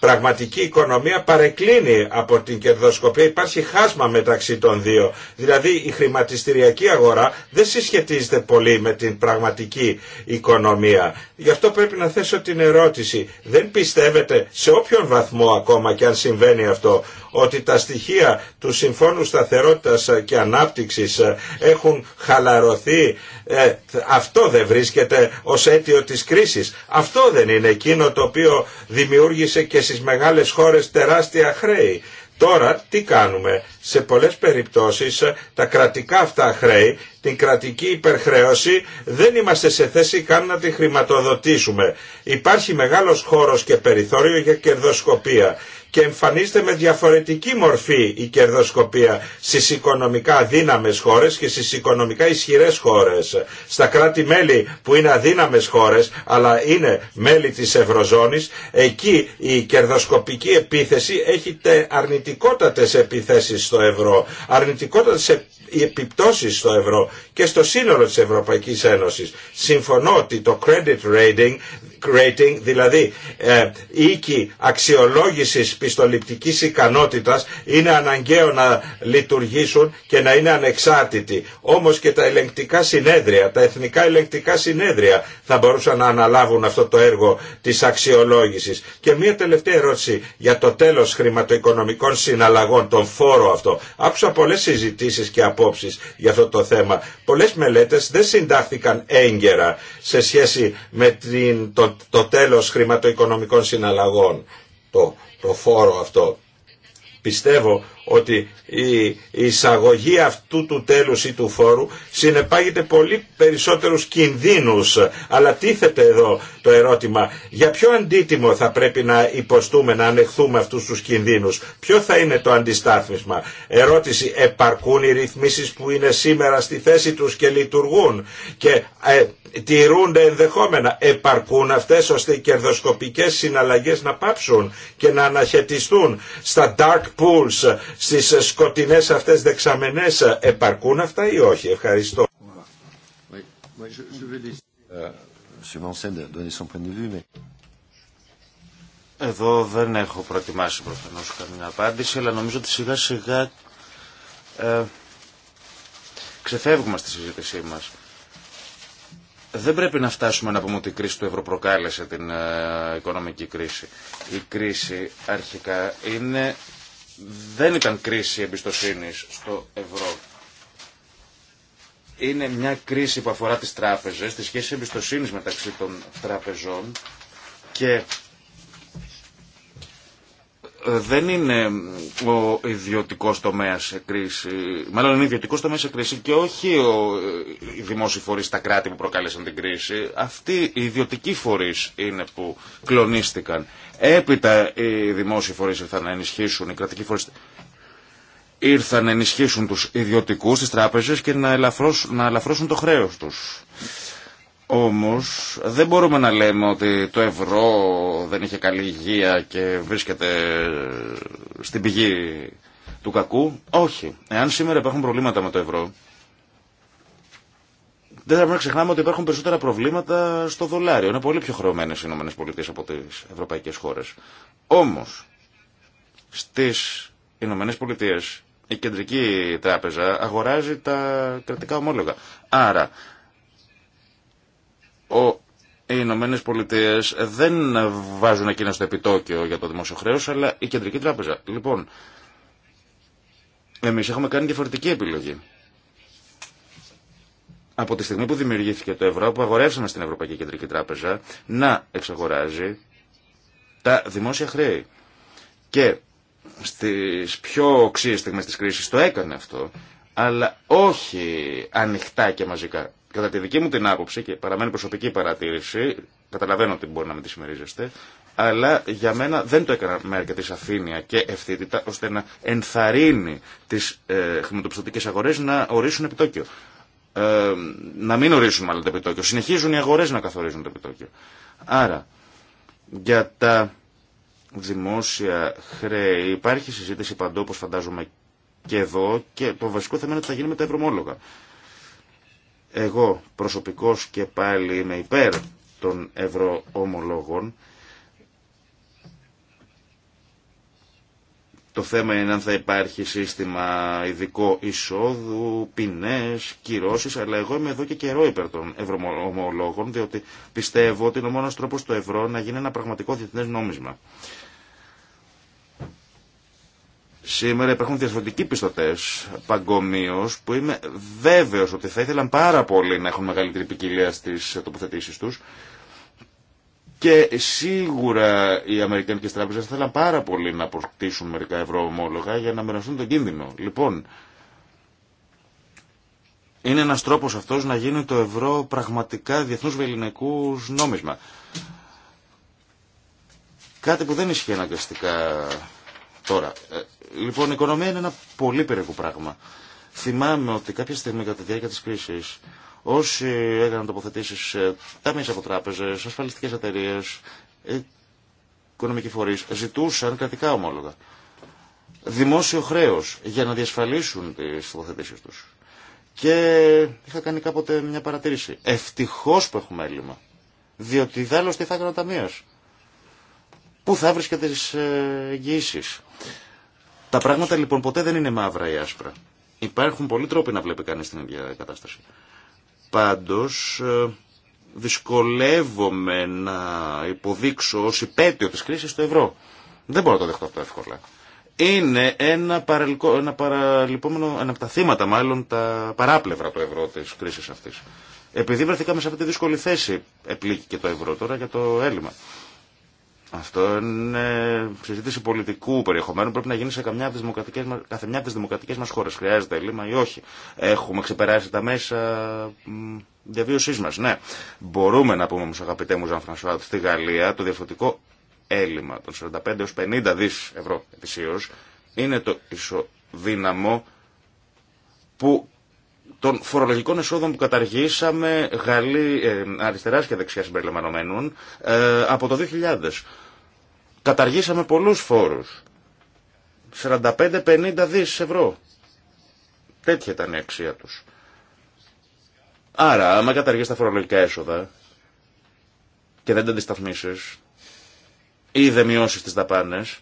πραγματική οικονομία παρεκκλίνει από την κερδοσκοπία. Υπάρχει χάσμα μεταξύ των δύο. Δηλαδή η χρηματιστηριακή αγορά δεν συσχετίζεται πολύ με την πραγματική οικονομία. Γι' αυτό πρέπει να θέσω την ερώτηση. Δεν πιστεύετε σε όποιον βαθμό ακόμα και αν συμβαίνει αυτό ότι τα στοιχεία του Συμφώνου Σταθερότητας και Ανάπτυξης ε, έχουν χαλαρωθεί. Ε, αυτό δεν βρίσκεται ως αίτιο της κρίσης. Αυτό δεν είναι το οποίο δημιούργησε και στις μεγάλες χώρες τεράστια χρέη. Τώρα τι κάνουμε. Σε πολλές περιπτώσεις ε, τα κρατικά αυτά χρέη, την κρατική υπερχρέωση δεν είμαστε σε θέση καν να τη χρηματοδοτήσουμε. Υπάρχει μεγάλος χώρος και περιθώριο για κερδοσκοπία και εμφανίζεται με διαφορετική μορφή η κερδοσκοπία στις οικονομικά αδύναμες χώρες και στις οικονομικά ισχυρές χώρες. Στα κράτη-μέλη που είναι αδύναμες χώρες αλλά είναι μέλη της Ευρωζώνης, εκεί η κερδοσκοπική επίθεση έχει αρνητικότατες επιθέσεις στο ευρώ, αρνητικότατες οι επιπτώσεις στο ευρώ και στο σύνολο της Ευρωπαϊκής Ένωσης. Συμφωνώ ότι το credit rating, rating δηλαδή ε, οίκη αξιολόγησης πιστοληπτικής ικανότητας είναι αναγκαίο να λειτουργήσουν και να είναι ανεξάρτητοι. Όμως και τα ελεγκτικά συνέδρια, τα εθνικά ελεγκτικά συνέδρια θα μπορούσαν να αναλάβουν αυτό το έργο της αξιολόγησης. Και μία τελευταία ερώτηση για το τέλος χρηματοοικονομικών συναλλαγών, τον φόρο αυτό. Άκουσα πολλές συζητήσεις και από για αυτό το θέμα. Πολλές μελέτες δεν συντάχθηκαν έγκαιρα σε σχέση με το, το τέλος χρηματοοικονομικών συναλλαγών, το, το φόρο αυτό. Πιστεύω ότι η εισαγωγή αυτού του τέλους ή του φόρου συνεπάγεται πολύ περισσότερους κινδύνους. Αλλά τίθεται εδώ το ερώτημα για ποιο αντίτιμο θα πρέπει να υποστούμε, να ανεχθούμε αυτούς τους κινδύνους. Ποιο θα είναι το αντιστάθμισμα. Ερώτηση επαρκούν οι ρυθμίσεις που είναι σήμερα στη θέση τους και λειτουργούν. Και ε, τηρούνται ενδεχόμενα. Επαρκούν αυτές ώστε οι κερδοσκοπικές συναλλαγές να πάψουν και να αναχαιτιστούν στα dark pools, στις σκοτεινές αυτές δεξαμενές. Επαρκούν αυτά ή όχι. Ευχαριστώ. Εδώ δεν έχω προετοιμάσει προφανώς καμία απάντηση, αλλά νομίζω ότι σιγά σιγά ε, ξεφεύγουμε στη συζήτησή μας δεν πρέπει να φτάσουμε να πούμε ότι η κρίση του ευρώ προκάλεσε την ε, οικονομική κρίση. Η κρίση αρχικά είναι, δεν ήταν κρίση εμπιστοσύνης στο ευρώ. Είναι μια κρίση που αφορά τις τράπεζες, τη σχέση εμπιστοσύνης μεταξύ των τραπεζών και ε, δεν είναι ο ιδιωτικό τομέα σε κρίση. Μάλλον είναι ιδιωτικό τομέα σε κρίση και όχι ο, ε, οι δημόσιοι φορεί, τα κράτη που προκάλεσαν την κρίση. Αυτοί οι ιδιωτικοί φορεί είναι που κλονίστηκαν. Έπειτα οι δημόσιοι φορεί ήρθαν να ενισχύσουν, οι κρατικοί φορεί ήρθαν να ενισχύσουν του ιδιωτικού, τι τράπεζε και να ελαφρώσουν, να ελαφρώσουν το χρέο του. Όμως δεν μπορούμε να λέμε ότι το ευρώ δεν είχε καλή υγεία και βρίσκεται στην πηγή του κακού. Όχι. Εάν σήμερα υπάρχουν προβλήματα με το ευρώ, δεν θα πρέπει να ξεχνάμε ότι υπάρχουν περισσότερα προβλήματα στο δολάριο. Είναι πολύ πιο χρεωμένε οι ΗΠΑ από τι ευρωπαϊκέ χώρε. Όμω, στι ΗΠΑ η κεντρική τράπεζα αγοράζει τα κρατικά ομόλογα. Άρα, ο οι Ηνωμένε Πολιτείε δεν βάζουν εκείνο στο επιτόκιο για το δημόσιο χρέο, αλλά η Κεντρική Τράπεζα. Λοιπόν, εμεί έχουμε κάνει διαφορετική επιλογή. Από τη στιγμή που δημιουργήθηκε το ευρώ, που αγορεύσαμε στην Ευρωπαϊκή Κεντρική Τράπεζα να εξαγοράζει τα δημόσια χρέη. Και στι πιο οξύε στιγμές της κρίση το έκανε αυτό, αλλά όχι ανοιχτά και μαζικά. Κατά τη δική μου την άποψη, και παραμένει προσωπική παρατήρηση, καταλαβαίνω ότι μπορεί να με τη συμμερίζεστε, αλλά για μένα δεν το έκανα με αρκετή σαφήνεια και ευθύτητα ώστε να ενθαρρύνει τι ε, χρηματοπιστωτικέ αγορέ να ορίσουν επιτόκιο. Ε, να μην ορίσουν μάλλον το επιτόκιο. Συνεχίζουν οι αγορέ να καθορίζουν το επιτόκιο. Άρα, για τα δημόσια χρέη υπάρχει συζήτηση παντού, όπω φαντάζομαι και εδώ, και το βασικό θέμα είναι ότι θα γίνει με τα ευρωμόλογα. Εγώ προσωπικός και πάλι είμαι υπέρ των ευρωομολόγων. Το θέμα είναι αν θα υπάρχει σύστημα ειδικό εισόδου, ποινές, κυρώσεις, αλλά εγώ είμαι εδώ και καιρό υπέρ των ευρωομολόγων, διότι πιστεύω ότι είναι ο μόνος τρόπος το ευρώ να γίνει ένα πραγματικό διεθνές νόμισμα. Σήμερα υπάρχουν διαφορετικοί πιστωτέ παγκομίω που είμαι βέβαιο ότι θα ήθελαν πάρα πολύ να έχουν μεγαλύτερη ποικιλία στι τοποθετήσει του. Και σίγουρα οι Αμερικανικέ τράπεζε θα ήθελαν πάρα πολύ να αποκτήσουν μερικά ευρώ ομόλογα για να μοιραστούν τον κίνδυνο. Λοιπόν, είναι ένας τρόπος αυτό να γίνει το ευρώ πραγματικά διεθνού βεληνικού νόμισμα. Κάτι που δεν ισχύει αναγκαστικά Τώρα, ε, λοιπόν, η οικονομία είναι ένα πολύ περίπου πράγμα. Θυμάμαι ότι κάποια στιγμή κατά τη διάρκεια τη κρίση, όσοι έκαναν τοποθετήσει σε μέσα από τράπεζε, ασφαλιστικέ εταιρείε, ε, οικονομικοί φορεί, ζητούσαν κρατικά ομόλογα. Δημόσιο χρέο για να διασφαλίσουν τι τοποθετήσει του. Και είχα κάνει κάποτε μια παρατήρηση. Ευτυχώ που έχουμε έλλειμμα. Διότι δάλλως τι θα έκανε τα Πού θα βρίσκα τι ε, εγγύησει. Τα πράγματα λοιπόν ποτέ δεν είναι μαύρα ή άσπρα. Υπάρχουν πολλοί τρόποι να βλέπει κανεί την ίδια κατάσταση. Πάντως ε, δυσκολεύομαι να υποδείξω ω υπέτειο τη κρίση το ευρώ. Δεν μπορώ να το δεχτώ αυτό εύκολα. Είναι ένα, παραλικό, ένα παραλυπόμενο, ένα από τα θύματα μάλλον, τα παράπλευρα του ευρώ τη κρίση αυτή. Επειδή βρεθήκαμε σε αυτή τη δύσκολη θέση, επλήκει και το ευρώ τώρα για το έλλειμμα. Αυτό είναι συζήτηση πολιτικού περιεχομένου. Πρέπει να γίνει σε καμιά από τις δημοκρατικές, κάθε μια τι δημοκρατικέ μα χώρε. Χρειάζεται έλλειμμα ή όχι. Έχουμε ξεπεράσει τα μέσα διαβίωσή μα. Ναι. Μπορούμε να πούμε όμω, αγαπητέ μου Ζαν Φρανσουά, στη Γαλλία το διαφορετικό έλλειμμα των 45 έως 50 δις ευρώ ετησίως είναι το ισοδύναμο που των φορολογικών εσόδων που καταργήσαμε Γαλλοί ε, αριστεράς και δεξιάς συμπεριλαμβανομένων ε, από το 2000. Καταργήσαμε πολλούς φόρους. 45-50 δις ευρώ. Τέτοια ήταν η αξία τους. Άρα, άμα καταργείς τα φορολογικά έσοδα και δεν τα αντισταθμίσεις ή δεν μειώσεις τις δαπάνες,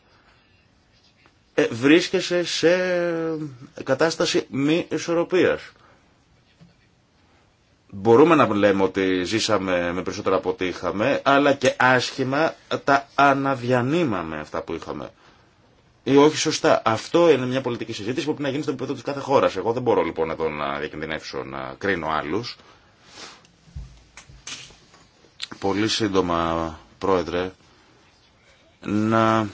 ε, βρίσκεσαι σε κατάσταση μη ισορροπίας. Μπορούμε να λέμε ότι ζήσαμε με περισσότερα από ό,τι είχαμε, αλλά και άσχημα τα αναδιανύμαμε αυτά που είχαμε. Ή όχι σωστά. Αυτό είναι μια πολιτική συζήτηση που πρέπει να γίνει στο επίπεδο τη κάθε χώρα. Εγώ δεν μπορώ λοιπόν εδώ να διακινδυνεύσω να κρίνω άλλου. Πολύ σύντομα, Πρόεδρε, να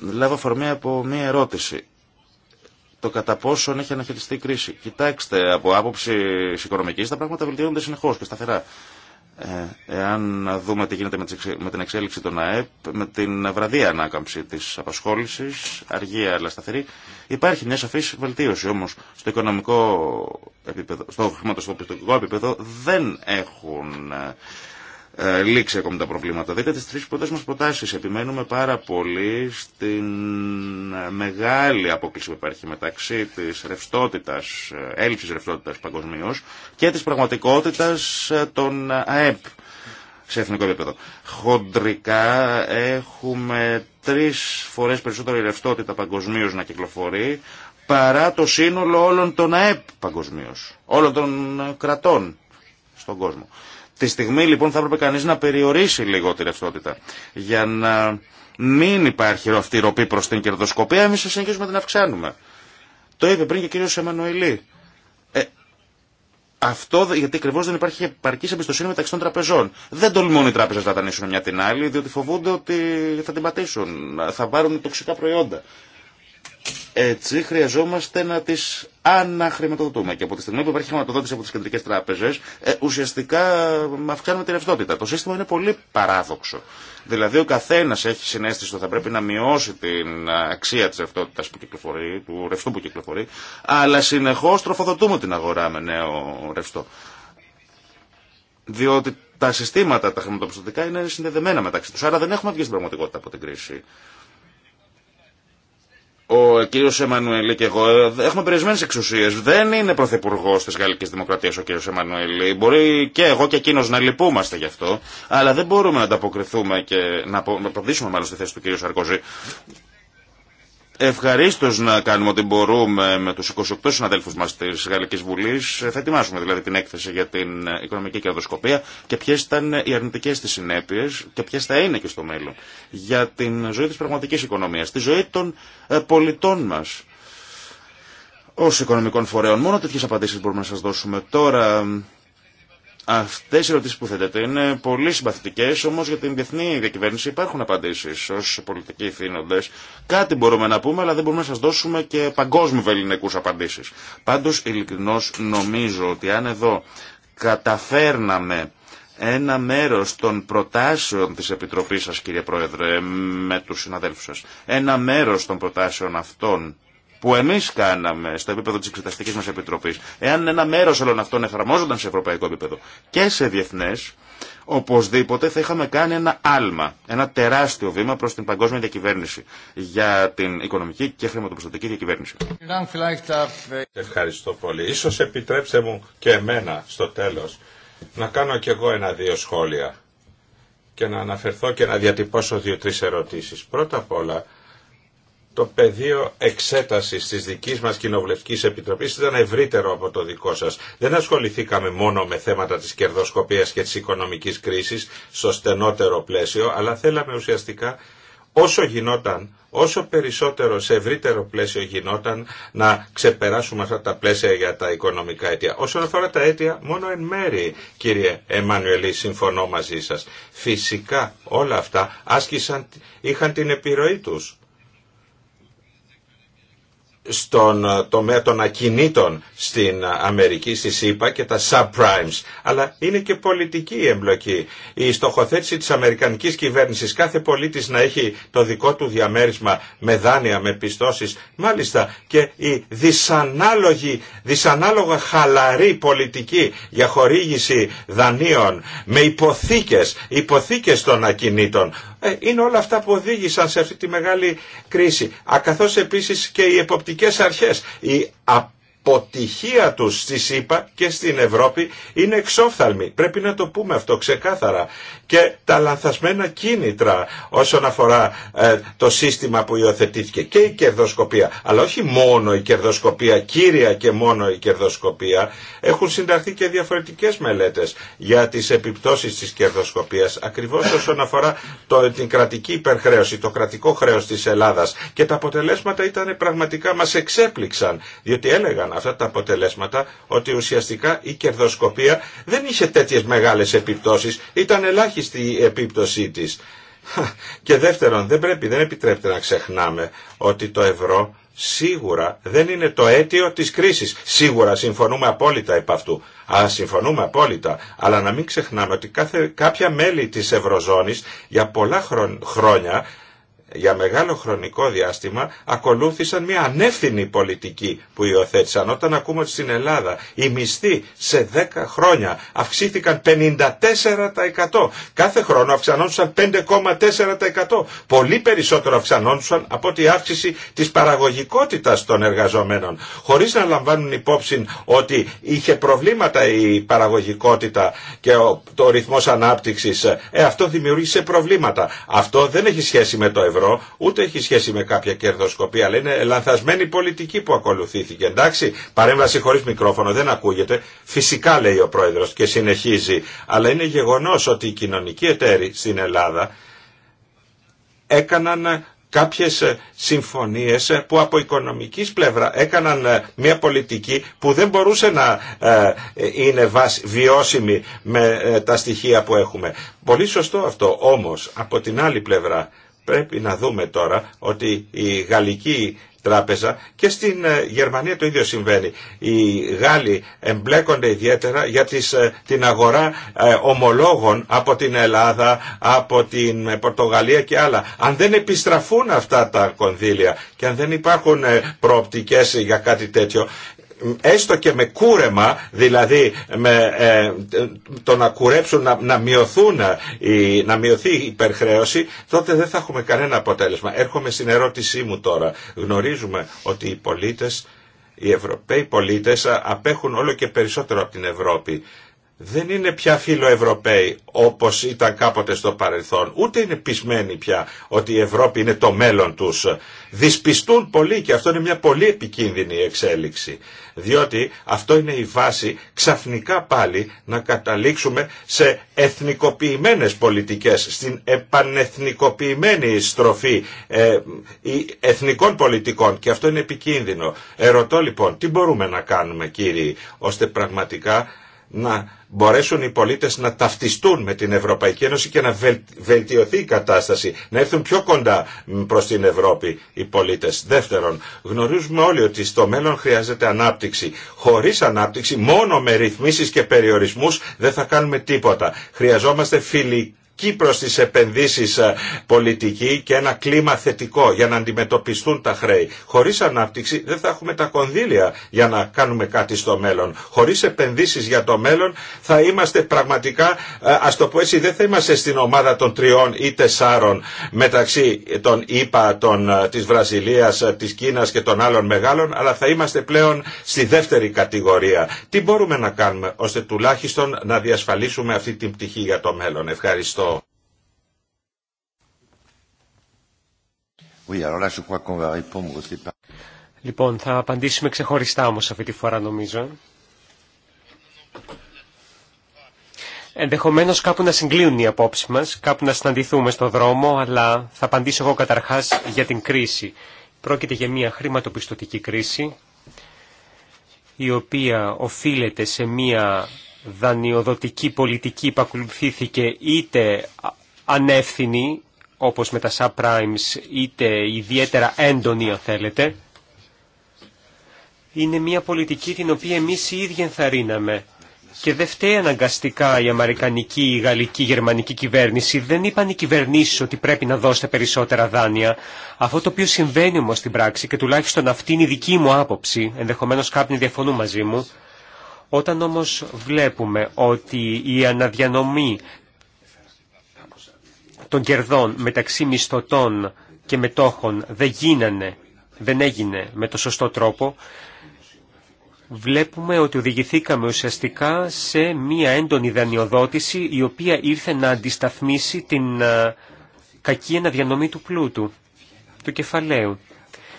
λάβω αφορμή από μια ερώτηση το κατά πόσον έχει αναχαιριστεί η κρίση. Κοιτάξτε, από άποψη οικονομική τα πράγματα βελτιώνονται συνεχώ και σταθερά. Ε, εάν δούμε τι γίνεται με την εξέλιξη των ΑΕΠ, με την βραδία ανάκαμψη τη απασχόληση, αργία αλλά σταθερή, υπάρχει μια σαφή βελτίωση. Όμω στο οικονομικό επίπεδο, στο χρηματοστοπιστικό επίπεδο δεν έχουν ε, ε, λήξει ακόμη τα προβλήματα. δείτε τις τρεις πρώτες μας προτάσεις. Επιμένουμε πάρα πολύ στην ε, μεγάλη απόκληση που υπάρχει μεταξύ της ρευστότητας, ε, έλλειψης ρευστότητας παγκοσμίω και της πραγματικότητας των ΑΕΠ σε εθνικό επίπεδο. Χοντρικά έχουμε τρεις φορές περισσότερη ρευστότητα παγκοσμίω να κυκλοφορεί παρά το σύνολο όλων των ΑΕΠ παγκοσμίω, όλων των κρατών στον κόσμο. Τη στιγμή λοιπόν θα έπρεπε κανείς να περιορίσει λίγο τη ρευστότητα για να μην υπάρχει αυτή η ροπή προς την κερδοσκοπία, εμείς θα συνεχίσουμε να την αυξάνουμε. Το είπε πριν και ο κύριος Εμμανουηλή. Ε, αυτό γιατί ακριβώ δεν υπάρχει επαρκή εμπιστοσύνη μεταξύ των τραπεζών. Δεν τολμούν οι τράπεζε να δανείσουν μια την άλλη, διότι φοβούνται ότι θα την πατήσουν, θα πάρουν τοξικά προϊόντα. Έτσι χρειαζόμαστε να τις αναχρηματοδοτούμε. Και από τη στιγμή που υπάρχει χρηματοδότηση από τις κεντρικές τράπεζες, ε, ουσιαστικά ε, αυξάνουμε τη ρευστότητα. Το σύστημα είναι πολύ παράδοξο. Δηλαδή ο καθένας έχει συνέστηση ότι θα πρέπει να μειώσει την αξία της ρευστότητας που κυκλοφορεί, του ρευστού που κυκλοφορεί, αλλά συνεχώς τροφοδοτούμε την αγορά με νέο ρευστό. Διότι τα συστήματα, τα χρηματοπιστωτικά είναι συνδεδεμένα μεταξύ τους. Άρα δεν έχουμε βγει στην πραγματικότητα από την κρίση ο κύριο Εμμανουέλη και εγώ ε, έχουμε περιορισμένε εξουσίε. Δεν είναι πρωθυπουργό τη Γαλλική Δημοκρατία ο κύριο Εμμανουέλη. Μπορεί και εγώ και εκείνο να λυπούμαστε γι' αυτό, αλλά δεν μπορούμε να ανταποκριθούμε και να αποδείξουμε μάλλον στη θέση του κύριου Σαρκοζή. Ευχαρίστω να κάνουμε ό,τι μπορούμε με του 28 συναδέλφου μα τη Γαλλική Βουλή. Θα ετοιμάσουμε δηλαδή την έκθεση για την οικονομική κερδοσκοπία και ποιε ήταν οι αρνητικέ τη συνέπειε και ποιε θα είναι και στο μέλλον. Για την ζωή τη πραγματική οικονομία, τη ζωή των ε, πολιτών μα ως οικονομικών φορέων. Μόνο τέτοιε απαντήσει μπορούμε να σα δώσουμε τώρα. Αυτέ οι ερωτήσει που θέτετε είναι πολύ συμπαθητικέ, όμω για την διεθνή διακυβέρνηση υπάρχουν απαντήσει ω πολιτικοί ευθύνοντε. Κάτι μπορούμε να πούμε, αλλά δεν μπορούμε να σα δώσουμε και παγκόσμιου ελληνικού απαντήσει. Πάντω, ειλικρινώ νομίζω ότι αν εδώ καταφέρναμε ένα μέρος των προτάσεων τη Επιτροπής σα, κύριε Πρόεδρε, με του συναδέλφου σα, ένα μέρο των προτάσεων αυτών που εμεί κάναμε στο επίπεδο τη Εξεταστική μα Επιτροπή, εάν ένα μέρο όλων αυτών εφαρμόζονταν σε ευρωπαϊκό επίπεδο και σε διεθνέ, οπωσδήποτε θα είχαμε κάνει ένα άλμα, ένα τεράστιο βήμα προ την παγκόσμια διακυβέρνηση για την οικονομική και χρηματοπιστωτική διακυβέρνηση. Ευχαριστώ πολύ. Ίσως επιτρέψτε μου και εμένα στο τέλο να κάνω κι εγώ ένα-δύο σχόλια και να αναφερθώ και να διατυπώσω δύο-τρεις ερωτήσεις. Πρώτα απ' όλα, το πεδίο εξέτασης της δικής μας Κοινοβουλευτικής Επιτροπής ήταν ευρύτερο από το δικό σας. Δεν ασχοληθήκαμε μόνο με θέματα της κερδοσκοπίας και της οικονομικής κρίσης στο στενότερο πλαίσιο, αλλά θέλαμε ουσιαστικά όσο γινόταν, όσο περισσότερο σε ευρύτερο πλαίσιο γινόταν να ξεπεράσουμε αυτά τα πλαίσια για τα οικονομικά αίτια. Όσον αφορά τα αίτια, μόνο εν μέρη, κύριε Εμμανουελή, συμφωνώ μαζί σας. Φυσικά όλα αυτά άσκησαν, είχαν την επιρροή τους στον ε, τομέα των ακινήτων στην ε, Αμερική, στη ΣΥΠΑ και τα subprimes. Αλλά είναι και πολιτική η εμπλοκή. Η στοχοθέτηση της Αμερικανικής κυβέρνησης, κάθε πολίτης να έχει το δικό του διαμέρισμα με δάνεια, με πιστώσεις, μάλιστα και η δυσανάλογη, δυσανάλογα χαλαρή πολιτική για χορήγηση δανείων με υποθήκες, υποθήκες των ακινήτων ε, είναι όλα αυτά που οδήγησαν σε αυτή τη μεγάλη κρίση. Ακαθώς επίσης και οι εποπτικές αρχές. Η αποτυχία τους στη ΣΥΠΑ και στην Ευρώπη είναι εξόφθαλμη. Πρέπει να το πούμε αυτό ξεκάθαρα. Και τα λανθασμένα κίνητρα όσον αφορά ε, το σύστημα που υιοθετήθηκε και η κερδοσκοπία, αλλά όχι μόνο η κερδοσκοπία, κύρια και μόνο η κερδοσκοπία, έχουν συνταχθεί και διαφορετικές μελέτες για τις επιπτώσεις της κερδοσκοπίας, ακριβώς όσον αφορά το, την κρατική υπερχρέωση, το κρατικό χρέος της Ελλάδας. Και τα αποτελέσματα ήταν πραγματικά, μας εξέπληξαν, διότι έλεγαν αυτά τα αποτελέσματα ότι ουσιαστικά η κερδοσκοπία δεν είχε τέτοιες μεγάλες επιπτώσεις, ήταν ελάχιστη η επίπτωσή της. Και δεύτερον, δεν πρέπει, δεν επιτρέπεται να ξεχνάμε ότι το ευρώ σίγουρα δεν είναι το αίτιο της κρίσης. Σίγουρα συμφωνούμε απόλυτα επ' αυτού. Α, συμφωνούμε απόλυτα. Αλλά να μην ξεχνάμε ότι κάθε, κάποια μέλη της Ευρωζώνης για πολλά χρόνια για μεγάλο χρονικό διάστημα ακολούθησαν μια ανεύθυνη πολιτική που υιοθέτησαν. Όταν ακούμε ότι στην Ελλάδα οι μισθοί σε 10 χρόνια αυξήθηκαν 54%. Κάθε χρόνο αυξανόντουσαν 5,4%. Πολύ περισσότερο αυξανόντουσαν από τη αύξηση της παραγωγικότητας των εργαζομένων. Χωρίς να λαμβάνουν υπόψη ότι είχε προβλήματα η παραγωγικότητα και το ρυθμός ανάπτυξης. Ε, αυτό δημιούργησε προβλήματα. Αυτό δεν έχει σχέση με το ευρώ θεωρώ ούτε έχει σχέση με κάποια κερδοσκοπία, αλλά είναι λανθασμένη πολιτική που ακολουθήθηκε. Εντάξει, παρέμβαση χωρί μικρόφωνο δεν ακούγεται. Φυσικά λέει ο πρόεδρο και συνεχίζει. Αλλά είναι γεγονό ότι οι κοινωνικοί εταίροι στην Ελλάδα έκαναν κάποιες συμφωνίες που από οικονομικής πλευρά έκαναν μια πολιτική που δεν μπορούσε να ε, είναι βιώσιμη με ε, τα στοιχεία που έχουμε. Πολύ σωστό αυτό, όμως από την άλλη πλευρά πρέπει να δούμε τώρα ότι η γαλλική τράπεζα και στην ε, Γερμανία το ίδιο συμβαίνει. Οι Γάλλοι εμπλέκονται ιδιαίτερα για τις, ε, την αγορά ε, ομολόγων από την Ελλάδα, από την Πορτογαλία και άλλα. Αν δεν επιστραφούν αυτά τα κονδύλια και αν δεν υπάρχουν προοπτικές για κάτι τέτοιο, έστω και με κούρεμα, δηλαδή με, ε, το να κουρέψουν, να, μειωθούν, ε, η, να μειωθεί η υπερχρέωση, τότε δεν θα έχουμε κανένα αποτέλεσμα. Έρχομαι στην ερώτησή μου τώρα. Γνωρίζουμε ότι οι πολίτες, οι Ευρωπαίοι πολίτες ε, απέχουν όλο και περισσότερο από την Ευρώπη δεν είναι πια φιλοευρωπαίοι όπως ήταν κάποτε στο παρελθόν. Ούτε είναι πισμένοι πια ότι η Ευρώπη είναι το μέλλον τους. Δυσπιστούν πολύ και αυτό είναι μια πολύ επικίνδυνη εξέλιξη. Διότι αυτό είναι η βάση ξαφνικά πάλι να καταλήξουμε σε εθνικοποιημένες πολιτικές, στην επανεθνικοποιημένη στροφή ε, εθνικών πολιτικών και αυτό είναι επικίνδυνο. Ερωτώ λοιπόν τι μπορούμε να κάνουμε κύριοι ώστε πραγματικά να μπορέσουν οι πολίτες να ταυτιστούν με την Ευρωπαϊκή Ένωση και να βελτιωθεί η κατάσταση, να έρθουν πιο κοντά προς την Ευρώπη οι πολίτες. Δεύτερον, γνωρίζουμε όλοι ότι στο μέλλον χρειάζεται ανάπτυξη. Χωρίς ανάπτυξη, μόνο με ρυθμίσεις και περιορισμούς δεν θα κάνουμε τίποτα. Χρειαζόμαστε φιλική Κύπρος στις επενδύσεις ε, πολιτική και ένα κλίμα θετικό για να αντιμετωπιστούν τα χρέη. Χωρίς ανάπτυξη δεν θα έχουμε τα κονδύλια για να κάνουμε κάτι στο μέλλον. Χωρίς επενδύσεις για το μέλλον θα είμαστε πραγματικά, ε, ας το πω έτσι, δεν θα είμαστε στην ομάδα των τριών ή τεσσάρων μεταξύ των ΙΠΑ, τη ε, της Βραζιλίας, της Κίνας και των άλλων μεγάλων, αλλά θα είμαστε πλέον στη δεύτερη κατηγορία. Τι μπορούμε να κάνουμε ώστε τουλάχιστον να διασφαλίσουμε αυτή την πτυχή για το μέλλον. Ευχαριστώ. Λοιπόν, θα απαντήσουμε ξεχωριστά όμως αυτή τη φορά νομίζω. Ενδεχομένως κάπου να συγκλίνουν οι απόψεις μας, κάπου να συναντηθούμε στο δρόμο, αλλά θα απαντήσω εγώ καταρχάς για την κρίση. Πρόκειται για μια χρηματοπιστωτική κρίση, η οποία οφείλεται σε μια δανειοδοτική πολιτική που ακολουθήθηκε είτε ανεύθυνη όπως με τα subprimes είτε ιδιαίτερα έντονη αν θέλετε, είναι μια πολιτική την οποία εμείς οι ίδιοι ενθαρρύναμε. Και δεν φταίει αναγκαστικά η Αμερικανική, η Γαλλική, η Γερμανική κυβέρνηση. Δεν είπαν οι κυβερνήσει ότι πρέπει να δώσετε περισσότερα δάνεια. Αυτό το οποίο συμβαίνει όμω στην πράξη, και τουλάχιστον αυτή είναι η δική μου άποψη, ενδεχομένω κάποιοι διαφωνούν μαζί μου, όταν όμως βλέπουμε ότι η αναδιανομή των κερδών μεταξύ μισθωτών και μετόχων δεν γίνανε, δεν έγινε με το σωστό τρόπο, βλέπουμε ότι οδηγηθήκαμε ουσιαστικά σε μία έντονη δανειοδότηση η οποία ήρθε να αντισταθμίσει την ε, κακή αναδιανομή του πλούτου, του κεφαλαίου.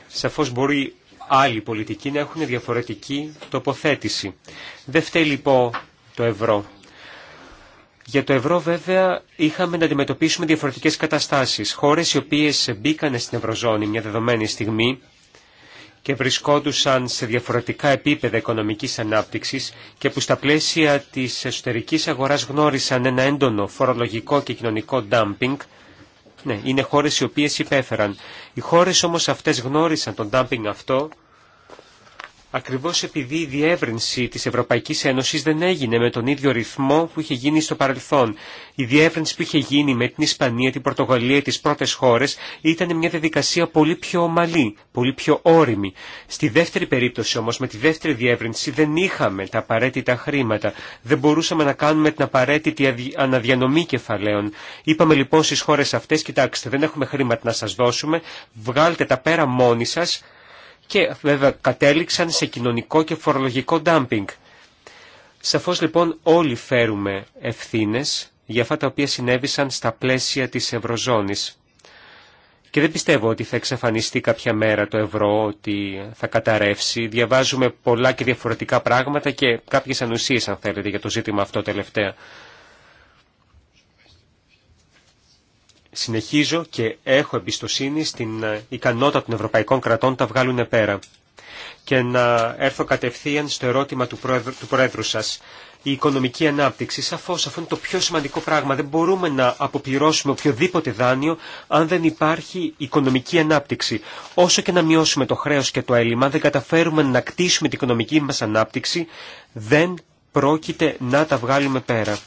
Σαφώς μπορεί άλλοι πολιτικοί να έχουν διαφορετική τοποθέτηση. Δεν φταίει λοιπόν το ευρώ. Για το ευρώ βέβαια είχαμε να αντιμετωπίσουμε διαφορετικές καταστάσεις. Χώρες οι οποίες μπήκαν στην ευρωζώνη μια δεδομένη στιγμή και βρισκόντουσαν σε διαφορετικά επίπεδα οικονομικής ανάπτυξης και που στα πλαίσια της εσωτερικής αγοράς γνώρισαν ένα έντονο φορολογικό και κοινωνικό ντάμπινγκ, ναι, είναι χώρες οι οποίες υπέφεραν. Οι χώρες όμως αυτές γνώρισαν τον ντάμπινγκ αυτό ακριβώς επειδή η διεύρυνση της Ευρωπαϊκής Ένωσης δεν έγινε με τον ίδιο ρυθμό που είχε γίνει στο παρελθόν. Η διεύρυνση που είχε γίνει με την Ισπανία, την Πορτογαλία, τις πρώτες χώρες ήταν μια διαδικασία πολύ πιο ομαλή, πολύ πιο όρημη. Στη δεύτερη περίπτωση όμως, με τη δεύτερη διεύρυνση δεν είχαμε τα απαραίτητα χρήματα. Δεν μπορούσαμε να κάνουμε την απαραίτητη αναδιανομή κεφαλαίων. Είπαμε λοιπόν στις χώρες αυτές, κοιτάξτε δεν έχουμε χρήματα να σας δώσουμε, βγάλτε τα πέρα μόνοι σας και βέβαια κατέληξαν σε κοινωνικό και φορολογικό ντάμπινγκ. Σαφώς λοιπόν όλοι φέρουμε ευθύνες για αυτά τα οποία συνέβησαν στα πλαίσια της Ευρωζώνης. Και δεν πιστεύω ότι θα εξαφανιστεί κάποια μέρα το ευρώ, ότι θα καταρρεύσει. Διαβάζουμε πολλά και διαφορετικά πράγματα και κάποιες ανοσίες αν θέλετε για το ζήτημα αυτό τελευταία. συνεχίζω και έχω εμπιστοσύνη στην ε, ικανότητα των ευρωπαϊκών κρατών να τα βγάλουν πέρα. Και να έρθω κατευθείαν στο ερώτημα του Πρόεδρου, του πρόεδρου σας. Η οικονομική ανάπτυξη, σαφώς, αυτό είναι το πιο σημαντικό πράγμα. Δεν μπορούμε να αποπληρώσουμε οποιοδήποτε δάνειο αν δεν υπάρχει οικονομική ανάπτυξη. Όσο και να μειώσουμε το χρέος και το έλλειμμα, αν δεν καταφέρουμε να κτίσουμε την οικονομική μας ανάπτυξη, δεν πρόκειται να τα βγάλουμε πέρα.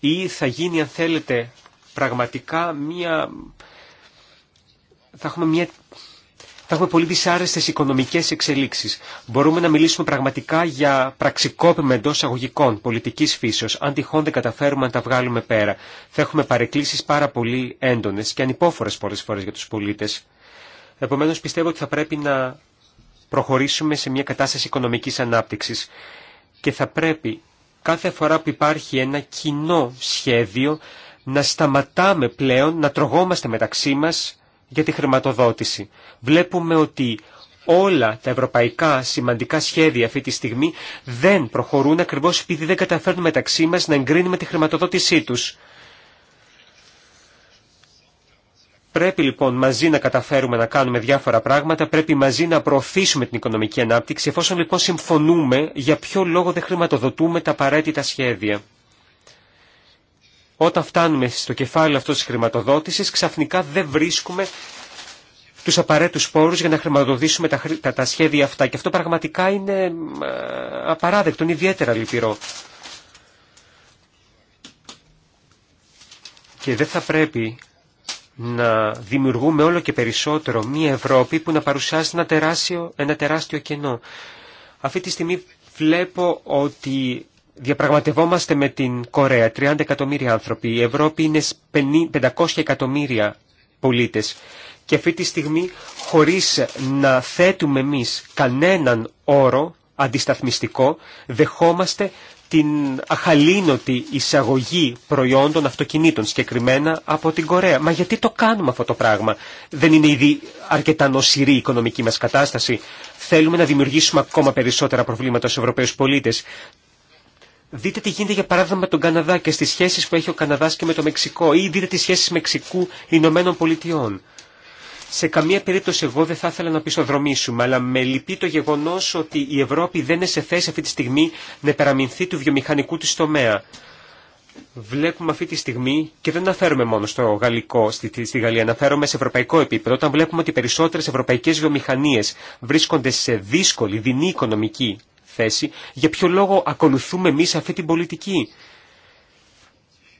Ή θα γίνει, αν θέλετε, πραγματικά μία... Θα έχουμε μία θα έχουμε πολύ δυσάρεστε οικονομικέ εξελίξει. Μπορούμε να μιλήσουμε πραγματικά για πραξικόπημα εντό αγωγικών, πολιτική φύσεω, αν τυχόν δεν καταφέρουμε να τα βγάλουμε πέρα. Θα έχουμε παρεκκλήσει πάρα πολύ έντονε και ανυπόφορε πολλέ φορέ για του πολίτε. Επομένω, πιστεύω ότι θα πρέπει να προχωρήσουμε σε μια κατάσταση οικονομική ανάπτυξη και θα πρέπει κάθε φορά που υπάρχει ένα κοινό σχέδιο να σταματάμε πλέον να τρογόμαστε μεταξύ μας για τη χρηματοδότηση. Βλέπουμε ότι όλα τα ευρωπαϊκά σημαντικά σχέδια αυτή τη στιγμή δεν προχωρούν ακριβώς επειδή δεν καταφέρνουν μεταξύ μας να εγκρίνουμε τη χρηματοδότησή τους. Πρέπει λοιπόν μαζί να καταφέρουμε να κάνουμε διάφορα πράγματα, πρέπει μαζί να προωθήσουμε την οικονομική ανάπτυξη, εφόσον λοιπόν συμφωνούμε για ποιο λόγο δεν χρηματοδοτούμε τα απαραίτητα σχέδια. Όταν φτάνουμε στο κεφάλαιο αυτό τη χρηματοδότηση ξαφνικά δεν βρίσκουμε του απαραίτητους πόρου για να χρηματοδοτήσουμε τα, τα σχέδια αυτά. Και αυτό πραγματικά είναι ε, απαράδεκτο, είναι ιδιαίτερα λυπηρό. Και δεν θα πρέπει να δημιουργούμε όλο και περισσότερο μία Ευρώπη που να παρουσιάζει ένα τεράστιο, ένα τεράστιο κενό. Αυτή τη στιγμή βλέπω ότι διαπραγματευόμαστε με την Κορέα, 30 εκατομμύρια άνθρωποι. Η Ευρώπη είναι 500 εκατομμύρια πολίτες. Και αυτή τη στιγμή, χωρίς να θέτουμε εμείς κανέναν όρο αντισταθμιστικό, δεχόμαστε την αχαλήνοτη εισαγωγή προϊόντων αυτοκινήτων, συγκεκριμένα από την Κορέα. Μα γιατί το κάνουμε αυτό το πράγμα. Δεν είναι ήδη αρκετά νοσηρή η οικονομική μας κατάσταση. Θέλουμε να δημιουργήσουμε ακόμα περισσότερα προβλήματα στους Ευρωπαίους πολίτες. Δείτε τι γίνεται για παράδειγμα με τον Καναδά και στις σχέσεις που έχει ο Καναδάς και με το Μεξικό ή δείτε τις σχέσεις Μεξικού Ηνωμένων Πολιτειών. Σε καμία περίπτωση εγώ δεν θα ήθελα να πιστοδρομήσουμε, αλλά με λυπεί το γεγονός ότι η Ευρώπη δεν είναι σε θέση αυτή τη στιγμή να υπεραμεινθεί του βιομηχανικού της τομέα. Βλέπουμε αυτή τη στιγμή, και δεν αναφέρομαι μόνο στο γαλλικό, στη, στη Γαλλία, αναφέρομαι σε ευρωπαϊκό επίπεδο, όταν βλέπουμε ότι περισσότερε περισσότερες ευρωπαϊκές βρίσκονται σε δύσκολη, δεινή οικονομική για ποιο λόγο ακολουθούμε εμείς αυτή την πολιτική.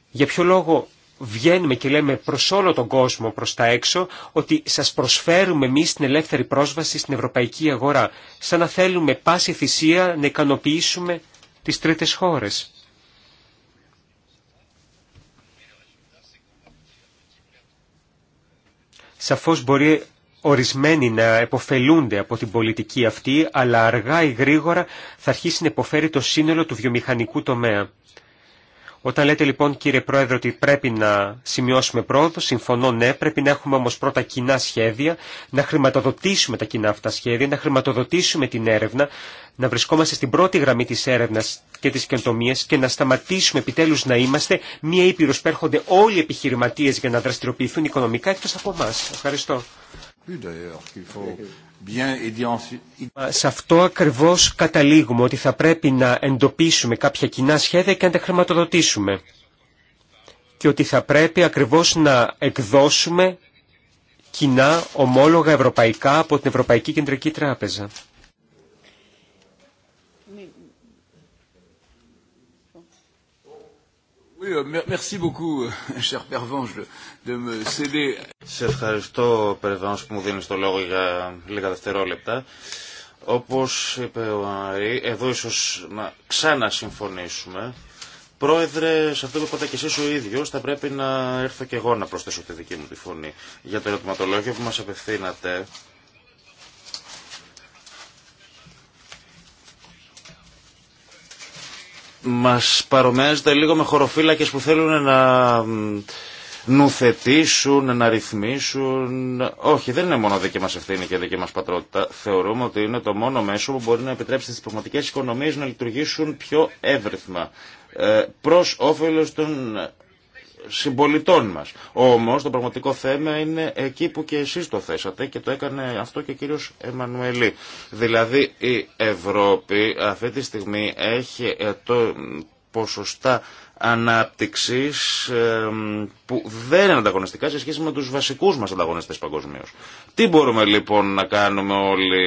Για ποιο λόγο βγαίνουμε και λέμε προς όλο τον κόσμο προς τα έξω ότι σας προσφέρουμε εμείς την ελεύθερη πρόσβαση στην ευρωπαϊκή αγορά, σαν να θέλουμε πάση θυσία να ικανοποιήσουμε τις τρίτες χώρες. Σαφώς μπορεί ορισμένοι να εποφελούνται από την πολιτική αυτή, αλλά αργά ή γρήγορα θα αρχίσει να υποφέρει το σύνολο του βιομηχανικού τομέα. Όταν λέτε λοιπόν κύριε Πρόεδρε ότι πρέπει να σημειώσουμε πρόοδο, συμφωνώ ναι, πρέπει να έχουμε όμως πρώτα κοινά σχέδια, να χρηματοδοτήσουμε τα κοινά αυτά σχέδια, να χρηματοδοτήσουμε την έρευνα, να βρισκόμαστε στην πρώτη γραμμή της έρευνας και της καινοτομίας και να σταματήσουμε επιτέλους να είμαστε μία ήπειρος που έρχονται όλοι οι επιχειρηματίες για να δραστηριοποιηθούν οικονομικά εκτός από εμά. Ευχαριστώ. Σε αυτό ακριβώς καταλήγουμε ότι θα πρέπει να εντοπίσουμε κάποια κοινά σχέδια και να τα χρηματοδοτήσουμε και ότι θα πρέπει ακριβώς να εκδώσουμε κοινά ομόλογα ευρωπαϊκά από την Ευρωπαϊκή Κεντρική Τράπεζα. Σε ευχαριστώ, Περβάνς, που μου δίνεις το λόγο για λίγα δευτερόλεπτα. Όπως είπε ο Άρη, εδώ ίσως να ξανασυμφωνήσουμε. Πρόεδρε, σε αυτό που είπατε και εσείς ο ίδιος, θα πρέπει να έρθω και εγώ να προσθέσω τη δική μου τη φωνή για το ερωτηματολόγιο που μας απευθύνατε μας παρομοιάζεται λίγο με χωροφύλακες που θέλουν να νουθετήσουν, να ρυθμίσουν. Όχι, δεν είναι μόνο δική μας ευθύνη και δική μας πατρότητα. Θεωρούμε ότι είναι το μόνο μέσο που μπορεί να επιτρέψει στις πραγματικές οικονομίες να λειτουργήσουν πιο εύρυθμα ε, προς όφελος των συμπολιτών μας. Όμως το πραγματικό θέμα είναι εκεί που και εσείς το θέσατε και το έκανε αυτό και ο κύριος Εμμανουελή. Δηλαδή η Ευρώπη αυτή τη στιγμή έχει ε, το ποσοστά ανάπτυξης που δεν είναι ανταγωνιστικά σε σχέση με τους βασικούς μας ανταγωνιστές παγκοσμίω. Τι μπορούμε λοιπόν να κάνουμε όλοι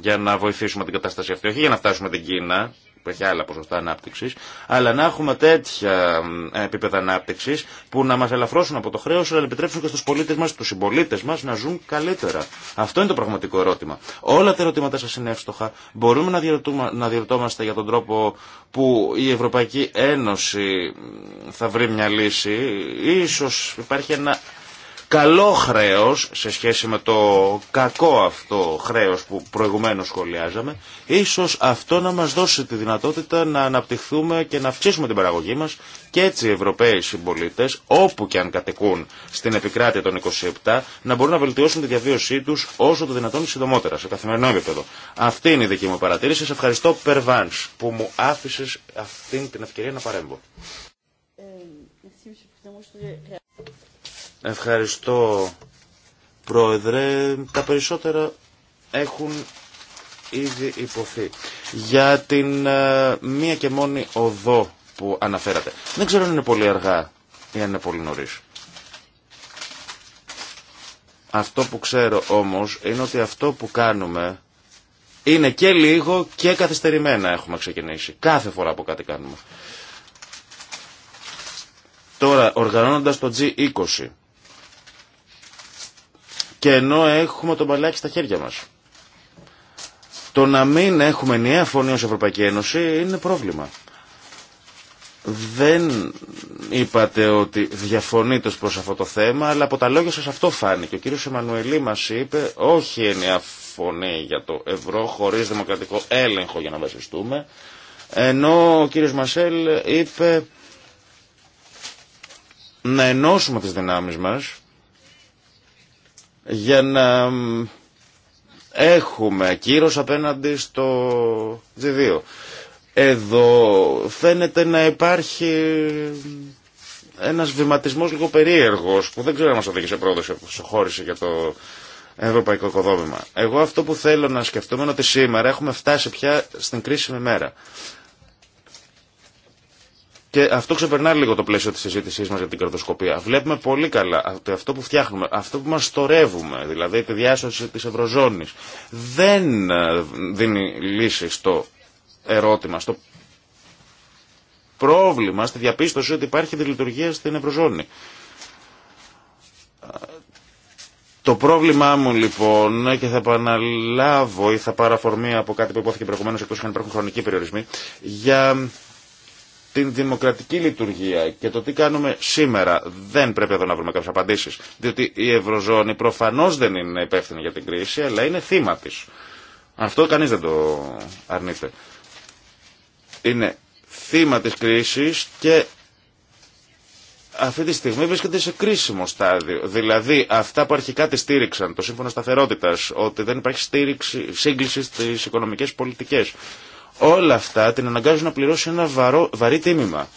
για να βοηθήσουμε την κατάσταση αυτή, όχι για να φτάσουμε την Κίνα, έχει άλλα ποσοστά ανάπτυξη, αλλά να έχουμε τέτοια επίπεδα ανάπτυξη που να μα ελαφρώσουν από το χρέο, αλλά επιτρέψουν και στου πολίτε μα, στου συμπολίτε μα να ζουν καλύτερα. Αυτό είναι το πραγματικό ερώτημα. Όλα τα ερωτήματα σα είναι εύστοχα. Μπορούμε να διερωτώμαστε για τον τρόπο που η Ευρωπαϊκή Ένωση θα βρει μια λύση. Ίσως υπάρχει ένα καλό χρέος σε σχέση με το κακό αυτό χρέος που προηγουμένως σχολιάζαμε, ίσως αυτό να μας δώσει τη δυνατότητα να αναπτυχθούμε και να αυξήσουμε την παραγωγή μας και έτσι οι Ευρωπαίοι συμπολίτε, όπου και αν κατοικούν στην επικράτεια των 27, να μπορούν να βελτιώσουν τη διαβίωσή τους όσο το δυνατόν συντομότερα, σε καθημερινό επίπεδο. Αυτή είναι η δική μου παρατήρηση. Σε ευχαριστώ, Περβάνς, που μου άφησες αυτή την ευκαιρία να παρέμβω. Ευχαριστώ, Πρόεδρε. Τα περισσότερα έχουν ήδη υποθεί. Για την ε, μία και μόνη οδό που αναφέρατε. Δεν ξέρω αν είναι πολύ αργά ή αν είναι πολύ νωρίς. Αυτό που ξέρω όμως είναι ότι αυτό που κάνουμε είναι και λίγο και καθυστερημένα έχουμε ξεκινήσει. Κάθε φορά που κάτι κάνουμε. Τώρα, οργανώνοντας το G20, και ενώ έχουμε τον παλάκι στα χέρια μας. Το να μην έχουμε νέα φωνή ως Ευρωπαϊκή Ένωση είναι πρόβλημα. Δεν είπατε ότι διαφωνείτε προς αυτό το θέμα, αλλά από τα λόγια σας αυτό φάνηκε. Ο κύριος Εμμανουελή μας είπε όχι ενιαία φωνή για το ευρώ χωρίς δημοκρατικό έλεγχο για να βασιστούμε, ενώ ο κύριος Μασέλ είπε να ενώσουμε τις δυνάμεις μας για να έχουμε κύρος απέναντι στο G2. Εδώ φαίνεται να υπάρχει ένας βηματισμός λίγο περίεργος που δεν ξέρω αν μας οδηγεί σε πρόοδο σε χώριση για το ευρωπαϊκό οικοδόμημα. Εγώ αυτό που θέλω να σκεφτούμε είναι ότι σήμερα έχουμε φτάσει πια στην κρίσιμη μέρα. Και αυτό ξεπερνά λίγο το πλαίσιο τη συζήτησή μα για την κερδοσκοπία. Βλέπουμε πολύ καλά ότι αυτό που φτιάχνουμε, αυτό που μα στορεύουμε, δηλαδή τη διάσωση τη Ευρωζώνη, δεν ε, δίνει λύση στο ερώτημα, στο πρόβλημα, στη διαπίστωση ότι υπάρχει δηλειτουργία στην Ευρωζώνη. Το πρόβλημά μου λοιπόν, και θα επαναλάβω ή θα αφορμή από κάτι που υπόθηκε προηγουμένω, εκτό αν υπάρχουν χρονικοί περιορισμοί, για την δημοκρατική λειτουργία και το τι κάνουμε σήμερα. Δεν πρέπει εδώ να βρούμε κάποιε απαντήσει. Διότι η Ευρωζώνη προφανώ δεν είναι υπεύθυνη για την κρίση, αλλά είναι θύμα τη. Αυτό κανεί δεν το αρνείται. Είναι θύμα τη κρίση και αυτή τη στιγμή βρίσκεται σε κρίσιμο στάδιο. Δηλαδή, αυτά που αρχικά τη στήριξαν, το Σύμφωνο Σταθερότητα, ότι δεν υπάρχει στήριξη, σύγκληση στι οικονομικέ πολιτικέ, όλα αυτά την αναγκάζουν να πληρώσει ένα βαρό, βαρύ τίμημα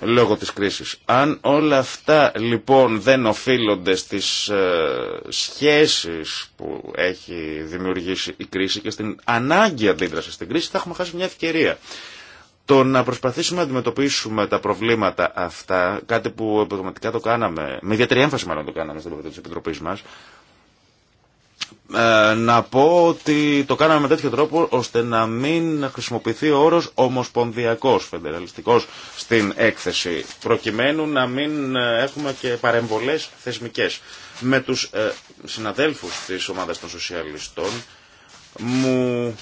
λόγω της κρίσης. Αν όλα αυτά λοιπόν δεν οφείλονται στις ε, σχέσεις που έχει δημιουργήσει η κρίση και στην ανάγκη αντίδραση στην κρίση θα έχουμε χάσει μια ευκαιρία. Το να προσπαθήσουμε να αντιμετωπίσουμε τα προβλήματα αυτά, κάτι που επιδοματικά το κάναμε, με ιδιαίτερη έμφαση μάλλον το κάναμε στην Επιτροπή της Επιτροπής μας, ε, να πω ότι το κάναμε με τέτοιο τρόπο ώστε να μην χρησιμοποιηθεί ο όρος ομοσπονδιακός φεντεραλιστικός στην έκθεση προκειμένου να μην ε, έχουμε και παρεμβολές θεσμικές. Με τους ε, συναδέλφους της ομάδας των σοσιαλιστών μου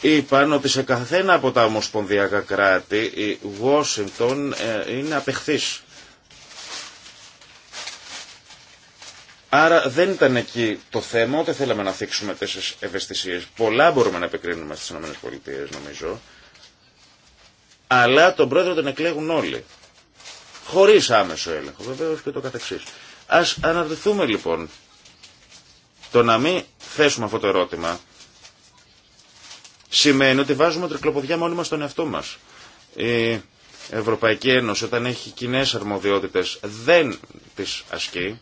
είπαν ότι σε καθένα από τα ομοσπονδιακά κράτη η Washington ε, είναι απεχθής Άρα δεν ήταν εκεί το θέμα, ούτε θέλαμε να θίξουμε τέσσερι ευαισθησίε. Πολλά μπορούμε να επικρίνουμε στις ΗΠΑ, νομίζω. Αλλά τον πρόεδρο τον εκλέγουν όλοι. Χωρί άμεσο έλεγχο, βεβαίω και το καθεξή. Α αναρωτηθούμε λοιπόν. Το να μην θέσουμε αυτό το ερώτημα σημαίνει ότι βάζουμε τρικλοποδιά μόνοι μα στον εαυτό μα. Η Ευρωπαϊκή Ένωση όταν έχει κοινέ αρμοδιότητε, δεν τι ασκεί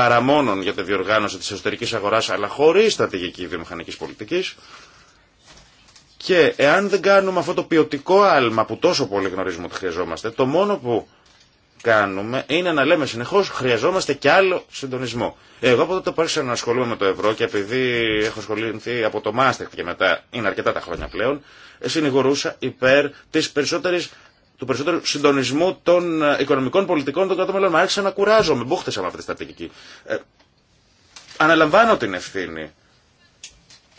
παρά μόνο για τη διοργάνωση της εσωτερικής αγοράς, αλλά χωρίς στρατηγική βιομηχανικής πολιτικής. Και εάν δεν κάνουμε αυτό το ποιοτικό άλμα που τόσο πολύ γνωρίζουμε ότι χρειαζόμαστε, το μόνο που κάνουμε είναι να λέμε συνεχώ χρειαζόμαστε και άλλο συντονισμό. Εγώ από τότε που άρχισα να ασχολούμαι με το ευρώ και επειδή έχω ασχοληθεί από το Μάστεχτ και μετά είναι αρκετά τα χρόνια πλέον, συνηγορούσα υπέρ τη περισσότερη του περισσότερου συντονισμού των ε, οικονομικών πολιτικών των κρατών μελών. Άρχισα να κουράζομαι, μπούχτησα με αυτή τη στρατηγική. Ε, αναλαμβάνω την ευθύνη.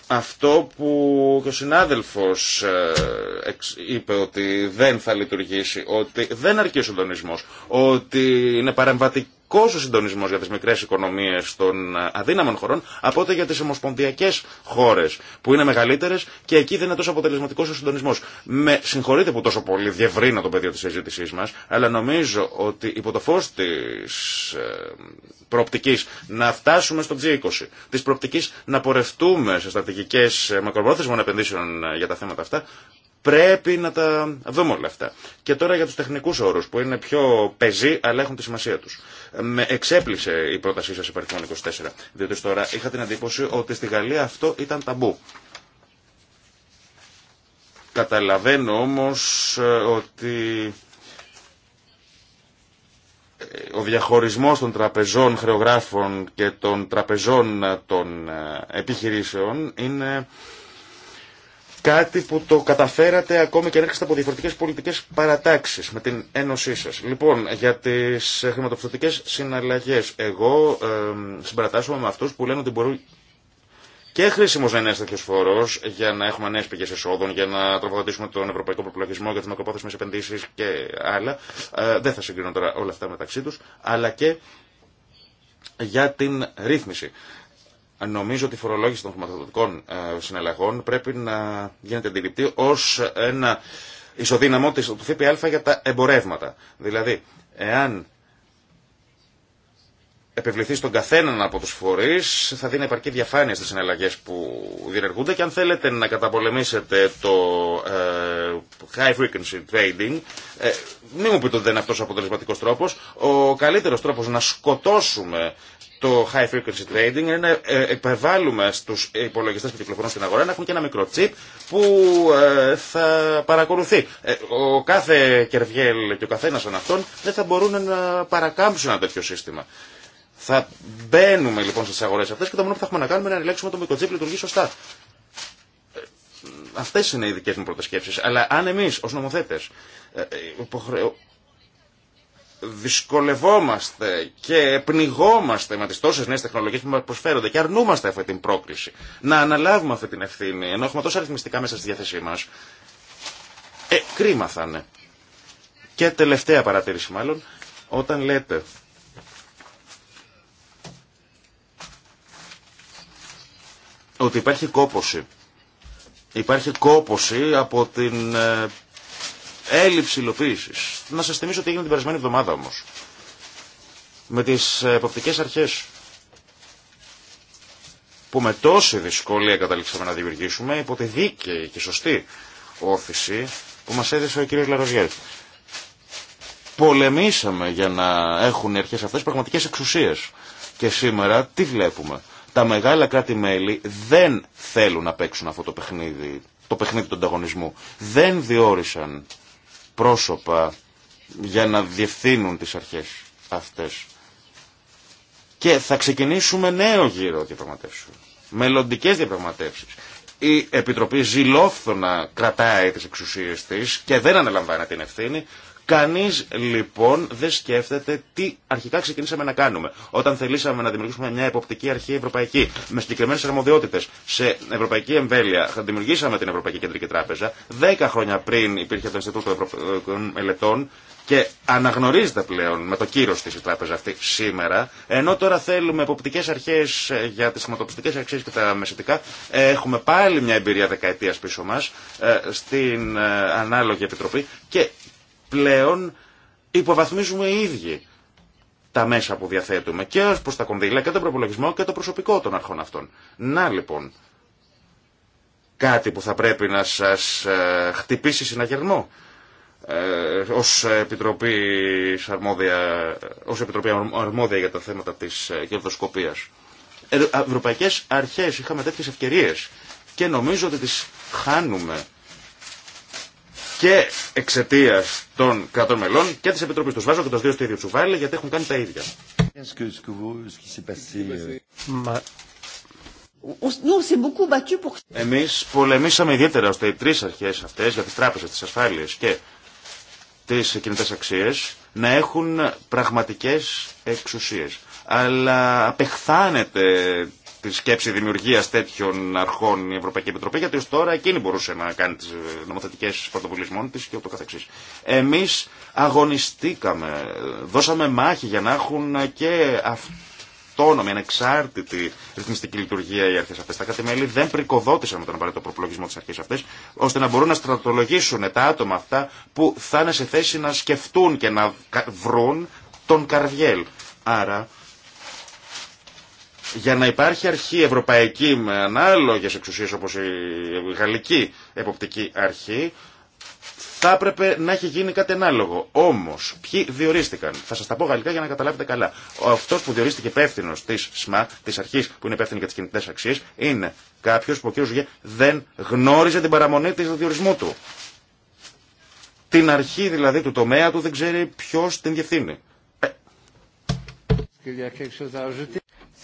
Αυτό που και ο συνάδελφος ε, είπε ότι δεν θα λειτουργήσει, ότι δεν αρκεί ο συντονισμός, ότι είναι παρεμβατικό ο συντονισμό για τι μικρέ οικονομίε των αδύναμων χωρών από ότι για τι ομοσπονδιακέ χώρε που είναι μεγαλύτερε και εκεί δεν είναι τόσο αποτελεσματικό ο συντονισμό. Με συγχωρείτε που τόσο πολύ διευρύνω το πεδίο τη συζήτησή μα, αλλά νομίζω ότι υπό το φω τη ε, προοπτική να φτάσουμε στο G20, τη προοπτική να πορευτούμε σε στρατηγικέ ε, μακροπρόθεσμων επενδύσεων ε, για τα θέματα αυτά, Πρέπει να τα δούμε όλα αυτά. Και τώρα για τους τεχνικούς όρους που είναι πιο πεζοί αλλά έχουν τη σημασία τους. Με εξέπλησε η πρότασή σας υπαριθμών 24, διότι τώρα είχα την εντύπωση ότι στη Γαλλία αυτό ήταν ταμπού. Καταλαβαίνω όμως ε, ότι ε, ο διαχωρισμός των τραπεζών χρεογράφων και των τραπεζών ε, των επιχειρήσεων είναι κάτι που το καταφέρατε ακόμη και αν έρχεστε από διαφορετικέ πολιτικέ παρατάξει με την ένωσή σα. Λοιπόν, για τι χρηματοπιστωτικέ συναλλαγέ, εγώ ε, συμπαρατάσσομαι με αυτού που λένε ότι μπορεί και χρήσιμο να είναι ένα τέτοιο φόρο για να έχουμε νέε πηγέ εσόδων, για να τροφοδοτήσουμε τον ευρωπαϊκό προπολογισμό, για τι μακροπρόθεσμε επενδύσει και άλλα. Ε, δεν θα συγκρίνω τώρα όλα αυτά μεταξύ του, αλλά και για την ρύθμιση. Νομίζω ότι η φορολόγηση των χρηματοδοτικών ε, συναλλαγών πρέπει να γίνεται αντιληπτή ως ένα ισοδύναμο του ΦΠΑ για τα εμπορεύματα. Δηλαδή, εάν επιβληθεί στον καθέναν από τους φορείς, θα δίνει επαρκή διαφάνεια στις συναλλαγές που διενεργούνται και αν θέλετε να καταπολεμήσετε το ε, high frequency trading, ε, μην μου πείτε ότι δεν είναι αυτός ο αποτελεσματικός τρόπος, ο καλύτερος τρόπος να σκοτώσουμε το high frequency trading είναι να υπερβάλλουμε ε, στους υπολογιστές που κυκλοφορούν στην αγορά να έχουν και ένα μικρό που ε, θα παρακολουθεί. Ε, ο κάθε κερβιέλ και ο καθένας των αυτών δεν θα μπορούν να παρακάμψουν ένα τέτοιο σύστημα. Θα μπαίνουμε λοιπόν στις αγορές αυτές και το μόνο που θα έχουμε να κάνουμε είναι να ελέγξουμε το μικροτσίπ λειτουργεί σωστά. Αυτές είναι οι δικέ μου πρώτες σκέψεις. Αλλά αν εμεί ω νομοθέτε δυσκολευόμαστε και πνιγόμαστε με τις τόσες νέες τεχνολογίες που μας προσφέρονται και αρνούμαστε αυτή την πρόκληση. Να αναλάβουμε αυτή την ευθύνη, ενώ έχουμε τόσα αριθμιστικά μέσα στη διάθεσή μας. Ε, κρίμα θα είναι. Και τελευταία παρατήρηση μάλλον, όταν λέτε ότι υπάρχει κόποση. Υπάρχει κόποση από την ε, Έλλειψη υλοποίηση. Να σα θυμίσω τι έγινε την περασμένη εβδομάδα όμω. Με τι ε, εποπτικέ αρχέ που με τόση δυσκολία καταλήξαμε να δημιουργήσουμε υπό τη δίκαιη και σωστή όθηση που μα έδεσε ο κ. Λαροζιέρη. Πολεμήσαμε για να έχουν οι αρχές αυτές πραγματικές εξουσίες. Και σήμερα τι βλέπουμε. Τα μεγάλα κράτη-μέλη δεν θέλουν να παίξουν αυτό το παιχνίδι, το παιχνίδι του ανταγωνισμού. Δεν διόρισαν πρόσωπα για να διευθύνουν τις αρχές αυτές. Και θα ξεκινήσουμε νέο γύρο διαπραγματεύσεων, μελλοντικέ διαπραγματεύσεις. Η Επιτροπή ζηλόφθονα κρατάει τις εξουσίες της και δεν αναλαμβάνει την ευθύνη, Κανεί, λοιπόν δεν σκέφτεται τι αρχικά ξεκινήσαμε να κάνουμε. Όταν θελήσαμε να δημιουργήσουμε μια εποπτική αρχή ευρωπαϊκή με συγκεκριμένε αρμοδιότητε σε ευρωπαϊκή εμβέλεια, δημιουργήσαμε την Ευρωπαϊκή Κεντρική Τράπεζα. Δέκα χρόνια πριν υπήρχε το Ινστιτούτο Ευρωπαϊκών ε, Μελετών και αναγνωρίζεται πλέον με το κύρος της η τράπεζα αυτή σήμερα, ενώ τώρα θέλουμε εποπτικές αρχές ε, για τις χρηματοπιστικές αξίε και τα μεσητικά, ε, έχουμε πάλι μια εμπειρία δεκαετίας πίσω μας στην ανάλογη επιτροπή και πλέον υποβαθμίζουμε οι ίδιοι τα μέσα που διαθέτουμε και ω προ τα κονδύλια και τον προπολογισμό και το προσωπικό των αρχών αυτών. Να λοιπόν, κάτι που θα πρέπει να σας ε, χτυπήσει συναγερμό ε, ως Επιτροπή, αρμόδια, ως Επιτροπή Αρμόδια για τα θέματα της ε, κερδοσκοπίας. Ε, ευρωπαϊκές αρχές είχαμε τέτοιες ευκαιρίε και νομίζω ότι τις χάνουμε και εξαιτία των κρατών μελών και τη Επιτροπή του βάζω και του δύο στο ίδιο τσουβάλι γιατί έχουν κάνει τα ίδια. Εμεί πολεμήσαμε ιδιαίτερα ώστε οι τρει αρχέ αυτέ για τι τράπεζε, τι ασφάλειε και τι κινητέ αξίε να έχουν πραγματικέ εξουσίε. Αλλά απεχθάνεται Τη σκέψη δημιουργία τέτοιων αρχών η Ευρωπαϊκή Επιτροπή, γιατί ω τώρα εκείνη μπορούσε να κάνει τι νομοθετικέ πρωτοβουλίε μόνη τη και ούτω καθεξή. Εμεί αγωνιστήκαμε, δώσαμε μάχη για να έχουν και αυτόνομη, ανεξάρτητη ρυθμιστική λειτουργία οι αρχέ αυτέ. Τα κατημέλη δεν πρικοδότησαν με τον απαραίτητο προπολογισμό τη αρχή αυτέ, ώστε να μπορούν να στρατολογήσουν τα άτομα αυτά που θα είναι σε θέση να σκεφτούν και να βρουν τον καρδιέλ. Άρα για να υπάρχει αρχή ευρωπαϊκή με ανάλογες εξουσίες όπως η γαλλική εποπτική αρχή, θα έπρεπε να έχει γίνει κάτι ανάλογο. Όμω, ποιοι διορίστηκαν. Θα σα τα πω γαλλικά για να καταλάβετε καλά. Αυτό που διορίστηκε υπεύθυνο τη ΣΜΑ, τη αρχή που είναι υπεύθυνη για τι κινητέ αξίε, είναι κάποιο που ο κ. Ζουγέ δεν γνώριζε την παραμονή τη διορισμού του. Την αρχή δηλαδή του τομέα του δεν ξέρει ποιο την διευθύνει. Ε.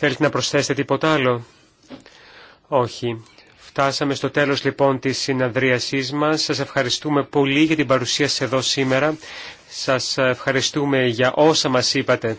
Θέλετε να προσθέσετε τίποτα άλλο. Όχι. Φτάσαμε στο τέλος λοιπόν της συναδρίασής μας. Σας ευχαριστούμε πολύ για την παρουσία σας εδώ σήμερα. Σας ευχαριστούμε για όσα μας είπατε.